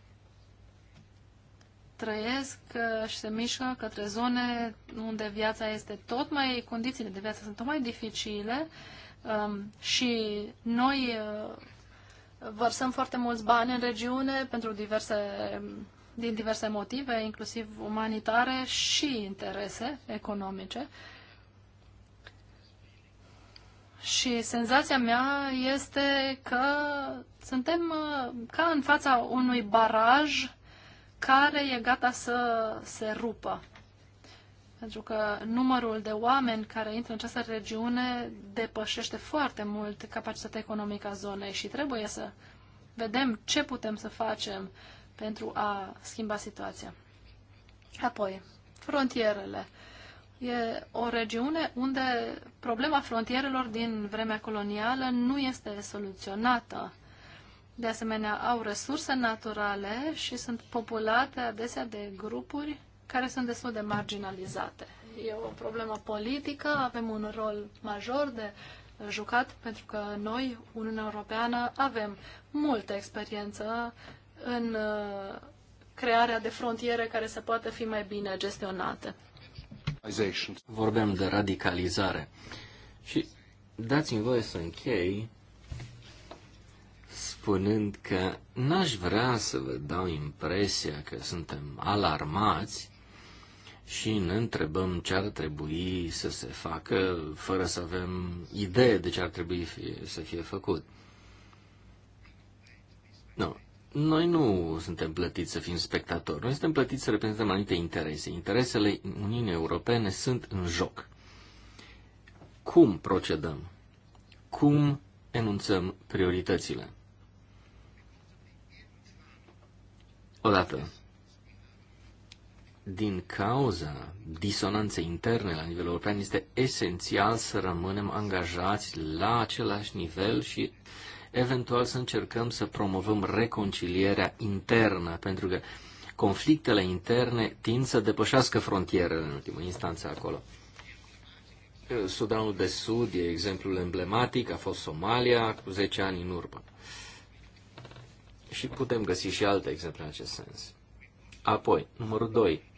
S2: trăiesc uh, și se mișcă către zone unde viața este tot mai, condițiile de viață sunt tot mai dificile um, și noi uh, vărsăm foarte mulți bani în regiune pentru diverse um, din diverse motive, inclusiv umanitare și interese economice. Și senzația mea este că suntem uh, ca în fața unui baraj care e gata să se rupă. Pentru că numărul de oameni care intră în această regiune depășește foarte mult capacitatea economică a zonei și trebuie să vedem ce putem să facem pentru a schimba situația. Apoi, frontierele. E o regiune unde problema frontierelor din vremea colonială nu este soluționată. De asemenea, au resurse naturale și sunt populate adesea de grupuri care sunt destul de marginalizate. E o problemă politică, avem un rol major de jucat pentru că noi, Uniunea Europeană, avem multă experiență în uh, crearea de frontiere care să poată fi mai bine gestionate.
S1: Vorbeam de radicalizare și dați-mi voie să închei spunând că n-aș vrea să vă dau impresia că suntem alarmați și ne întrebăm ce ar trebui să se facă fără să avem idee de ce ar trebui fie, să fie făcut. Nu, noi nu suntem plătiți să fim spectatori, noi suntem plătiți să reprezentăm anumite interese. Interesele Uniunii Europene sunt în joc. Cum procedăm? Cum enunțăm prioritățile? Odată, din cauza disonanței interne la nivel european, este esențial să rămânem angajați la același nivel și eventual să încercăm să promovăm reconcilierea internă, pentru că conflictele interne tind să depășească frontierele în ultimă instanță acolo. Sudanul de Sud e exemplul emblematic, a fost Somalia cu 10 ani în urmă. Și putem găsi și alte exemple în acest sens. Apoi, numărul 2.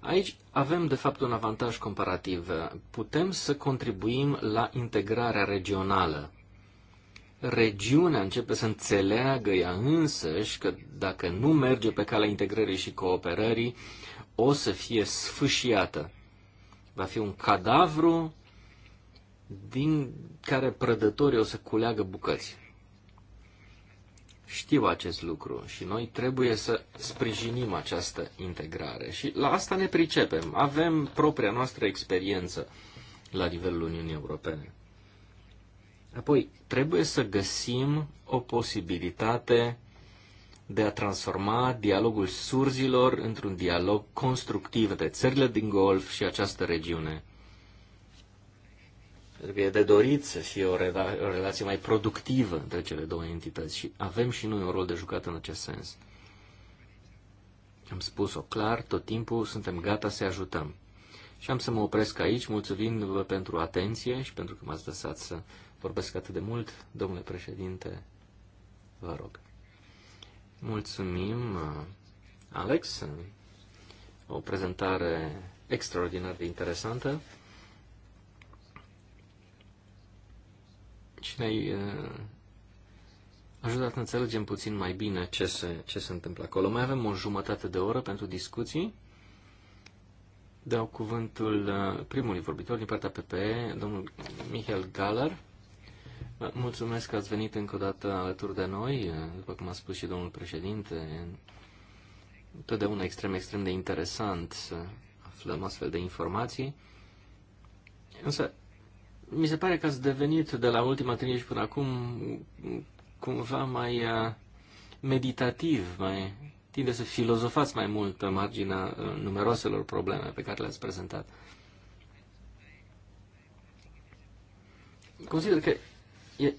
S1: Aici avem, de fapt, un avantaj comparativ. Putem să contribuim la integrarea regională. Regiunea începe să înțeleagă ea însăși că dacă nu merge pe calea integrării și cooperării, o să fie sfâșiată. Va fi un cadavru din care prădătorii o să culeagă bucăți știu acest lucru și noi trebuie să sprijinim această integrare. Și la asta ne pricepem. Avem propria noastră experiență la nivelul Uniunii Europene. Apoi, trebuie să găsim o posibilitate de a transforma dialogul surzilor într-un dialog constructiv de țările din Golf și această regiune. Pentru că e de dorit să fie o, rela- o relație mai productivă între cele două entități și avem și noi un rol de jucat în acest sens. Am spus-o clar, tot timpul suntem gata să ajutăm. Și am să mă opresc aici, mulțumindu-vă pentru atenție și pentru că m-ați lăsat să vorbesc atât de mult. Domnule președinte, vă rog. Mulțumim, Alex. O prezentare extraordinar de interesantă. și ne-ai ajutat să înțelegem puțin mai bine ce se, ce se întâmplă acolo. Mai avem o jumătate de oră pentru discuții. Dau cuvântul uh, primului vorbitor din partea PPE, domnul Michael Galler. Uh, mulțumesc că ați venit încă o dată alături de noi, uh, după cum a spus și domnul președinte. Totdeauna extrem, extrem de interesant să aflăm astfel de informații. Însă mi se pare că ați devenit de la ultima întâlnire și până acum cumva mai uh, meditativ, mai tinde să filozofați mai mult pe marginea uh, numeroaselor probleme pe care le-ați prezentat. Consider că e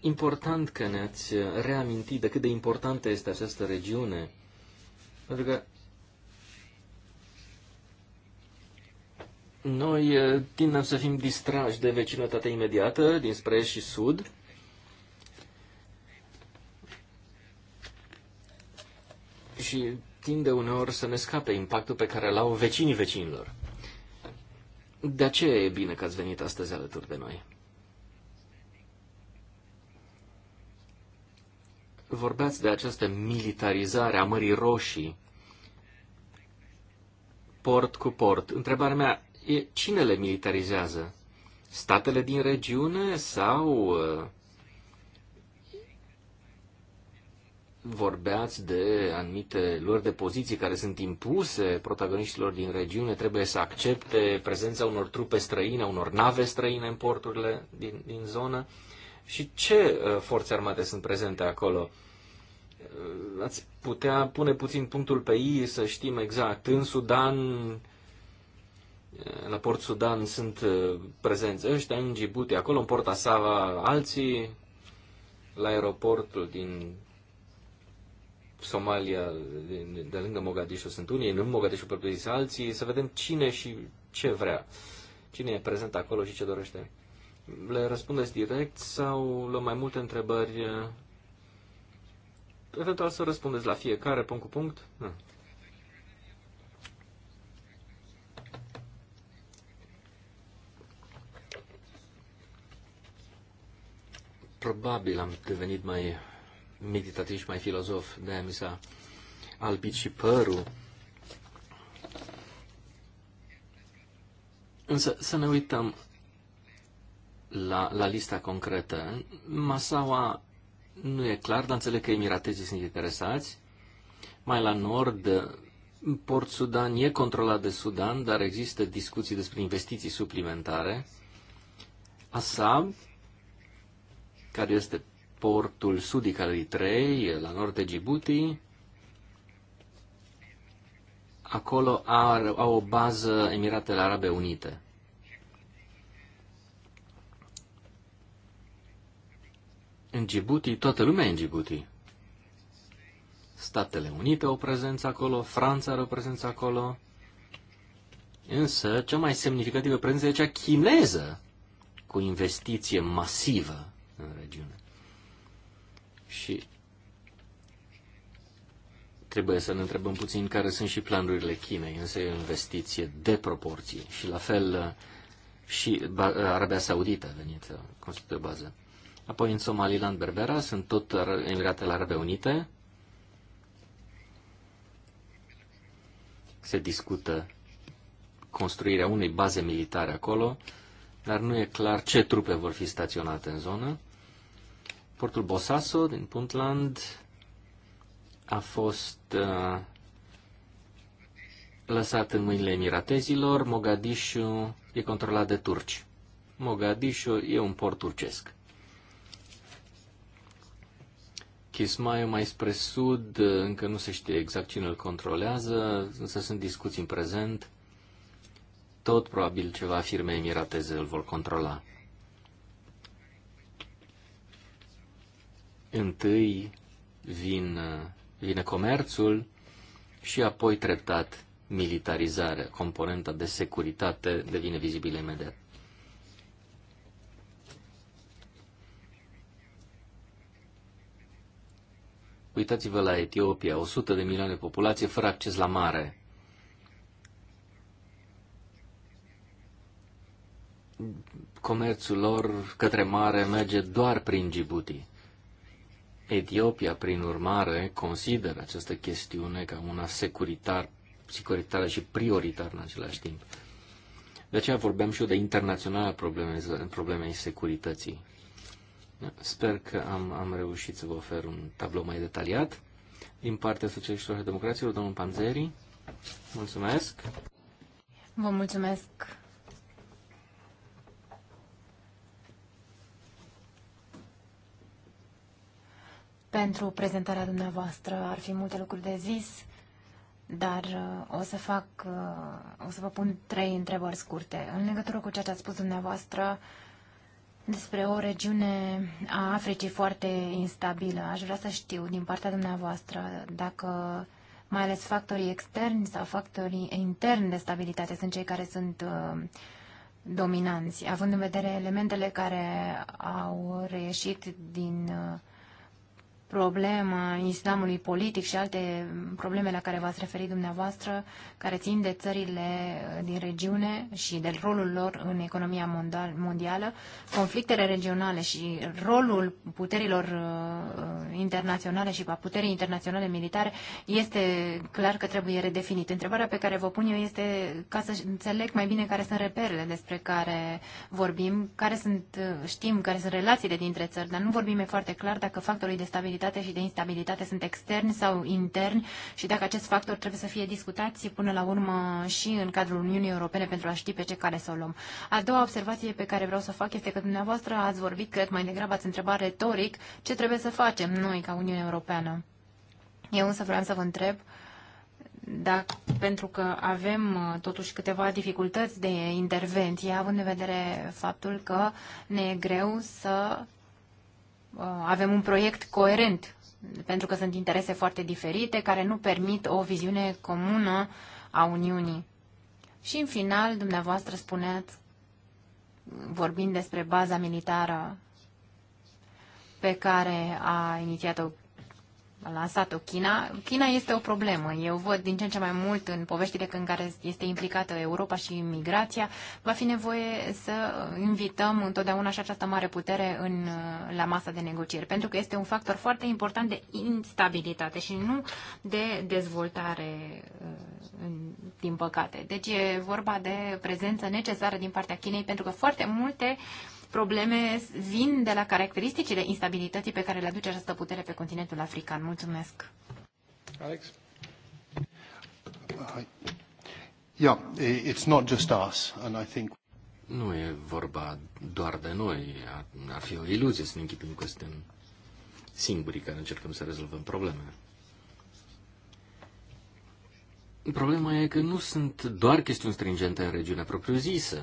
S1: important că ne-ați uh, reamintit de cât de importantă este această regiune, pentru că Noi eh, tindem să fim distrași de vecinătatea imediată, dinspre est și sud. Și tinde uneori să ne scape impactul pe care l-au vecinii vecinilor. De aceea e bine că ați venit astăzi alături de noi. Vorbeați de această militarizare a Mării Roșii, port cu port. Întrebarea mea e cine le militarizează? Statele din regiune sau uh, vorbeați de anumite lor de poziții care sunt impuse protagoniștilor din regiune, trebuie să accepte prezența unor trupe străine, unor nave străine în porturile din, din zonă. Și ce uh, forțe armate sunt prezente acolo? Uh, ați putea pune puțin punctul pe ei să știm exact. În Sudan, la Port Sudan sunt uh, prezenți ăștia, în Djibouti, acolo, în Porta Sava, alții, la aeroportul din Somalia, de, de lângă Mogadishu sunt unii, în Mogadishu propriu zis alții, să vedem cine și ce vrea, cine e prezent acolo și ce dorește. Le răspundeți direct sau la mai multe întrebări? Eventual să răspundeți la fiecare, punct cu punct? Hmm. Probabil am devenit mai meditativ și mai filozof, de-aia mi s-a albit și părul. Însă să ne uităm la, la lista concretă. Masaua nu e clar, dar înțeleg că emiratezii sunt interesați. Mai la nord, Port Sudan e controlat de Sudan, dar există discuții despre investiții suplimentare. Asab, care este portul sudic al Eritrei, la nord de Djibouti. Acolo are, au o bază Emiratele Arabe Unite. În Djibouti, toată lumea e în Djibouti. Statele Unite au prezență acolo, Franța are o prezență acolo, însă cea mai semnificativă prezență e cea chineză, cu investiție masivă în regiune. Și trebuie să ne întrebăm puțin care sunt și planurile Chinei, însă e o investiție de proporții și la fel și Arabia Saudită a venit uh, constituie bază. Apoi în Somaliland, Berbera, sunt tot Emiratele Arabe Unite. Se discută construirea unei baze militare acolo, dar nu e clar ce trupe vor fi staționate în zonă. Portul Bosaso din Puntland a fost uh, lăsat în mâinile emiratezilor. Mogadishu e controlat de turci. Mogadishu e un port turcesc. Chismaiu mai spre sud, uh, încă nu se știe exact cine îl controlează, însă sunt discuții în prezent. Tot probabil ceva firme emirateze îl vor controla. Întâi vin, vine comerțul și apoi treptat militarizare. Componenta de securitate devine vizibilă imediat. Uitați-vă la Etiopia, 100 de milioane de populație fără acces la mare. Comerțul lor către mare merge doar prin Djibouti. Etiopia, prin urmare, consideră această chestiune ca una securitar, securitară și prioritară în același timp. De aceea vorbeam și eu de internaționala problemei, problemei securității. Sper că am, am reușit să vă ofer un tablou mai detaliat. Din partea Socialiștilor și Democraților, domnul Panzeri, mulțumesc.
S3: Vă mulțumesc pentru prezentarea dumneavoastră. Ar fi multe lucruri de zis, dar uh, o să fac, uh, o să vă pun trei întrebări scurte. În legătură cu ceea ce ați spus dumneavoastră despre o regiune a Africii foarte instabilă, aș vrea să știu din partea dumneavoastră dacă mai ales factorii externi sau factorii interni de stabilitate sunt cei care sunt uh, dominanți, având în vedere elementele care au reieșit din uh, problemă islamului politic și alte probleme la care v-ați referit dumneavoastră, care țin de țările din regiune și de rolul lor în economia mondială, conflictele regionale și rolul puterilor uh, internaționale și a puterii internaționale militare, este clar că trebuie redefinit. Întrebarea pe care vă pun eu este ca să înțeleg mai bine care sunt reperele despre care vorbim, care sunt, uh, știm, care sunt relațiile dintre țări, dar nu vorbim foarte clar dacă factorii de stabilitate stabilitate și de instabilitate sunt externi sau interni și dacă acest factor trebuie să fie discutat până la urmă și în cadrul Uniunii Europene pentru a ști pe ce care să o luăm. A doua observație pe care vreau să o fac este că dumneavoastră ați vorbit, cred mai degrabă ați întrebat retoric, ce trebuie să facem noi ca Uniunea Europeană. Eu însă vreau să vă întreb da, pentru că avem uh, totuși câteva dificultăți de intervenție, având în vedere faptul că ne e greu să Uh, avem un proiect coerent, pentru că sunt interese foarte diferite care nu permit o viziune comună a Uniunii. Și în final, dumneavoastră spuneați, vorbind despre baza militară pe care a inițiat-o a lansat-o China. China este o problemă. Eu văd din ce în ce mai mult în poveștile în care este implicată Europa și imigrația va fi nevoie să invităm întotdeauna și această mare putere în, la masa de negocieri, pentru că este un factor foarte important de instabilitate și nu de dezvoltare, uh, din păcate. Deci e vorba de prezență necesară din partea Chinei, pentru că foarte multe uh, probleme vin de la caracteristicile instabilității pe care le aduce această putere pe continentul african. Mulțumesc. Alex?
S1: Yeah, it's not just us, and I think... Nu e vorba doar de noi. Ar fi o iluzie să ne închipim că suntem singurii care încercăm să rezolvăm probleme. Problema e că nu sunt doar chestiuni stringente în regiunea propriu-zisă.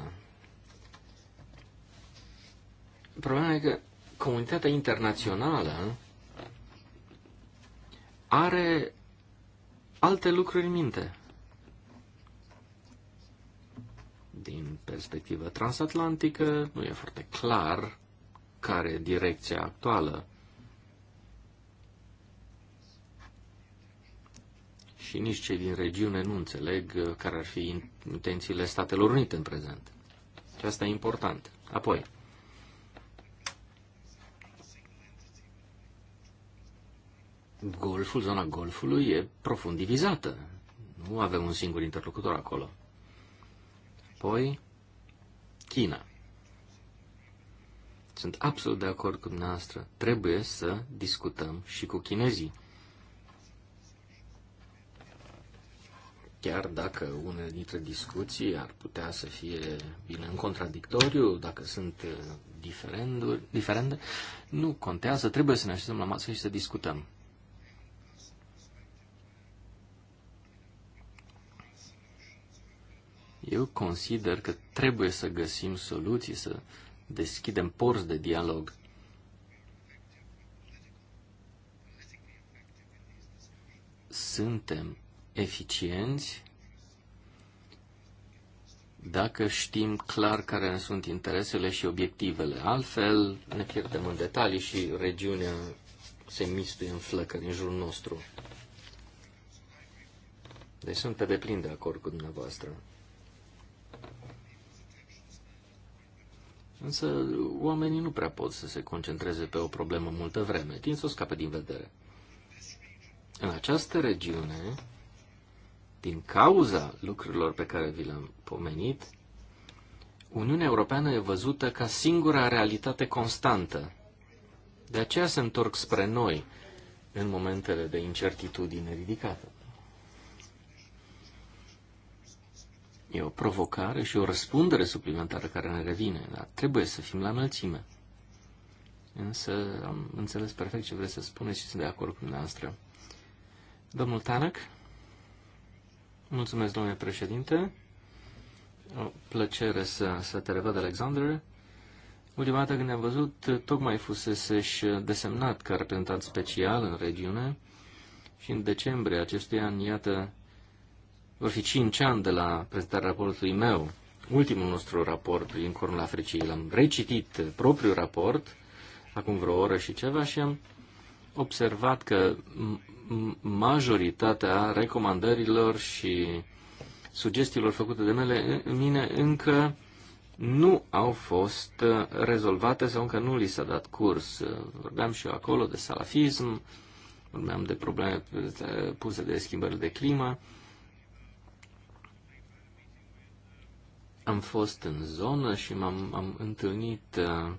S1: Problema e că comunitatea internațională are alte lucruri în minte. Din perspectivă transatlantică, nu e foarte clar care e direcția actuală. Și nici cei din regiune nu înțeleg uh, care ar fi intențiile Statelor Unite în prezent. Și asta e important. Apoi, golful, zona golfului e profund divizată. Nu avem un singur interlocutor acolo. Apoi, China. Sunt absolut de acord cu dumneavoastră. Trebuie să discutăm și cu chinezii. Chiar dacă unele dintre discuții ar putea să fie, bine, în contradictoriu, dacă sunt uh, diferende, nu contează, trebuie să ne așezăm la masă și să discutăm. Eu consider că trebuie să găsim soluții, să deschidem porți de dialog. Suntem eficienți dacă știm clar care ne sunt interesele și obiectivele. Altfel, ne pierdem în detalii și regiunea se mistuie în flăcări în jurul nostru. Deci sunt pe deplin de acord cu dumneavoastră. Însă oamenii nu prea pot să se concentreze pe o problemă multă vreme, tind să o scape din vedere. În această regiune, din cauza lucrurilor pe care vi le-am pomenit, Uniunea Europeană e văzută ca singura realitate constantă. De aceea se întorc spre noi în momentele de incertitudine ridicată. E o provocare și o răspundere suplimentară care ne revine, dar trebuie să fim la înălțime. Însă am înțeles perfect ce vreți să spuneți și sunt de acord cu dumneavoastră. Domnul Tanac, mulțumesc, domnule președinte. O plăcere să, să te revăd, Alexander. Ultima dată când ne-am văzut, tocmai fusese și desemnat ca reprezentant special în regiune și în decembrie acestui an, iată, vor fi 5 ani de la prezentarea raportului meu, ultimul nostru raport din Cornul Africii. L-am recitit propriul raport, acum vreo oră și ceva, și am observat că majoritatea recomandărilor și sugestiilor făcute de mele, mine încă nu au fost rezolvate sau încă nu li s-a dat curs. Vorbeam și eu acolo de salafism, vorbeam de probleme puse de schimbări de climă Am fost în zonă și m-am am întâlnit uh,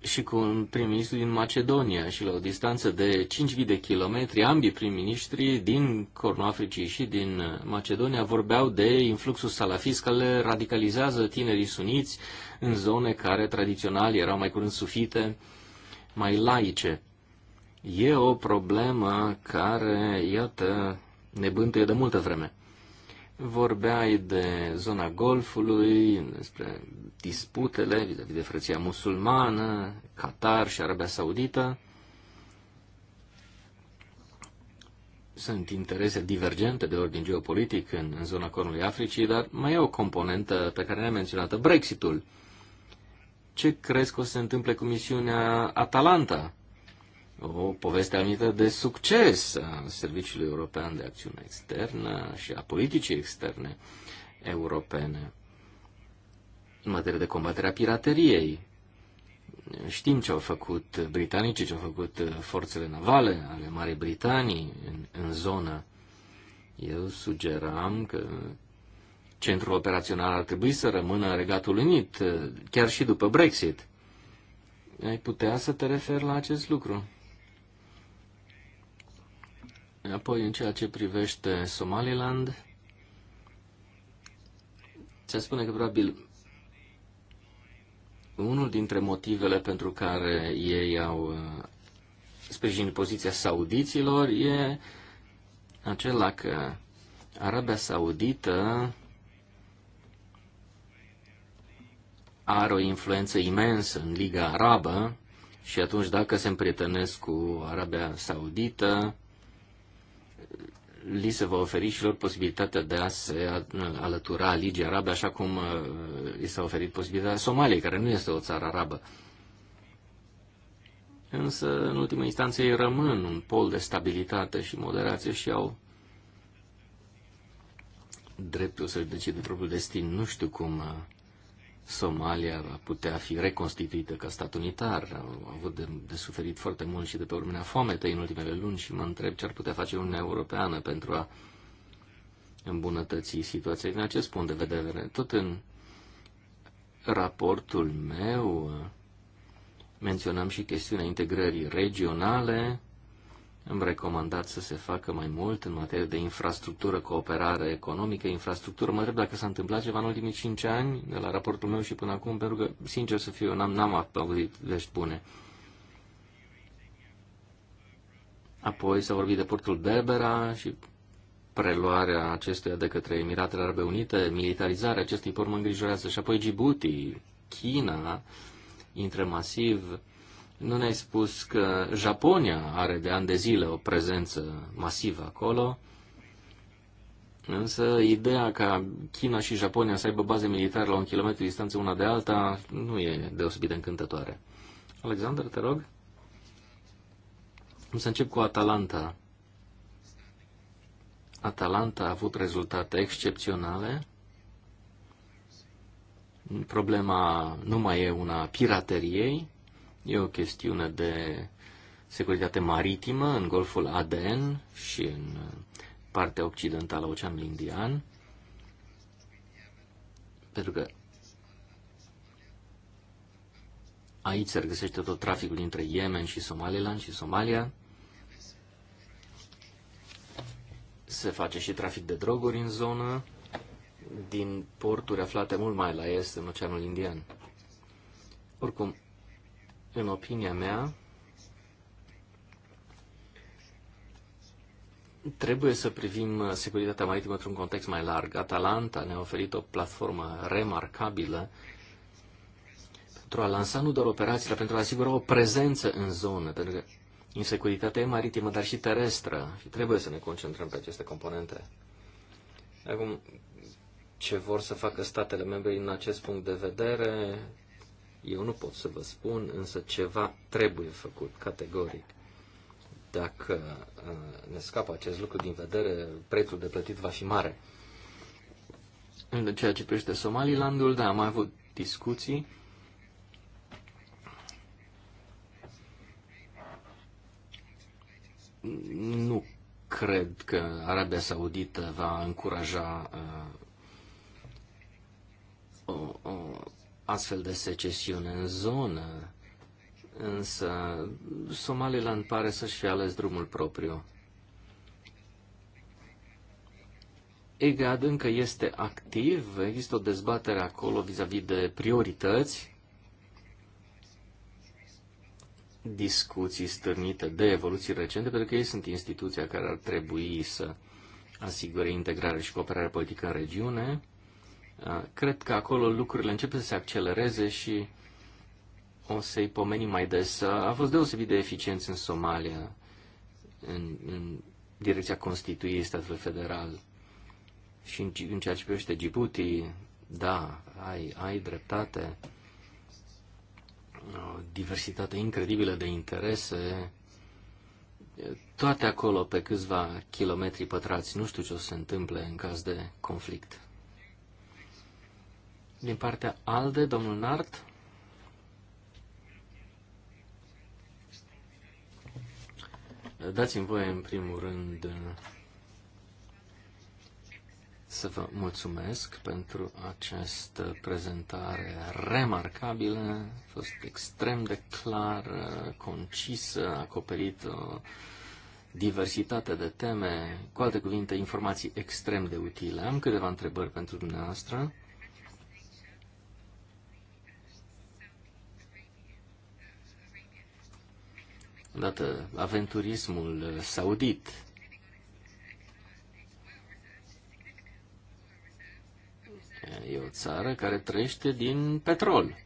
S1: și cu un prim-ministru din Macedonia și la o distanță de 5.000 de kilometri, ambii prim-ministri din Cornul Africii și din uh, Macedonia vorbeau de influxul salafist care radicalizează tinerii suniți în zone care tradițional erau mai curând sufite, mai laice. E o problemă care, iată, ne bântuie de multă vreme. Vorbeai de zona Golfului, despre disputele vis-a-vis de frăția musulmană, Qatar și Arabia Saudită. Sunt interese divergente de ordin geopolitic în, în zona Cornului Africii, dar mai e o componentă pe care ne-am menționat Brexitul. Ce crezi că o să se întâmple cu misiunea Atalanta? o poveste anumită de succes a Serviciului European de Acțiune Externă și a politicii externe europene în materie de combatere a pirateriei. Știm ce au făcut britanicii, ce au făcut forțele navale ale Marii Britanii în, în zonă. Eu sugeram că centrul operațional ar trebui să rămână în Regatul Unit, chiar și după Brexit. Ai putea să te referi la acest lucru? Apoi, în ceea ce privește Somaliland, se spune că probabil unul dintre motivele pentru care ei au uh, sprijinit poziția saudiților e acela că Arabia Saudită are o influență imensă în Liga Arabă și atunci dacă se împrietenesc cu Arabia Saudită, li se va oferi și lor posibilitatea de a se alătura Ligii Arabe, așa cum uh, li s-a oferit posibilitatea Somaliei, care nu este o țară arabă. Însă, în ultima instanță, ei rămân un pol de stabilitate și moderație și au dreptul să-și decide propriul destin. Nu știu cum uh, Somalia va putea fi reconstituită ca stat unitar. Au avut de, de suferit foarte mult și de pe urmea foametei în ultimele luni și mă întreb ce ar putea face Uniunea Europeană pentru a îmbunătăți situația din acest punct de vedere. Tot în raportul meu menționam și chestiunea integrării regionale, am recomandat să se facă mai mult în materie de infrastructură, cooperare economică, infrastructură. Mă întreb dacă s-a întâmplat ceva în ultimii cinci ani, de la raportul meu și până acum, pentru că, sincer să fiu, n-am, n-am avut vești bune. Apoi s-a vorbit de portul Berbera și preluarea acestuia de către Emiratele Arabe Unite, militarizarea acestui port mă îngrijorează. Și apoi Djibouti, China, intră masiv nu ne-ai spus că Japonia are de ani de zile o prezență masivă acolo, însă ideea ca China și Japonia să aibă baze militare la un kilometru distanță una de alta nu e deosebit de încântătoare. Alexander, te rog. Să încep cu Atalanta. Atalanta a avut rezultate excepționale. Problema nu mai e una pirateriei, E o chestiune de securitate maritimă în Golful Aden și în partea occidentală a Oceanului Indian, pentru că aici se regăsește tot traficul dintre Yemen și Somaliland și Somalia. Se face și trafic de droguri în zonă, din porturi aflate mult mai la est, în Oceanul Indian. Oricum, în opinia mea, trebuie să privim securitatea maritimă într-un context mai larg. Atalanta ne-a oferit o platformă remarcabilă pentru a lansa nu doar operațiile, pentru a asigura o prezență în zonă, pentru că insecuritatea e maritimă, dar și terestră și trebuie să ne concentrăm pe aceste componente. Acum, ce vor să facă statele membre în acest punct de vedere, eu nu pot să vă spun, însă ceva trebuie făcut categoric. Dacă uh, ne scapă acest lucru din vedere, prețul de plătit va fi mare. În ceea ce privește Somalilandul, da, am avut discuții. Nu cred că Arabia Saudită va încuraja uh, o, o astfel de secesiune în zonă, însă Somaliland pare să-și fi ales drumul propriu. EGAD încă este activ, există o dezbatere acolo vis-a-vis -vis de priorități, discuții stârnite de evoluții recente, pentru că ei sunt instituția care ar trebui să asigure integrare și cooperare politică în regiune. Cred că acolo lucrurile încep să se accelereze și o să-i pomenim mai des. A fost deosebit de eficienți în Somalia, în, în direcția constituirii statului federal și în, în ceea ce privește Djibouti, da, ai, ai dreptate, o diversitate incredibilă de interese, toate acolo pe câțiva kilometri pătrați. Nu știu ce o să se întâmple în caz de conflict. Din partea ALDE, domnul Nart. Dați-mi voie, în primul rând, să vă mulțumesc pentru această prezentare remarcabilă. A fost extrem de clară, concisă, a acoperit o diversitate de teme, cu alte cuvinte, informații extrem de utile. Am câteva întrebări pentru dumneavoastră. Odată, aventurismul uh, saudit. E o țară care trăiește din petrol.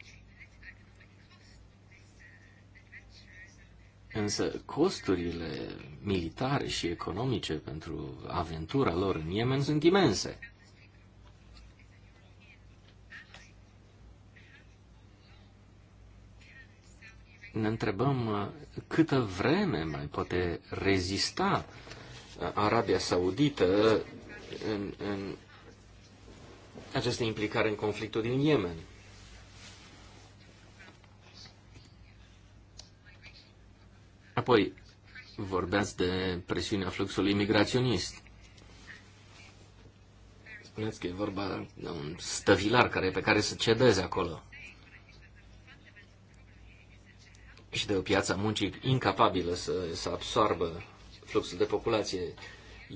S1: Însă costurile militare și economice pentru aventura lor în Yemen sunt imense. ne întrebăm uh, câtă vreme mai poate rezista uh, Arabia Saudită în, în această implicare în conflictul din Yemen. Apoi, vorbeați de presiunea fluxului imigraționist. Spuneți că e vorba de un stăvilar care, pe care să cedeze acolo. și de o piață a muncii incapabilă să, să absorbă fluxul de populație.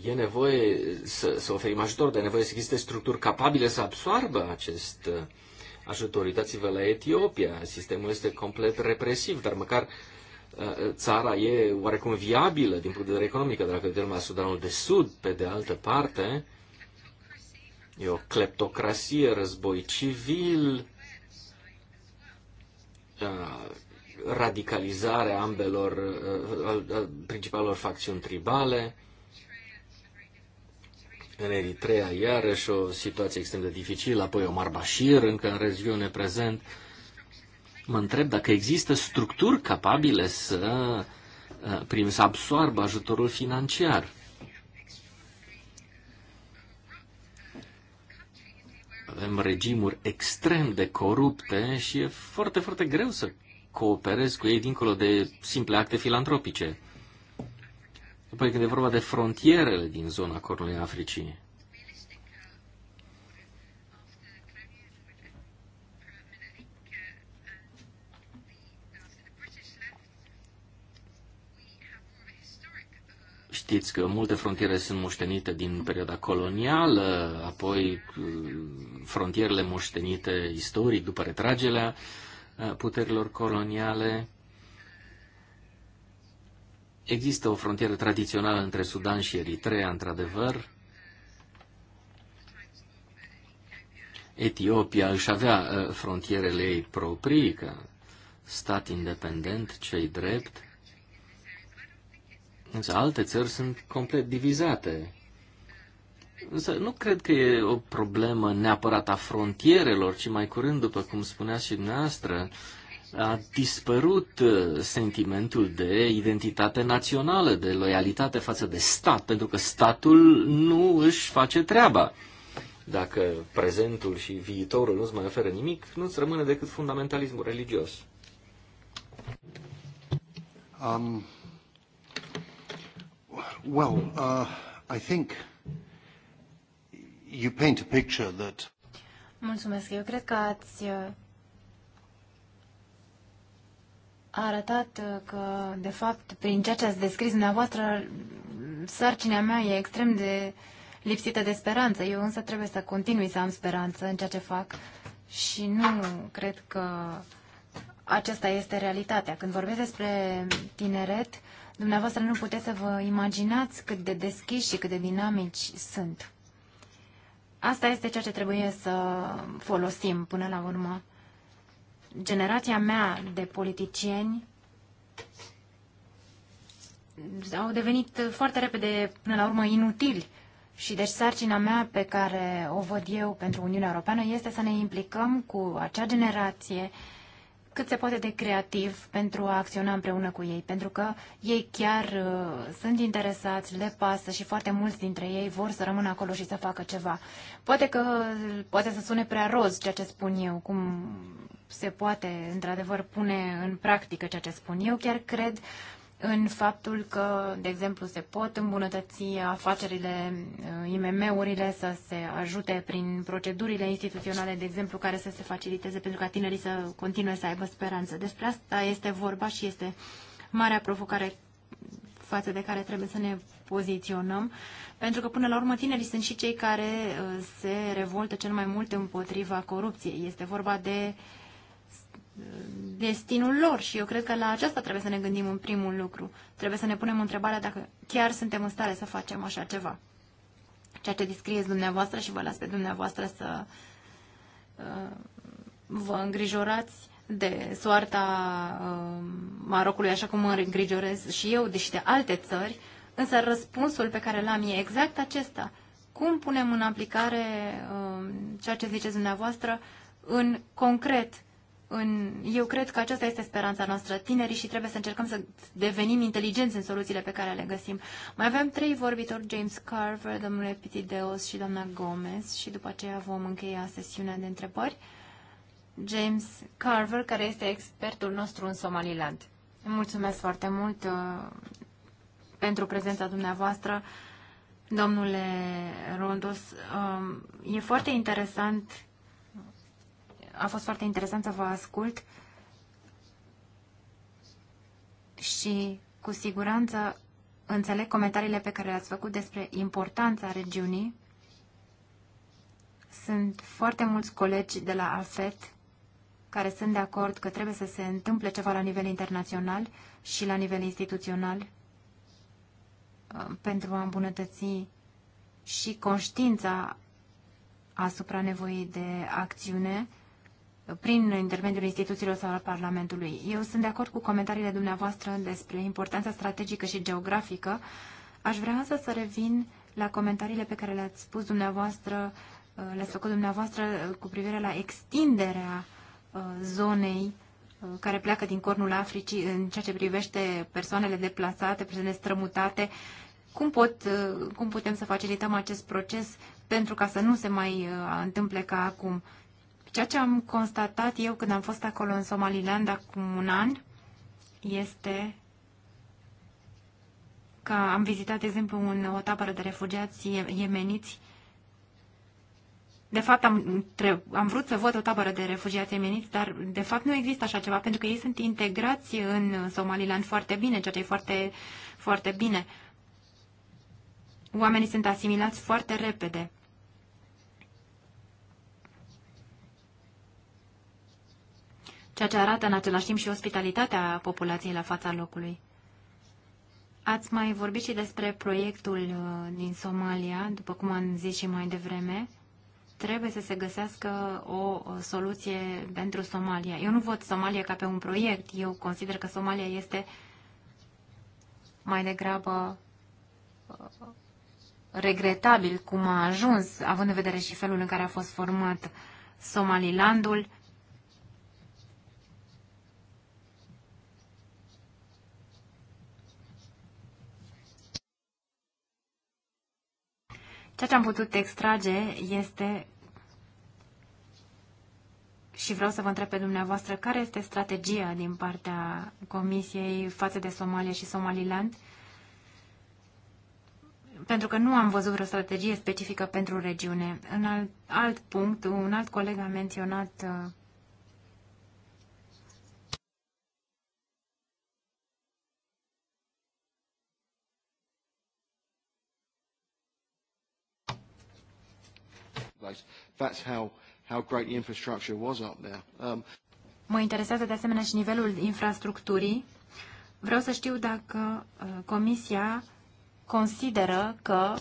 S1: E nevoie să, să oferim ajutor, dar e nevoie să existe structuri capabile să absoarbă acest uh, ajutor. Uitați-vă la Etiopia, sistemul este complet represiv, dar măcar uh, țara e oarecum viabilă din punct de vedere economic, dar dacă vedem la Sudanul de Sud, pe de altă parte, e o cleptocrasie, război civil, uh, radicalizare a ambelor uh, a principalor facțiuni tribale. În Eritrea, iarăși, o situație extrem de dificilă, apoi Omar Bashir, încă în regiune prezent. Mă întreb dacă există structuri capabile să, uh, prim, să absoarbă ajutorul financiar. avem regimuri extrem de corupte și e foarte, foarte greu să cooperez cu ei dincolo de simple acte filantropice. Apoi când e vorba de frontierele din zona Cornului Africii, Știți că multe frontiere sunt moștenite din perioada colonială, apoi mm, frontierele moștenite istoric după retragerea puterilor coloniale. Există o frontieră tradițională între Sudan și Eritrea, într-adevăr. Etiopia își avea ă, frontierele ei proprii, ca stat independent, cei drept. Însă alte țări sunt complet divizate. Însă nu cred că e o problemă neapărat a frontierelor, ci mai curând, după cum spunea și dumneavoastră, a dispărut uh, sentimentul de identitate națională, de loialitate față de stat, pentru că statul nu își face treaba. Dacă prezentul și viitorul nu-ți mai oferă nimic, nu-ți rămâne decât fundamentalismul religios.
S3: Um, well, uh, I think you paint a picture that... Mulțumesc. Eu cred că ați a uh, arătat uh, că, de fapt, prin ceea ce ați descris dumneavoastră, sarcina mea e extrem de lipsită de speranță. Eu însă trebuie să continui să am speranță în ceea ce fac și nu cred că aceasta este realitatea. Când vorbesc despre tineret, dumneavoastră nu puteți să vă imaginați cât de deschiși și cât de dinamici sunt. Asta este ceea ce trebuie să folosim până la urmă. Generația mea de politicieni au devenit foarte repede, până la urmă, inutili. Și deci sarcina mea pe care o văd eu pentru Uniunea Europeană este să ne implicăm cu acea generație uh, cât se poate de creativ pentru a acționa împreună cu ei, pentru că ei chiar uh, sunt interesați, le pasă și foarte mulți dintre ei vor să rămână acolo și să facă ceva. Poate că uh, poate să sune prea roz ceea ce spun eu, cum se poate într-adevăr pune în practică ceea ce spun eu, chiar cred uh, în faptul că, de exemplu, se pot îmbunătăți afacerile, uh, IMM-urile să se ajute prin procedurile instituționale, de exemplu, care să se faciliteze pentru ca tinerii să continue să aibă speranță. Despre asta este vorba și este marea provocare față de care trebuie să ne poziționăm, pentru că până la urmă tinerii sunt și cei care uh, se revoltă cel mai mult împotriva corupției. Este vorba de uh, destinul lor și eu cred că la aceasta trebuie să ne gândim în primul lucru. Trebuie să ne punem întrebarea dacă chiar suntem în stare să facem așa ceva. Ceea ce descrieți dumneavoastră și vă las pe dumneavoastră să uh, vă îngrijorați de soarta uh, Marocului, așa cum mă îngrijorez și eu, deși de alte țări, însă răspunsul pe care l-am e exact acesta. Cum punem în aplicare uh, ceea ce ziceți dumneavoastră în concret? în, eu cred că aceasta este speranța noastră, tinerii, și trebuie să încercăm să devenim inteligenți în soluțiile pe care le găsim. Mai avem trei vorbitori, James Carver, domnule Pitideos și doamna Gomez, și după aceea vom încheia sesiunea de întrebări. James Carver, care este expertul nostru în Somaliland. Mulțumesc foarte mult uh, pentru prezența dumneavoastră, domnule Rondos. Um, e foarte interesant a fost foarte interesant să vă ascult și cu siguranță înțeleg comentariile pe care le-ați făcut despre importanța regiunii. Sunt foarte mulți colegi de la AFET care sunt de acord că trebuie să se întâmple ceva la nivel internațional și la nivel instituțional uh, pentru a îmbunătăți și conștiința asupra nevoii de acțiune prin intermediul instituțiilor sau al Parlamentului. Eu sunt de acord cu comentariile dumneavoastră despre importanța strategică și geografică. Aș vrea însă să revin la comentariile pe care le-ați spus dumneavoastră, uh, le-ați făcut dumneavoastră uh, cu privire la extinderea uh, zonei care pleacă din cornul Africii în ceea ce privește persoanele deplasate, persoane strămutate. Cum, pot, cum putem să facilităm acest proces pentru ca să nu se mai întâmple ca acum? Ceea ce am constatat eu când am fost acolo în Somaliland acum un an este că am vizitat, de exemplu, un, o tabără de refugiați iemeniți. De fapt, am, am vrut să văd o tabără de refugiați iemeniți, dar de fapt nu există așa ceva, pentru că ei sunt integrați în Somaliland foarte bine, ceea ce e foarte, foarte bine. Oamenii sunt asimilați foarte repede. ceea ce arată în același timp și ospitalitatea populației la fața locului. Ați mai vorbit și despre proiectul uh, din Somalia, după cum am zis și mai devreme. Trebuie să se găsească o soluție pentru Somalia. Eu nu văd Somalia ca pe un proiect. Eu consider că Somalia este mai degrabă uh, regretabil cum a ajuns, având în vedere și felul în care a fost format Somalilandul, Ceea ce am putut extrage este și vreau să vă întreb pe dumneavoastră care este strategia din partea Comisiei față de Somalia și Somaliland? Pentru că nu am văzut vreo strategie specifică pentru regiune. În alt, alt punct, un alt coleg a menționat uh,
S1: that's how, how great the infrastructure was up there. Um,
S3: Mă interesează de asemenea și nivelul infrastructurii. Vreau să știu dacă uh, Comisia consideră că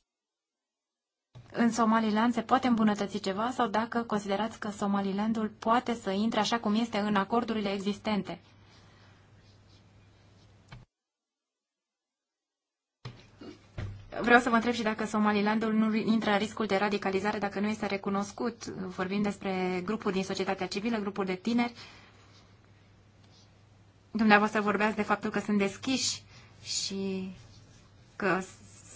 S3: în Somaliland se poate îmbunătăți ceva sau dacă considerați că Somalilandul poate să intre așa cum este în acordurile existente. Vreau să vă întreb și dacă Somalilandul nu intră în riscul de radicalizare dacă nu este recunoscut. Vorbim despre grupuri din societatea civilă, grupuri de tineri. Dumneavoastră vorbeați de faptul că sunt deschiși și că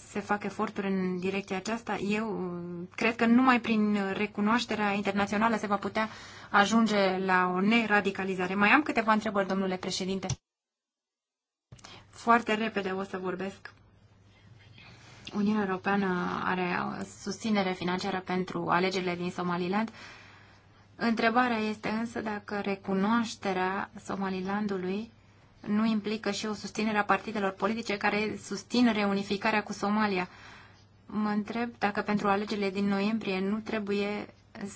S3: se fac eforturi în direcția aceasta. Eu uh, cred că numai prin recunoașterea internațională se va putea ajunge la o neradicalizare. Mai am câteva întrebări, domnule președinte. Foarte repede o să vorbesc. Uniunea Europeană are susținere financiară pentru alegerile din Somaliland. Întrebarea este însă dacă recunoașterea Somalilandului nu implică și o susținere a partidelor politice care susțin reunificarea cu Somalia. Mă întreb dacă pentru alegerile din noiembrie nu trebuie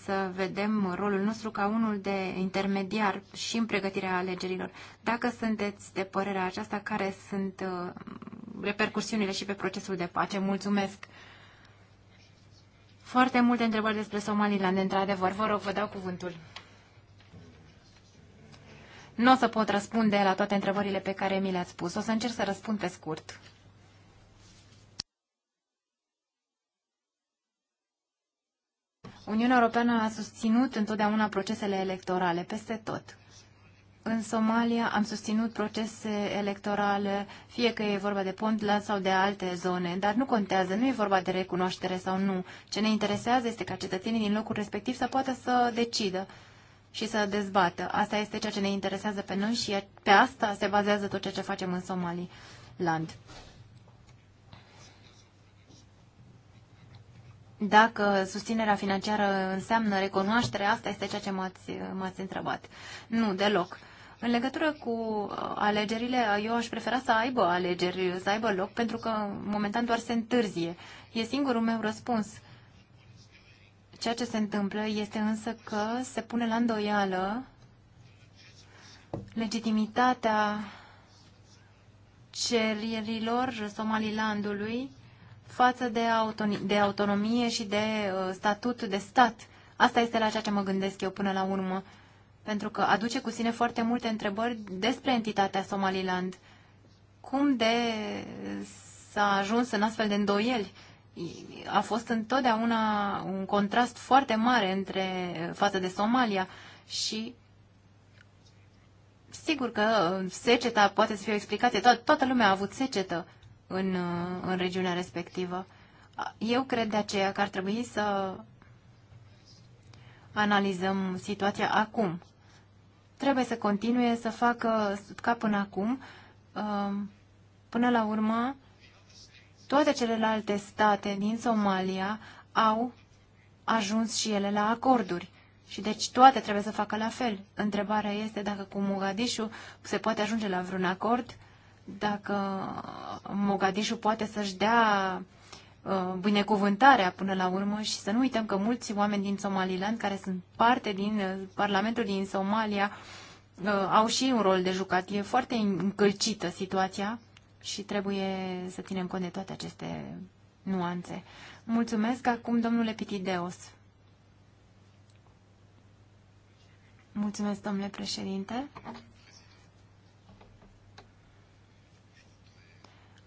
S3: să vedem rolul nostru ca unul de intermediar și în pregătirea alegerilor. Dacă sunteți de părerea aceasta, care sunt uh, repercursiunile și pe procesul de pace. Mulțumesc! Foarte multe întrebări despre Somaliland, într-adevăr. Vă rog, vă dau cuvântul. Nu o să pot răspunde la toate întrebările pe care mi le-ați pus. O să încerc să răspund pe scurt. Uniunea Europeană a susținut întotdeauna procesele electorale, peste tot în Somalia am susținut procese electorale, fie că e vorba de Puntland sau de alte zone, dar nu contează, nu e vorba de recunoaștere sau nu. Ce ne interesează este ca cetățenii din locul respectiv să poată să decidă și să dezbată. Asta este ceea ce ne interesează pe noi și pe asta se bazează tot ceea ce facem în Somaliland. Dacă susținerea financiară înseamnă recunoaștere, asta este ceea ce m-ați, întrebat. Nu, deloc. În legătură cu uh, alegerile, uh, eu aș prefera să aibă alegeri, să aibă loc, pentru că momentan doar se întârzie. E singurul meu răspuns. Ceea ce se întâmplă este însă că se pune la îndoială legitimitatea cererilor Somalilandului față de, autonomie, de autonomie și de uh, statut de stat. Asta este la ceea ce mă gândesc eu până la urmă pentru că aduce cu sine foarte multe întrebări despre entitatea Somaliland. Cum de s-a ajuns în astfel de îndoieli? A fost întotdeauna un contrast foarte mare între față de Somalia și sigur că seceta poate să fie o explicație. To- toată lumea a avut secetă în, în regiunea respectivă. Eu cred de aceea că ar trebui să analizăm situația acum. Trebuie să continue să facă ca până acum, um, până la urmă, toate celelalte state din Somalia au ajuns și ele la acorduri. Și deci toate trebuie să facă la fel. Întrebarea este dacă cu Mogadishu se poate ajunge la vreun acord, dacă Mogadishu poate să-și dea Uh, binecuvântarea până la urmă și să nu uităm că mulți oameni din Somaliland care sunt parte din uh, Parlamentul din Somalia uh, au și un rol de jucat. E foarte încălcită situația și trebuie să ținem cont de toate aceste nuanțe. Mulțumesc acum domnule Pitideos. Mulțumesc, domnule președinte.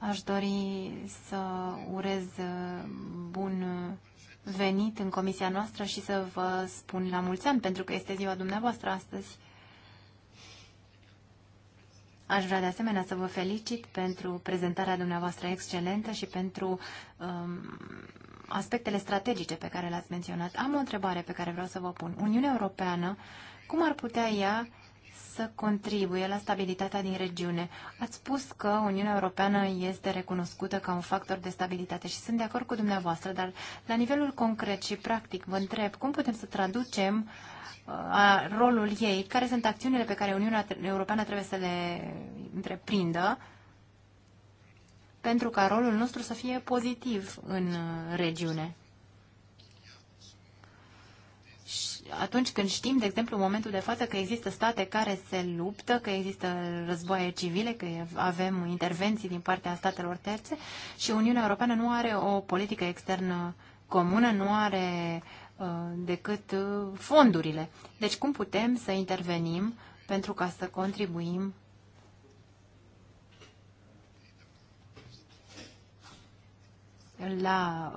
S3: Aș dori să urez bun venit în comisia noastră și să vă spun la mulți ani, pentru că este ziua dumneavoastră astăzi. Aș vrea de asemenea să vă felicit pentru prezentarea dumneavoastră excelentă și pentru um, aspectele strategice pe care le-ați menționat. Am o întrebare pe care vreau să vă pun. Uniunea Europeană, cum ar putea ea să contribuie la stabilitatea din regiune. Ați spus că Uniunea Europeană este recunoscută ca un factor de stabilitate și sunt de acord cu dumneavoastră, dar la nivelul concret și practic vă întreb cum putem să traducem uh, a, rolul ei, care sunt acțiunile pe care Uniunea Europeană trebuie să le întreprindă pentru ca rolul nostru să fie pozitiv în uh, regiune. atunci când știm, de exemplu, în momentul de față că există state care se luptă, că există războaie civile, că avem intervenții din partea statelor terțe și Uniunea Europeană nu are o politică externă comună, nu are uh, decât uh, fondurile. Deci cum putem să intervenim pentru ca să contribuim la,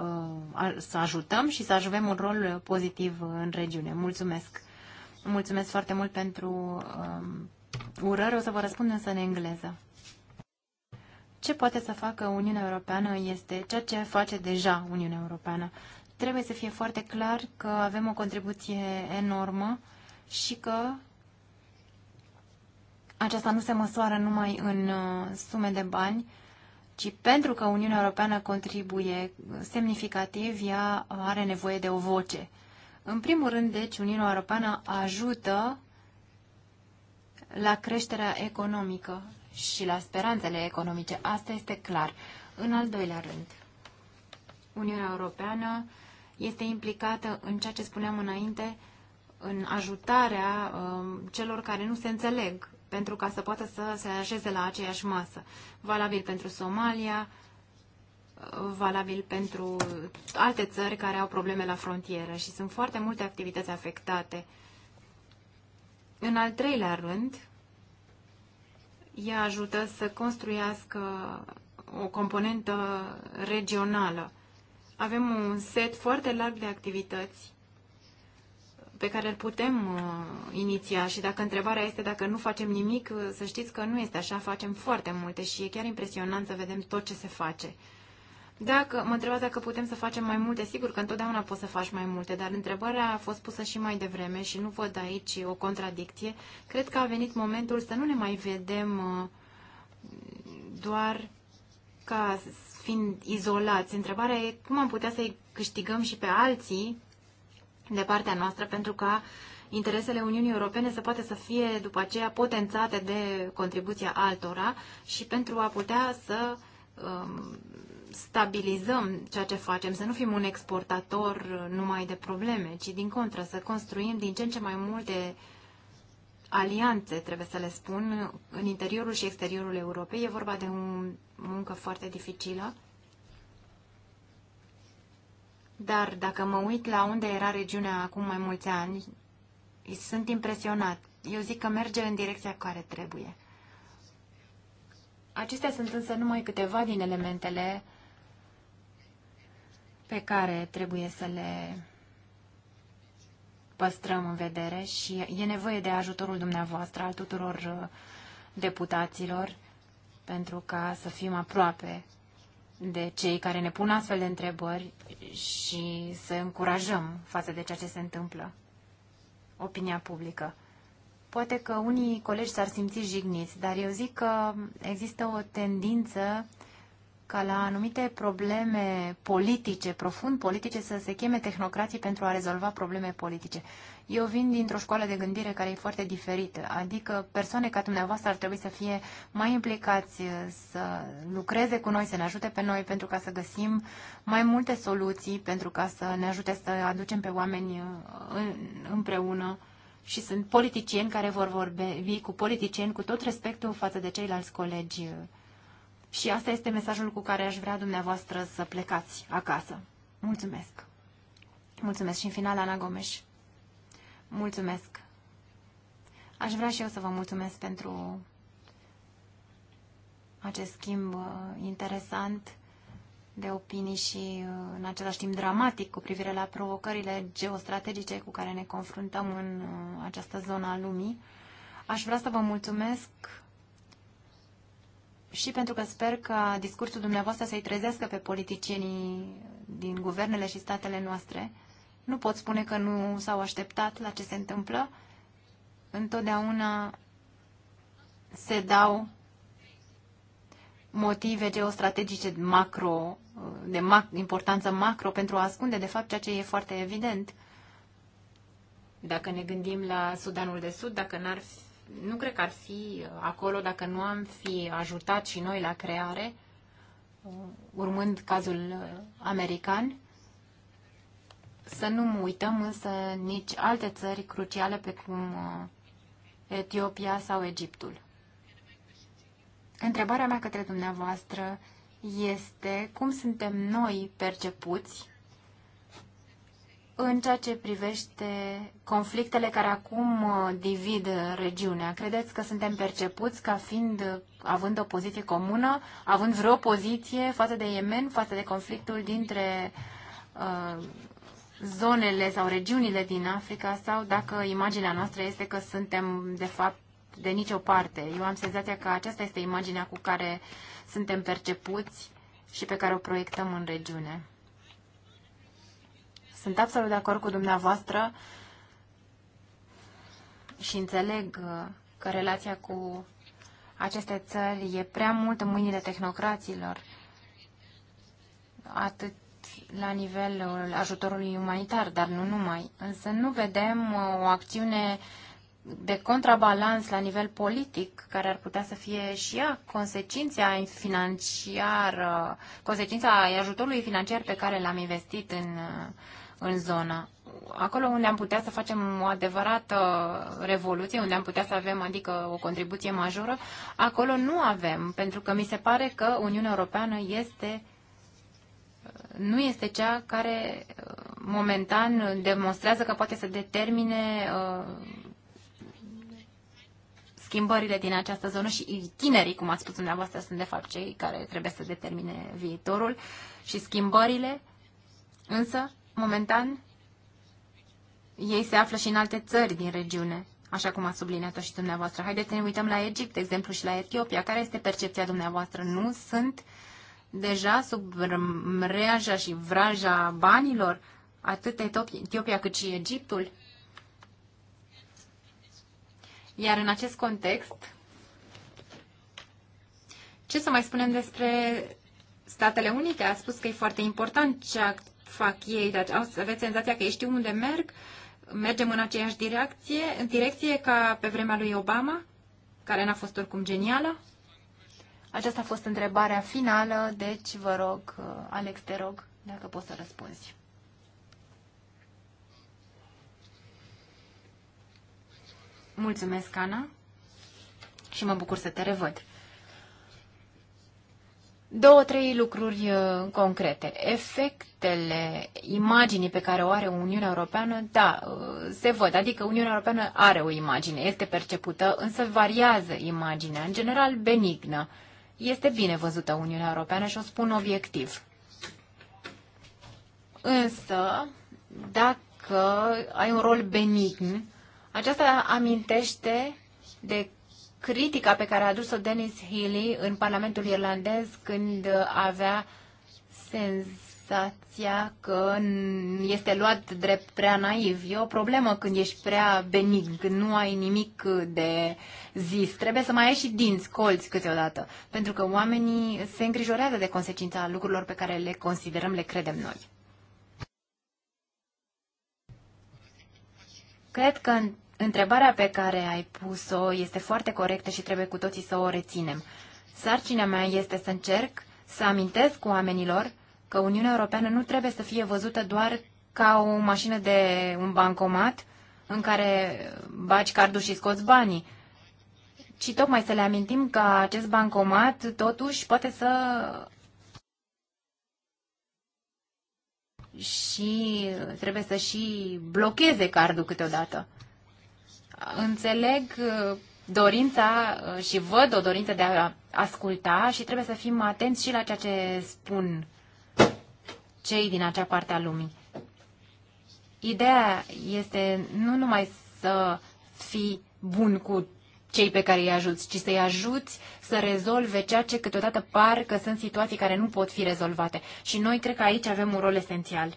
S3: uh, să ajutăm și să ajungem un rol pozitiv în regiune. Mulțumesc! Mulțumesc foarte mult pentru um, urări. O să vă răspund însă în engleză. Ce poate să facă Uniunea Europeană este ceea ce face deja Uniunea Europeană. Trebuie să fie foarte clar că avem o contribuție enormă și că aceasta nu se măsoară numai în uh, sume de bani, ci pentru că Uniunea Europeană contribuie semnificativ, ea are nevoie de o voce. În primul rând, deci, Uniunea Europeană ajută la creșterea economică și la speranțele economice. Asta este clar. În al doilea rând, Uniunea Europeană este implicată în ceea ce spuneam înainte, în ajutarea um, celor care nu se înțeleg pentru ca să poată să se așeze la aceeași masă. Valabil pentru Somalia, valabil pentru alte țări care au probleme la frontieră și sunt foarte multe activități afectate. În al treilea rând, ea ajută să construiască o componentă regională. Avem un set foarte larg de activități pe care îl putem uh, iniția și dacă întrebarea este dacă nu facem nimic, uh, să știți că nu este așa, facem foarte multe și e chiar impresionant să vedem tot ce se face. Dacă mă întrebați dacă putem să facem mai multe, sigur că întotdeauna poți să faci mai multe, dar întrebarea a fost pusă și mai devreme și nu văd aici o contradicție. Cred că a venit momentul să nu ne mai vedem uh, doar ca fiind izolați. Întrebarea e cum am putea să-i câștigăm și pe alții de partea noastră pentru ca interesele Uniunii Europene să poată să fie după aceea potențate de contribuția altora și pentru a putea să um, stabilizăm ceea ce facem, să nu fim un exportator numai de probleme, ci din contră să construim din ce în ce mai multe alianțe, trebuie să le spun, în interiorul și exteriorul Europei. E vorba de o muncă foarte dificilă dar dacă mă uit la unde era regiunea acum mai mulți ani, sunt impresionat. Eu zic că merge în direcția care trebuie. Acestea sunt însă numai câteva din elementele pe care trebuie să le păstrăm în vedere și e nevoie de ajutorul dumneavoastră, al tuturor uh, deputaților, pentru ca să fim aproape de cei care ne pun astfel de întrebări și să încurajăm față de ceea ce se întâmplă opinia publică. Poate că unii colegi s-ar simți jigniți, dar eu zic că există o tendință ca la anumite probleme politice, profund politice, să se cheme tehnocrații pentru a rezolva probleme politice. Eu vin dintr-o școală de gândire care e foarte diferită, adică persoane ca dumneavoastră ar trebui să fie mai implicați, uh, să lucreze cu noi, să ne ajute pe noi pentru ca să găsim mai multe soluții, pentru ca să ne ajute să aducem pe oameni uh, împreună și sunt politicieni care vor vorbi cu politicieni cu tot respectul față de ceilalți colegi. Uh, și asta este mesajul cu care aș vrea dumneavoastră să plecați acasă. Mulțumesc! Mulțumesc și în final, Ana Gomes. Mulțumesc! Aș vrea și eu să vă mulțumesc pentru acest schimb uh, interesant de opinii și uh, în același timp dramatic cu privire la provocările geostrategice cu care ne confruntăm în uh, această zonă a lumii. Aș vrea să vă mulțumesc și pentru că sper că discursul dumneavoastră să-i trezească pe politicienii din guvernele și statele noastre nu pot spune că nu s-au așteptat la ce se întâmplă. Întotdeauna se dau motive geostrategice macro, de mac, importanță macro, pentru a ascunde, de fapt, ceea ce e foarte evident. Dacă ne gândim la Sudanul de Sud, dacă n-ar fi, nu cred că ar fi acolo dacă nu am fi ajutat și noi la creare, urmând cazul american să nu uităm însă nici alte țări cruciale pe cum uh, Etiopia sau Egiptul. Întrebarea mea către dumneavoastră este cum suntem noi percepuți în ceea ce privește conflictele care acum uh, divid regiunea. Credeți că suntem percepuți ca fiind, uh, având o poziție comună, având vreo poziție față de Yemen, față de conflictul dintre uh, zonele sau regiunile din Africa sau dacă imaginea noastră este că suntem, de fapt, de nicio parte. Eu am senzația că aceasta este imaginea cu care suntem percepuți și pe care o proiectăm în regiune. Sunt absolut de acord cu dumneavoastră și înțeleg uh, că relația cu aceste țări e prea mult în mâinile tehnocraților, atât la nivelul ajutorului umanitar, dar nu numai. Însă nu vedem uh, o acțiune de contrabalans la nivel politic, care ar putea să fie și ea consecința financiară, consecința ajutorului financiar pe care l-am investit în, uh, în zona. Acolo unde am putea să facem o adevărată revoluție, unde am putea să avem, adică, o contribuție majoră, acolo nu avem, pentru că mi se pare că Uniunea Europeană este nu este cea care uh, momentan demonstrează că poate să determine uh, schimbările din această zonă și tinerii, cum ați spus dumneavoastră, sunt de fapt cei care trebuie să determine viitorul și schimbările, însă, momentan, ei se află și în alte țări din regiune, așa cum a subliniat-o și dumneavoastră. Haideți să ne uităm la Egipt, de exemplu, și la Etiopia. Care este percepția dumneavoastră? Nu sunt deja sub mreaja și vraja banilor, atât Etiopia cât și Egiptul. Iar în acest context, ce să mai spunem despre Statele Unite? A spus că e foarte important ce fac ei, dar aveți senzația că ei știu unde merg, mergem în aceeași direcție, în direcție ca pe vremea lui Obama, care n-a fost oricum genială. Aceasta a fost întrebarea finală, deci vă rog, uh, Alex, te rog, dacă poți să răspunzi. Mulțumesc, Ana, și mă bucur să te revăd. Două, trei lucruri uh, concrete. Efectele imaginii pe care o are Uniunea Europeană, da, uh, se văd. Adică Uniunea Europeană are o imagine, este percepută, însă variază imaginea, în general benignă. Uh, este bine văzută Uniunea Europeană și o spun obiectiv. Însă, dacă ai un rol benign, aceasta amintește de critica pe care a adus-o Dennis Healy în Parlamentul Irlandez când avea senz senzația că este luat drept prea naiv. E o problemă când ești prea benign, când nu ai nimic de zis. Trebuie să mai ai și dinți, colți câteodată, pentru că oamenii se îngrijorează de consecința lucrurilor pe care le considerăm, le credem noi. Cred că întrebarea pe care ai pus-o este foarte corectă și trebuie cu toții să o reținem. Sarcina mea este să încerc să amintesc oamenilor că Uniunea Europeană nu trebuie să fie văzută doar ca o mașină de un bancomat în care baci cardul și scoți banii, ci tocmai să le amintim că acest bancomat totuși poate să și trebuie să și blocheze cardul câteodată. Înțeleg uh, dorința uh, și văd o dorință de a asculta și trebuie să fim atenți și la ceea ce spun cei din acea parte a lumii. Ideea este nu numai să fii bun cu cei pe care îi ajuți, ci să-i ajuți să rezolve ceea ce câteodată par că sunt situații care nu pot fi rezolvate. Și noi cred că aici avem un rol esențial.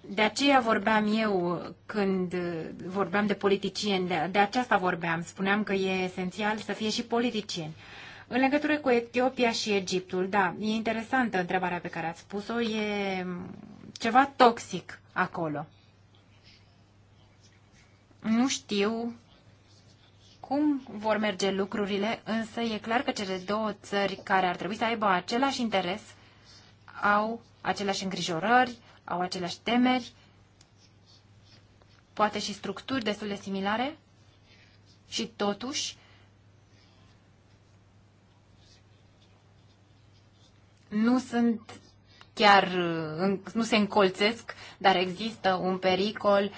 S3: De aceea vorbeam eu când uh, vorbeam de politicieni, de, de aceasta vorbeam, spuneam că e esențial să fie și politicieni. În legătură cu Etiopia și Egiptul, da, e interesantă întrebarea pe care ați spus-o, e ceva toxic acolo. Nu știu cum vor merge lucrurile, însă e clar că cele două țări care ar trebui să aibă același interes au aceleași îngrijorări, au aceleași temeri, poate și structuri destul de similare și totuși nu sunt chiar, nu se încolțesc, dar există un pericol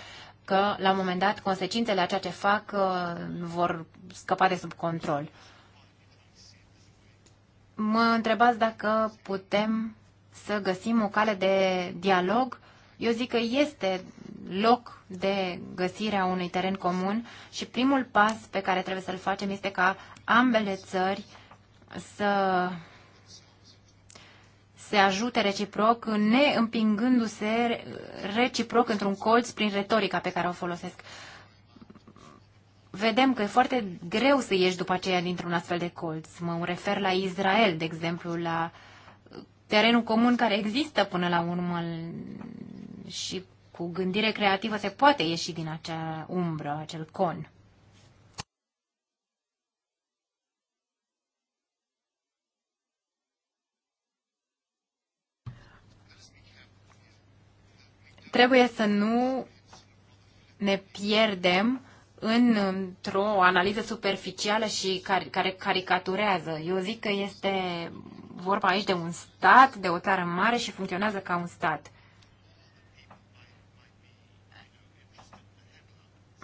S3: că, la un moment dat, consecințele a ceea ce fac uh, vor scăpa de sub control. Mă întrebați dacă putem să găsim o cale de dialog. Eu zic că este loc de găsirea unui teren comun și primul pas pe care trebuie să-l facem este ca ambele țări să se ajute reciproc, neîmpingându-se reciproc într-un colț prin retorica pe care o folosesc. Vedem că e foarte greu să ieși după aceea dintr-un astfel de colț. Mă refer la Israel, de exemplu, la terenul comun care există până la urmă și cu gândire creativă se poate ieși din acea umbră, acel con. trebuie să nu ne pierdem într-o analiză superficială și care, care caricaturează. Eu zic că este vorba aici de un stat, de o țară mare și funcționează ca un stat.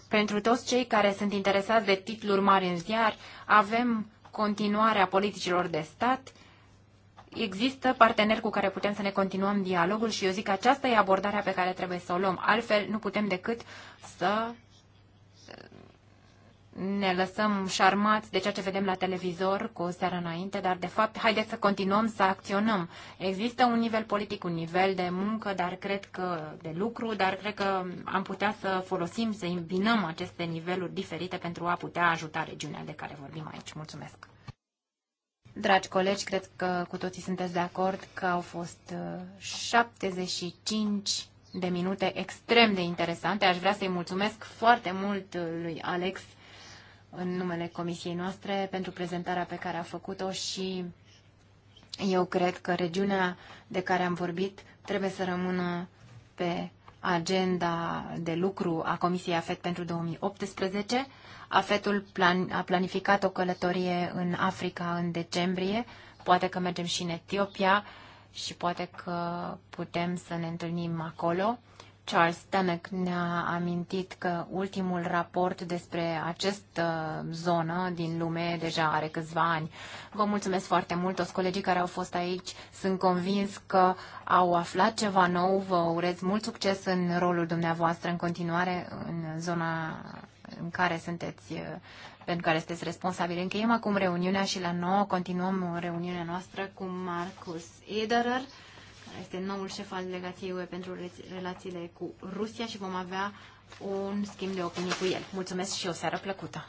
S3: Pentru toți cei care sunt interesați de titluri mari în ziar, avem continuarea politicilor de stat există parteneri cu care putem să ne continuăm dialogul și eu zic că aceasta e abordarea pe care trebuie să o luăm. Altfel nu putem decât să uh, ne lăsăm șarmați de ceea ce vedem la televizor cu o seară înainte, dar de fapt haideți să continuăm să acționăm. Există un nivel politic, un nivel de muncă, dar cred că de lucru, dar cred că am putea să folosim, să îmbinăm aceste niveluri diferite pentru a putea ajuta regiunea de care vorbim aici. Mulțumesc! Dragi colegi, cred că cu toții sunteți de acord că au fost 75 uh, de minute extrem de interesante. Aș vrea să-i mulțumesc foarte mult uh, lui Alex în numele comisiei noastre pentru prezentarea pe care a făcut-o și eu cred că regiunea de care am vorbit trebuie să rămână pe agenda de lucru a Comisiei AFET pentru 2018 Afetul plan, a planificat o călătorie în Africa în decembrie, poate că mergem și în Etiopia și poate că putem să ne întâlnim acolo. Charles Stanek ne-a amintit că ultimul raport despre această zonă din lume deja are câțiva ani. Vă mulțumesc foarte mult, toți colegii care au fost aici. Sunt convins că au aflat ceva nou. Vă urez mult succes în rolul dumneavoastră în continuare în zona în care sunteți, pentru uh, care sunteți responsabili. Încheiem acum reuniunea și la nouă continuăm reuniunea noastră cu Marcus Ederer, care este noul șef al delegației UE pentru relațiile cu Rusia și vom avea un schimb de opinii cu el. Mulțumesc și o seară plăcută!